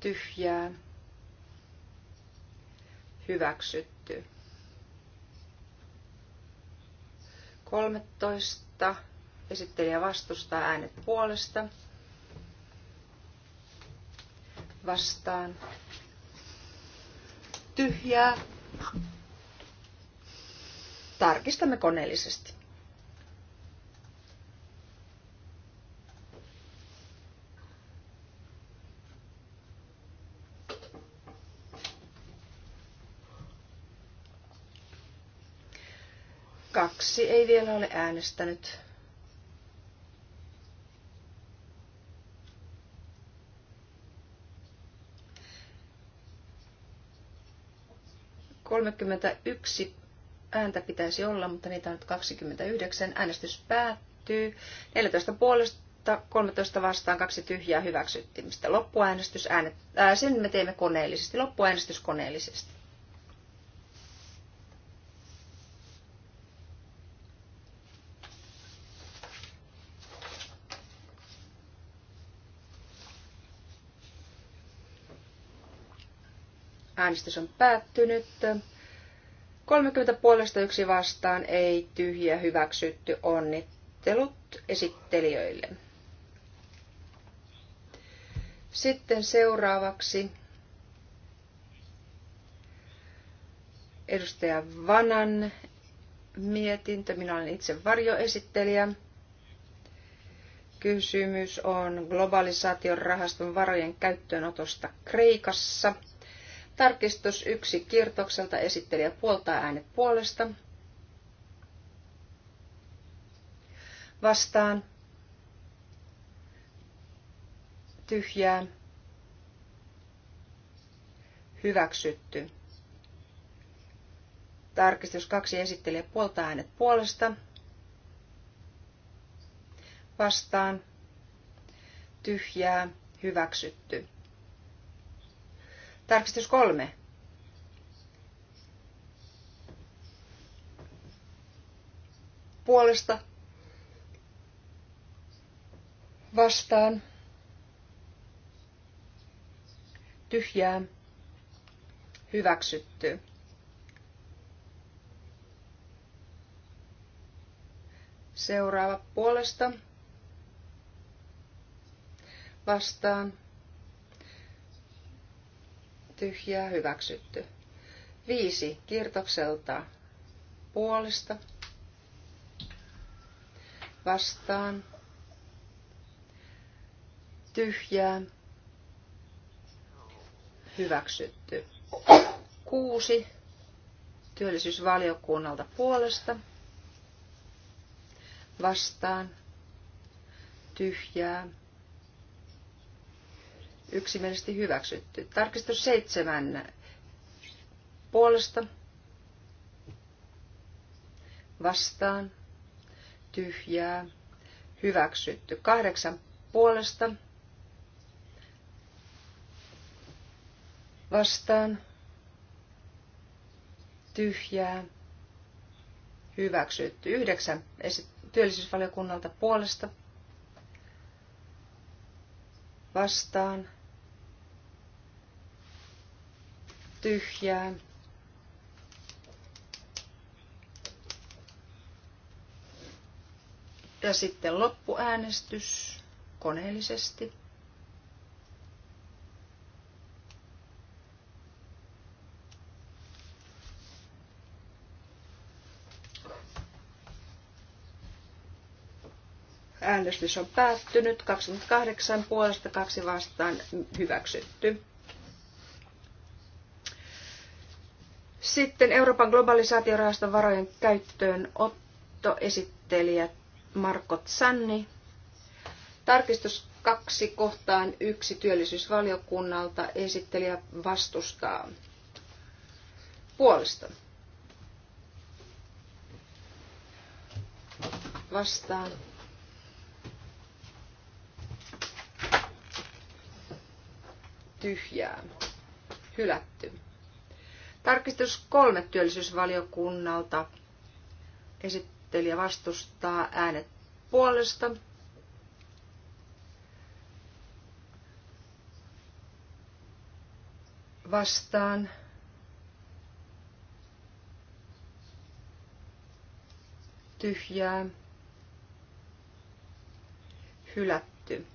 tyhjää hyväksytty. 13 esittelijä vastustaa äänet puolesta vastaan tyhjää Tarkistamme koneellisesti. Kaksi ei vielä ole äänestänyt. Kolmekymmentäyksi ääntä pitäisi olla, mutta niitä on nyt 29. Äänestys päättyy. 14 puolesta, 13 vastaan, kaksi tyhjää hyväksyttiin. loppuäänestys, äänet, ää, sen me teemme koneellisesti, loppuäänestys koneellisesti. Äänestys on päättynyt. 30 puolesta yksi vastaan, ei tyhjä hyväksytty. Onnittelut esittelijöille. Sitten seuraavaksi edustaja Vanan mietintö. Minä olen itse varjoesittelijä. Kysymys on globalisaation rahaston varojen käyttöönotosta Kreikassa – Tarkistus yksi Kirtokselta esittelijä puoltaa äänet puolesta. Vastaan. Tyhjää. Hyväksytty. Tarkistus kaksi esittelijä puoltaa äänet puolesta. Vastaan. Tyhjää. Hyväksytty. Tarkistus kolme. Puolesta vastaan tyhjää hyväksytty. Seuraava puolesta vastaan tyhjää hyväksytty. Viisi Kirtokselta puolesta vastaan tyhjää hyväksytty. Kuusi työllisyysvaliokunnalta puolesta vastaan tyhjää Yksimielisesti hyväksytty. Tarkistus seitsemän puolesta. Vastaan. Tyhjää. Hyväksytty. Kahdeksan puolesta. Vastaan. Tyhjää. Hyväksytty. Yhdeksän työllisyysvaliokunnalta puolesta. Vastaan tyhjää. Ja sitten loppuäänestys koneellisesti. Äänestys on päättynyt. 28 puolesta, kaksi vastaan hyväksytty. Sitten Euroopan globalisaatiorahaston varojen käyttöön otto esittelijä Marko Zanni. Tarkistus kaksi kohtaan yksi työllisyysvaliokunnalta esittelijä vastustaa puolesta. Vastaan. Tyhjää. Hylätty. Tarkistus kolme työllisyysvaliokunnalta. Esittelijä vastustaa äänet puolesta. Vastaan. Tyhjää. Hylätty.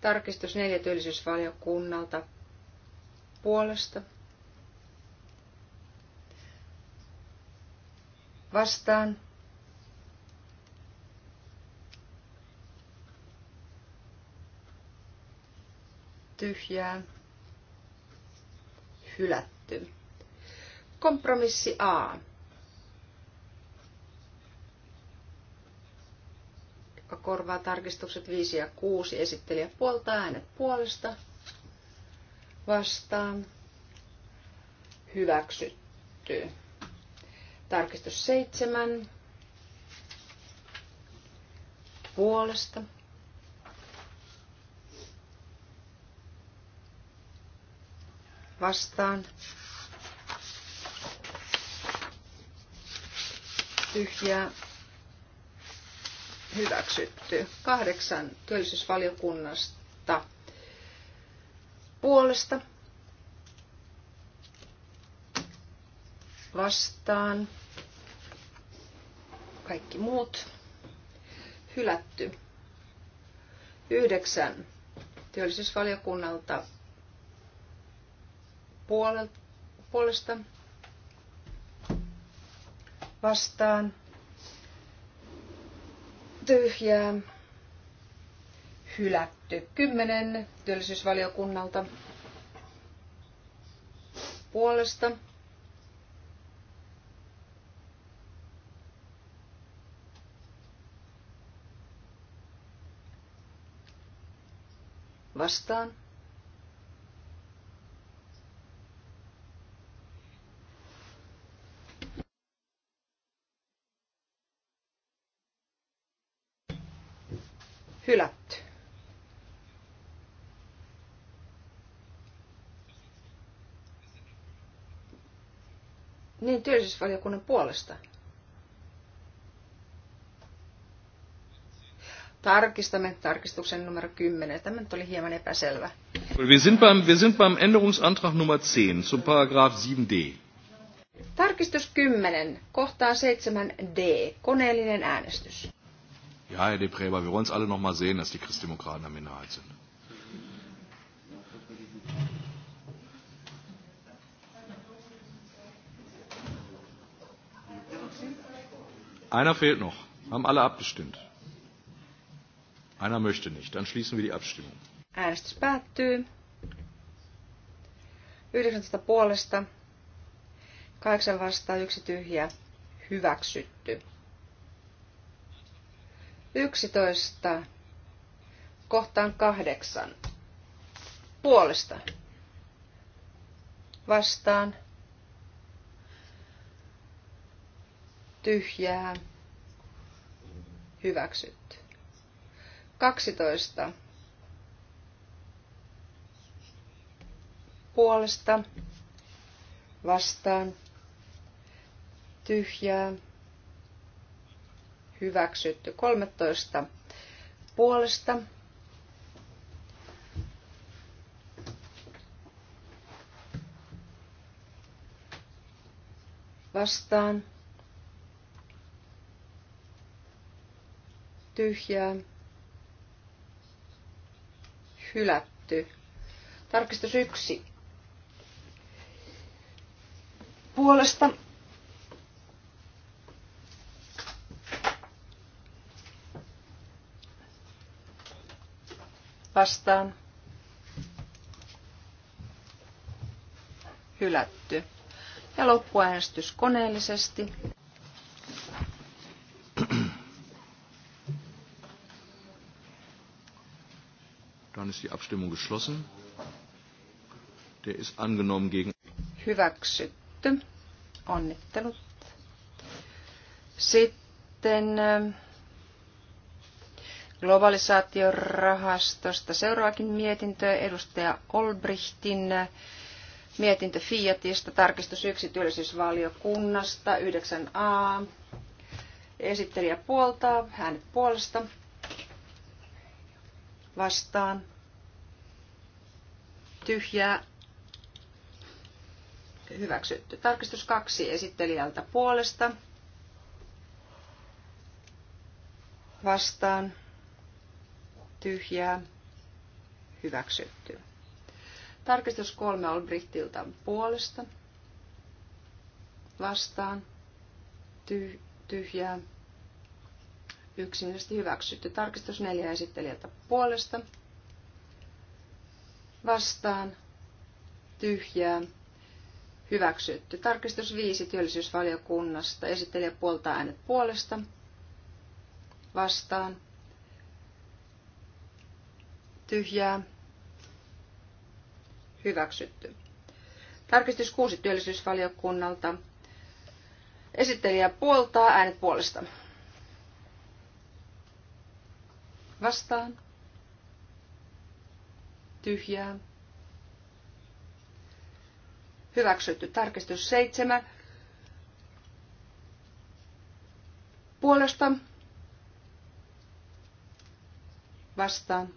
Tarkistus neljä työllisyysvaliokunnalta puolesta. vastaan. Tyhjää. Hylätty. Kompromissi A. joka korvaa tarkistukset 5 ja 6. Esittelijä puolta äänet puolesta vastaan. Hyväksytty. Tarkistus seitsemän. Puolesta. Vastaan. Tyhjää. Hyväksytty. Kahdeksan työllisyysvaliokunnasta. Puolesta. vastaan kaikki muut hylätty. Yhdeksän työllisyysvaliokunnalta puolesta vastaan tyhjää hylätty. Kymmenen työllisyysvaliokunnalta puolesta vastaan. Hylätty. Niin, työllisyysvaliokunnan puolesta. Tarkistamme tarkistuksen numero 10. Tämä nyt oli hieman epäselvä. Wir sind beim, wir sind beim Änderungsantrag Nummer 10 zum Paragraph 7d. Tarkistus 10, kohtaan 7d, koneellinen äänestys. Ja, Herr De Preber, wir wollen es alle noch mal sehen, dass die Christdemokraten am Minderheit sind. Einer fehlt noch. Haben alle abgestimmt. Einer möchte nicht. Dann schließen wir die Abstimmung. Äänestys päättyy. 19 puolesta, 8 vastaan, 1 tyhjä, hyväksytty. 11 kohtaan 8 puolesta vastaan tyhjää hyväksytty. 12 puolesta vastaan tyhjää hyväksytty 13 puolesta vastaan tyhjää hylätty. Tarkistus yksi puolesta. Vastaan. Hylätty. Ja loppuäänestys koneellisesti. Dann ist die Abstimmung geschlossen. Der ist angenommen gegen. Hyväksytty. Onnittelut. Sitten ähm, globalisaatiorahastosta seuraakin mietintö edustaja Olbrichtin äh, mietintö Fiatista, tarkistus 1 työllisyysvaliokunnasta 9a. Esittelijä puoltaa, hänet puolesta vastaan tyhjää hyväksytty. Tarkistus kaksi esittelijältä puolesta. Vastaan. Tyhjää. Hyväksytty. Tarkistus kolme Olbrichtilta puolesta. Vastaan. Ty- tyhjää. Yksinäisesti hyväksytty. Tarkistus neljä esittelijältä puolesta vastaan tyhjää hyväksytty. Tarkistus 5 työllisyysvaliokunnasta. Esittelijä puolta äänet puolesta vastaan tyhjää hyväksytty. Tarkistus 6 työllisyysvaliokunnalta. Esittelijä puoltaa äänet puolesta. Vastaan tyhjää. Hyväksytty tarkistus 7. Puolesta vastaan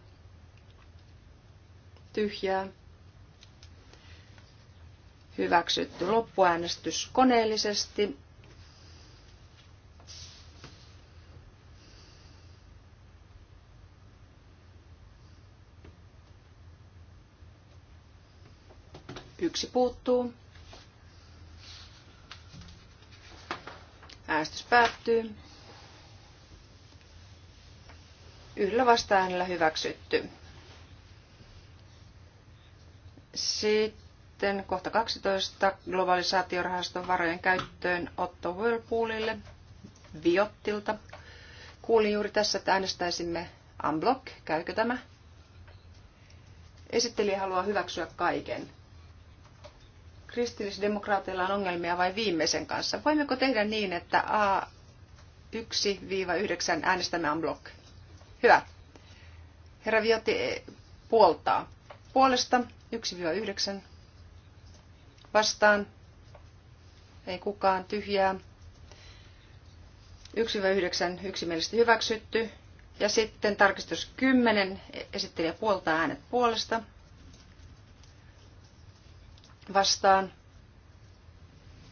tyhjää. Hyväksytty loppuäänestys koneellisesti. Yksi puuttuu. Äänestys päättyy. Yhdellä vasta-äänellä hyväksytty. Sitten kohta 12. Globalisaatiorahaston varojen käyttöön Otto Whirlpoolille. Viottilta. Kuulin juuri tässä, että äänestäisimme unblock. Käykö tämä? Esittelijä haluaa hyväksyä kaiken kristillisdemokraateilla on ongelmia vain viimeisen kanssa. Voimmeko tehdä niin, että A1-9 äänestämme on blok? Hyvä. Herra Viotti eh, puoltaa. Puolesta 1-9. Vastaan. Ei kukaan tyhjää. 1-9 yksimielisesti hyväksytty. Ja sitten tarkistus 10. Esittelijä puoltaa äänet puolesta vastaan.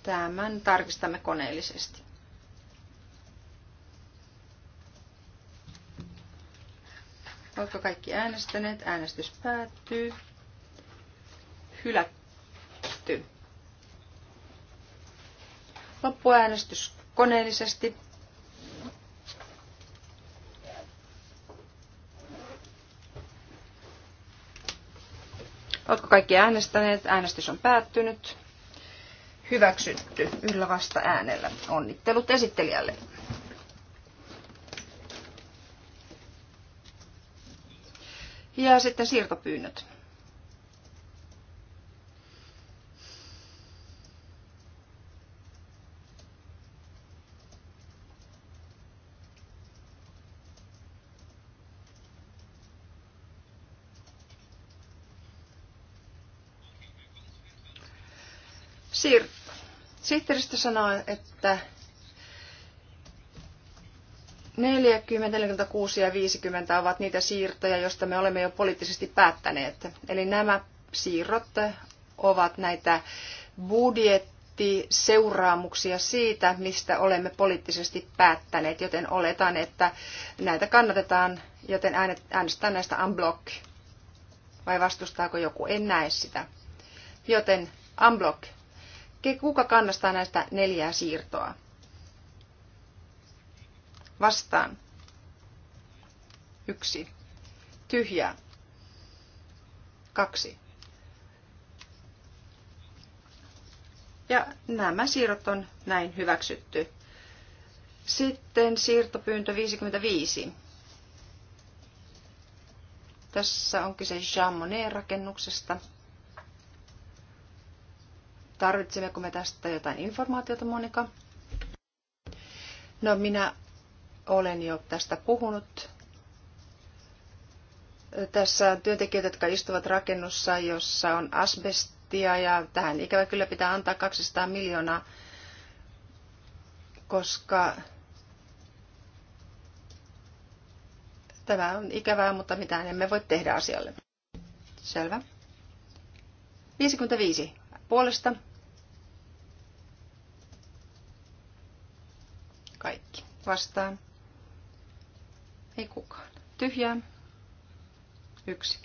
Tämän tarkistamme koneellisesti. Oletko kaikki äänestäneet? Äänestys päättyy. Hylätty. Loppuäänestys koneellisesti. Oletko kaikki äänestäneet? Äänestys on päättynyt. Hyväksytty yllä vasta äänellä. Onnittelut esittelijälle. Ja sitten siirtopyynnöt. Sir, sihteeristö sanoo, että 40, 46 ja 50 ovat niitä siirtoja, joista me olemme jo poliittisesti päättäneet. Eli nämä siirrot ovat näitä budjettiseuraamuksia siitä, mistä olemme poliittisesti päättäneet, joten oletan, että näitä kannatetaan, joten äänestetään näistä unblock. Vai vastustaako joku? En näe sitä. Joten unblock kuka kannastaa näistä neljää siirtoa? Vastaan. Yksi. Tyhjää. Kaksi. Ja nämä siirrot on näin hyväksytty. Sitten siirtopyyntö 55. Tässä on kyse Jean Monnet-rakennuksesta. Tarvitsemmeko me tästä jotain informaatiota, Monika? No minä olen jo tästä puhunut. Tässä on työntekijöitä, jotka istuvat rakennussa, jossa on asbestia ja tähän ikävä kyllä pitää antaa 200 miljoonaa, koska tämä on ikävää, mutta mitään emme voi tehdä asialle. Selvä. 55 puolesta. Kaikki. Vastaan. Ei kukaan. Tyhjää. Yksi.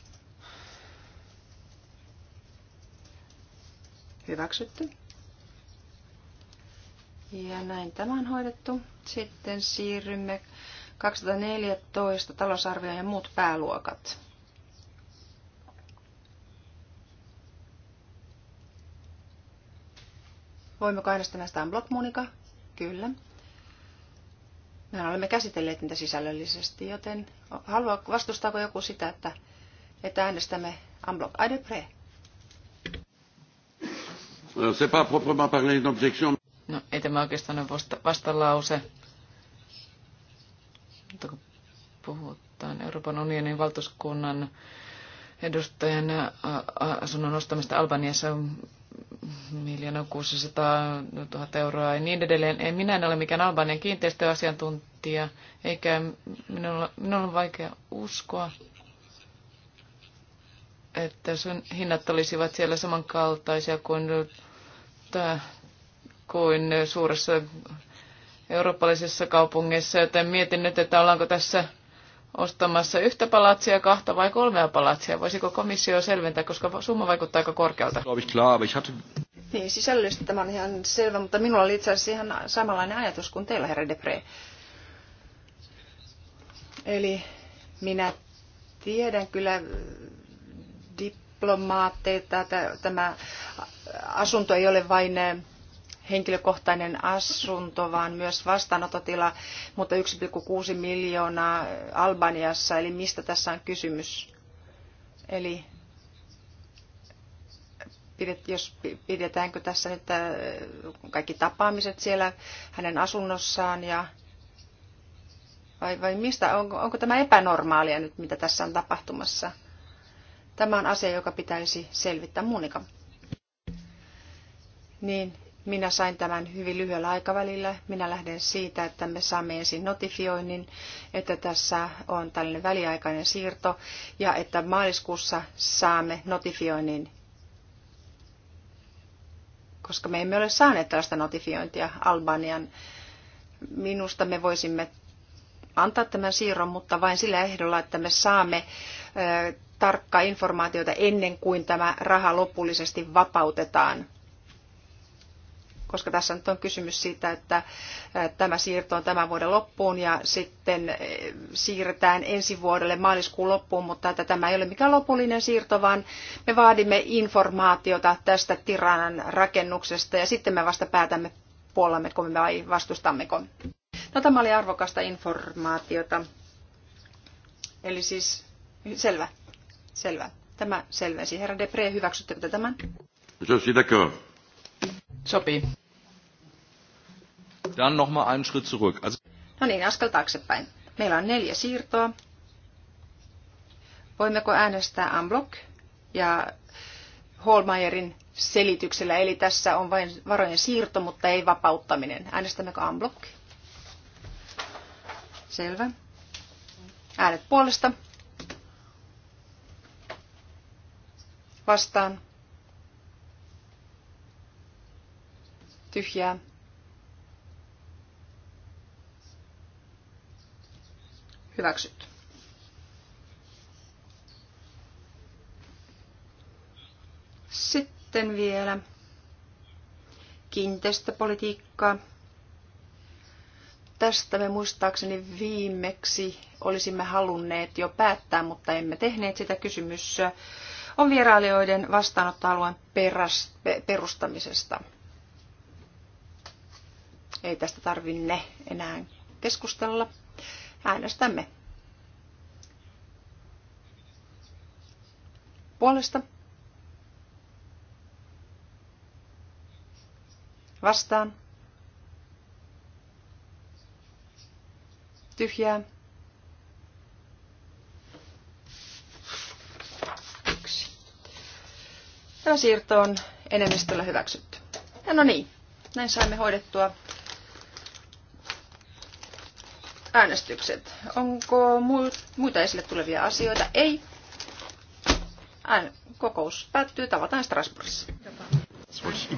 Hyväksytty. Ja näin tämä on hoidettu. Sitten siirrymme 2014 talousarvioon ja muut pääluokat. Voimmeko äänestää näistä Monika? Kyllä. Mehän olemme käsitelleet niitä sisällöllisesti, joten haluaa, vastustaako joku sitä, että, että äänestämme unblock adepre? No, ei tämä oikeastaan ole vasta, lause. Mutta kun puhutaan Euroopan unionin valtuuskunnan edustajana asunnon ostamista Albaniassa, miljoona 600 000 euroa ja niin edelleen. En minä en ole mikään Albanian kiinteistöasiantuntija, eikä minulla, minulla on vaikea uskoa, että sun hinnat olisivat siellä samankaltaisia kuin, kuin suuressa eurooppalaisessa kaupungissa, joten mietin nyt, että ollaanko tässä – ostamassa yhtä palatsia, kahta vai kolmea palatsia? Voisiko komissio selventää, koska summa vaikuttaa aika korkealta? Niin, sisällöllisesti tämä on ihan selvä, mutta minulla oli itse asiassa ihan samanlainen ajatus kuin teillä, herra Depre. Eli minä tiedän kyllä äh, diplomaatteita, että tämä asunto ei ole vain äh, henkilökohtainen asunto, vaan myös vastaanototila, mutta 1,6 miljoonaa Albaniassa, eli mistä tässä on kysymys? Eli pidet, jos pidetäänkö tässä nyt äh, kaikki tapaamiset siellä hänen asunnossaan ja vai, vai mistä, onko, onko tämä epänormaalia nyt, mitä tässä on tapahtumassa? Tämä on asia, joka pitäisi selvittää Monika. Niin, minä sain tämän hyvin lyhyellä aikavälillä. Minä lähden siitä, että me saamme ensin notifioinnin, että tässä on tällainen väliaikainen siirto ja että maaliskuussa saamme notifioinnin, koska me emme ole saaneet tällaista notifiointia Albanian. Minusta me voisimme antaa tämän siirron, mutta vain sillä ehdolla, että me saamme tarkkaa informaatiota ennen kuin tämä raha lopullisesti vapautetaan – koska tässä nyt on kysymys siitä, että tämä siirto on tämän vuoden loppuun ja sitten siirretään ensi vuodelle maaliskuun loppuun, mutta että tämä ei ole mikään lopullinen siirto, vaan me vaadimme informaatiota tästä Tiranan rakennuksesta ja sitten me vasta päätämme kun me vai vastustammeko. No tämä oli arvokasta informaatiota. Eli siis selvä, selvä. Tämä selvensi. Herra Depree, hyväksyttekö tämän? Je suis d'accord. Sopii. Dann noch mal einen Schritt zurück. Also... No niin, askel taaksepäin. Meillä on neljä siirtoa. Voimmeko äänestää Amblock ja Holmeierin selityksellä, eli tässä on vain varojen siirto, mutta ei vapauttaminen. Äänestämmekö Amblock? Selvä. Äänet puolesta. Vastaan. Tyhjää. Hyväksytty. Sitten vielä kiinteistöpolitiikkaa. Tästä me muistaakseni viimeksi olisimme halunneet jo päättää, mutta emme tehneet sitä. kysymyssä. on vierailijoiden vastaanottoalueen perustamisesta. Ei tästä tarvinne enää keskustella. Äänestämme. Puolesta. Vastaan. Tyhjää. Yksi. Tämä siirto on enemmistöllä hyväksytty. Ja no niin, näin saimme hoidettua äänestykset. Onko muita esille tulevia asioita? Ei. Ään, kokous päättyy. Tavataan Strasbourgissa. Se olisi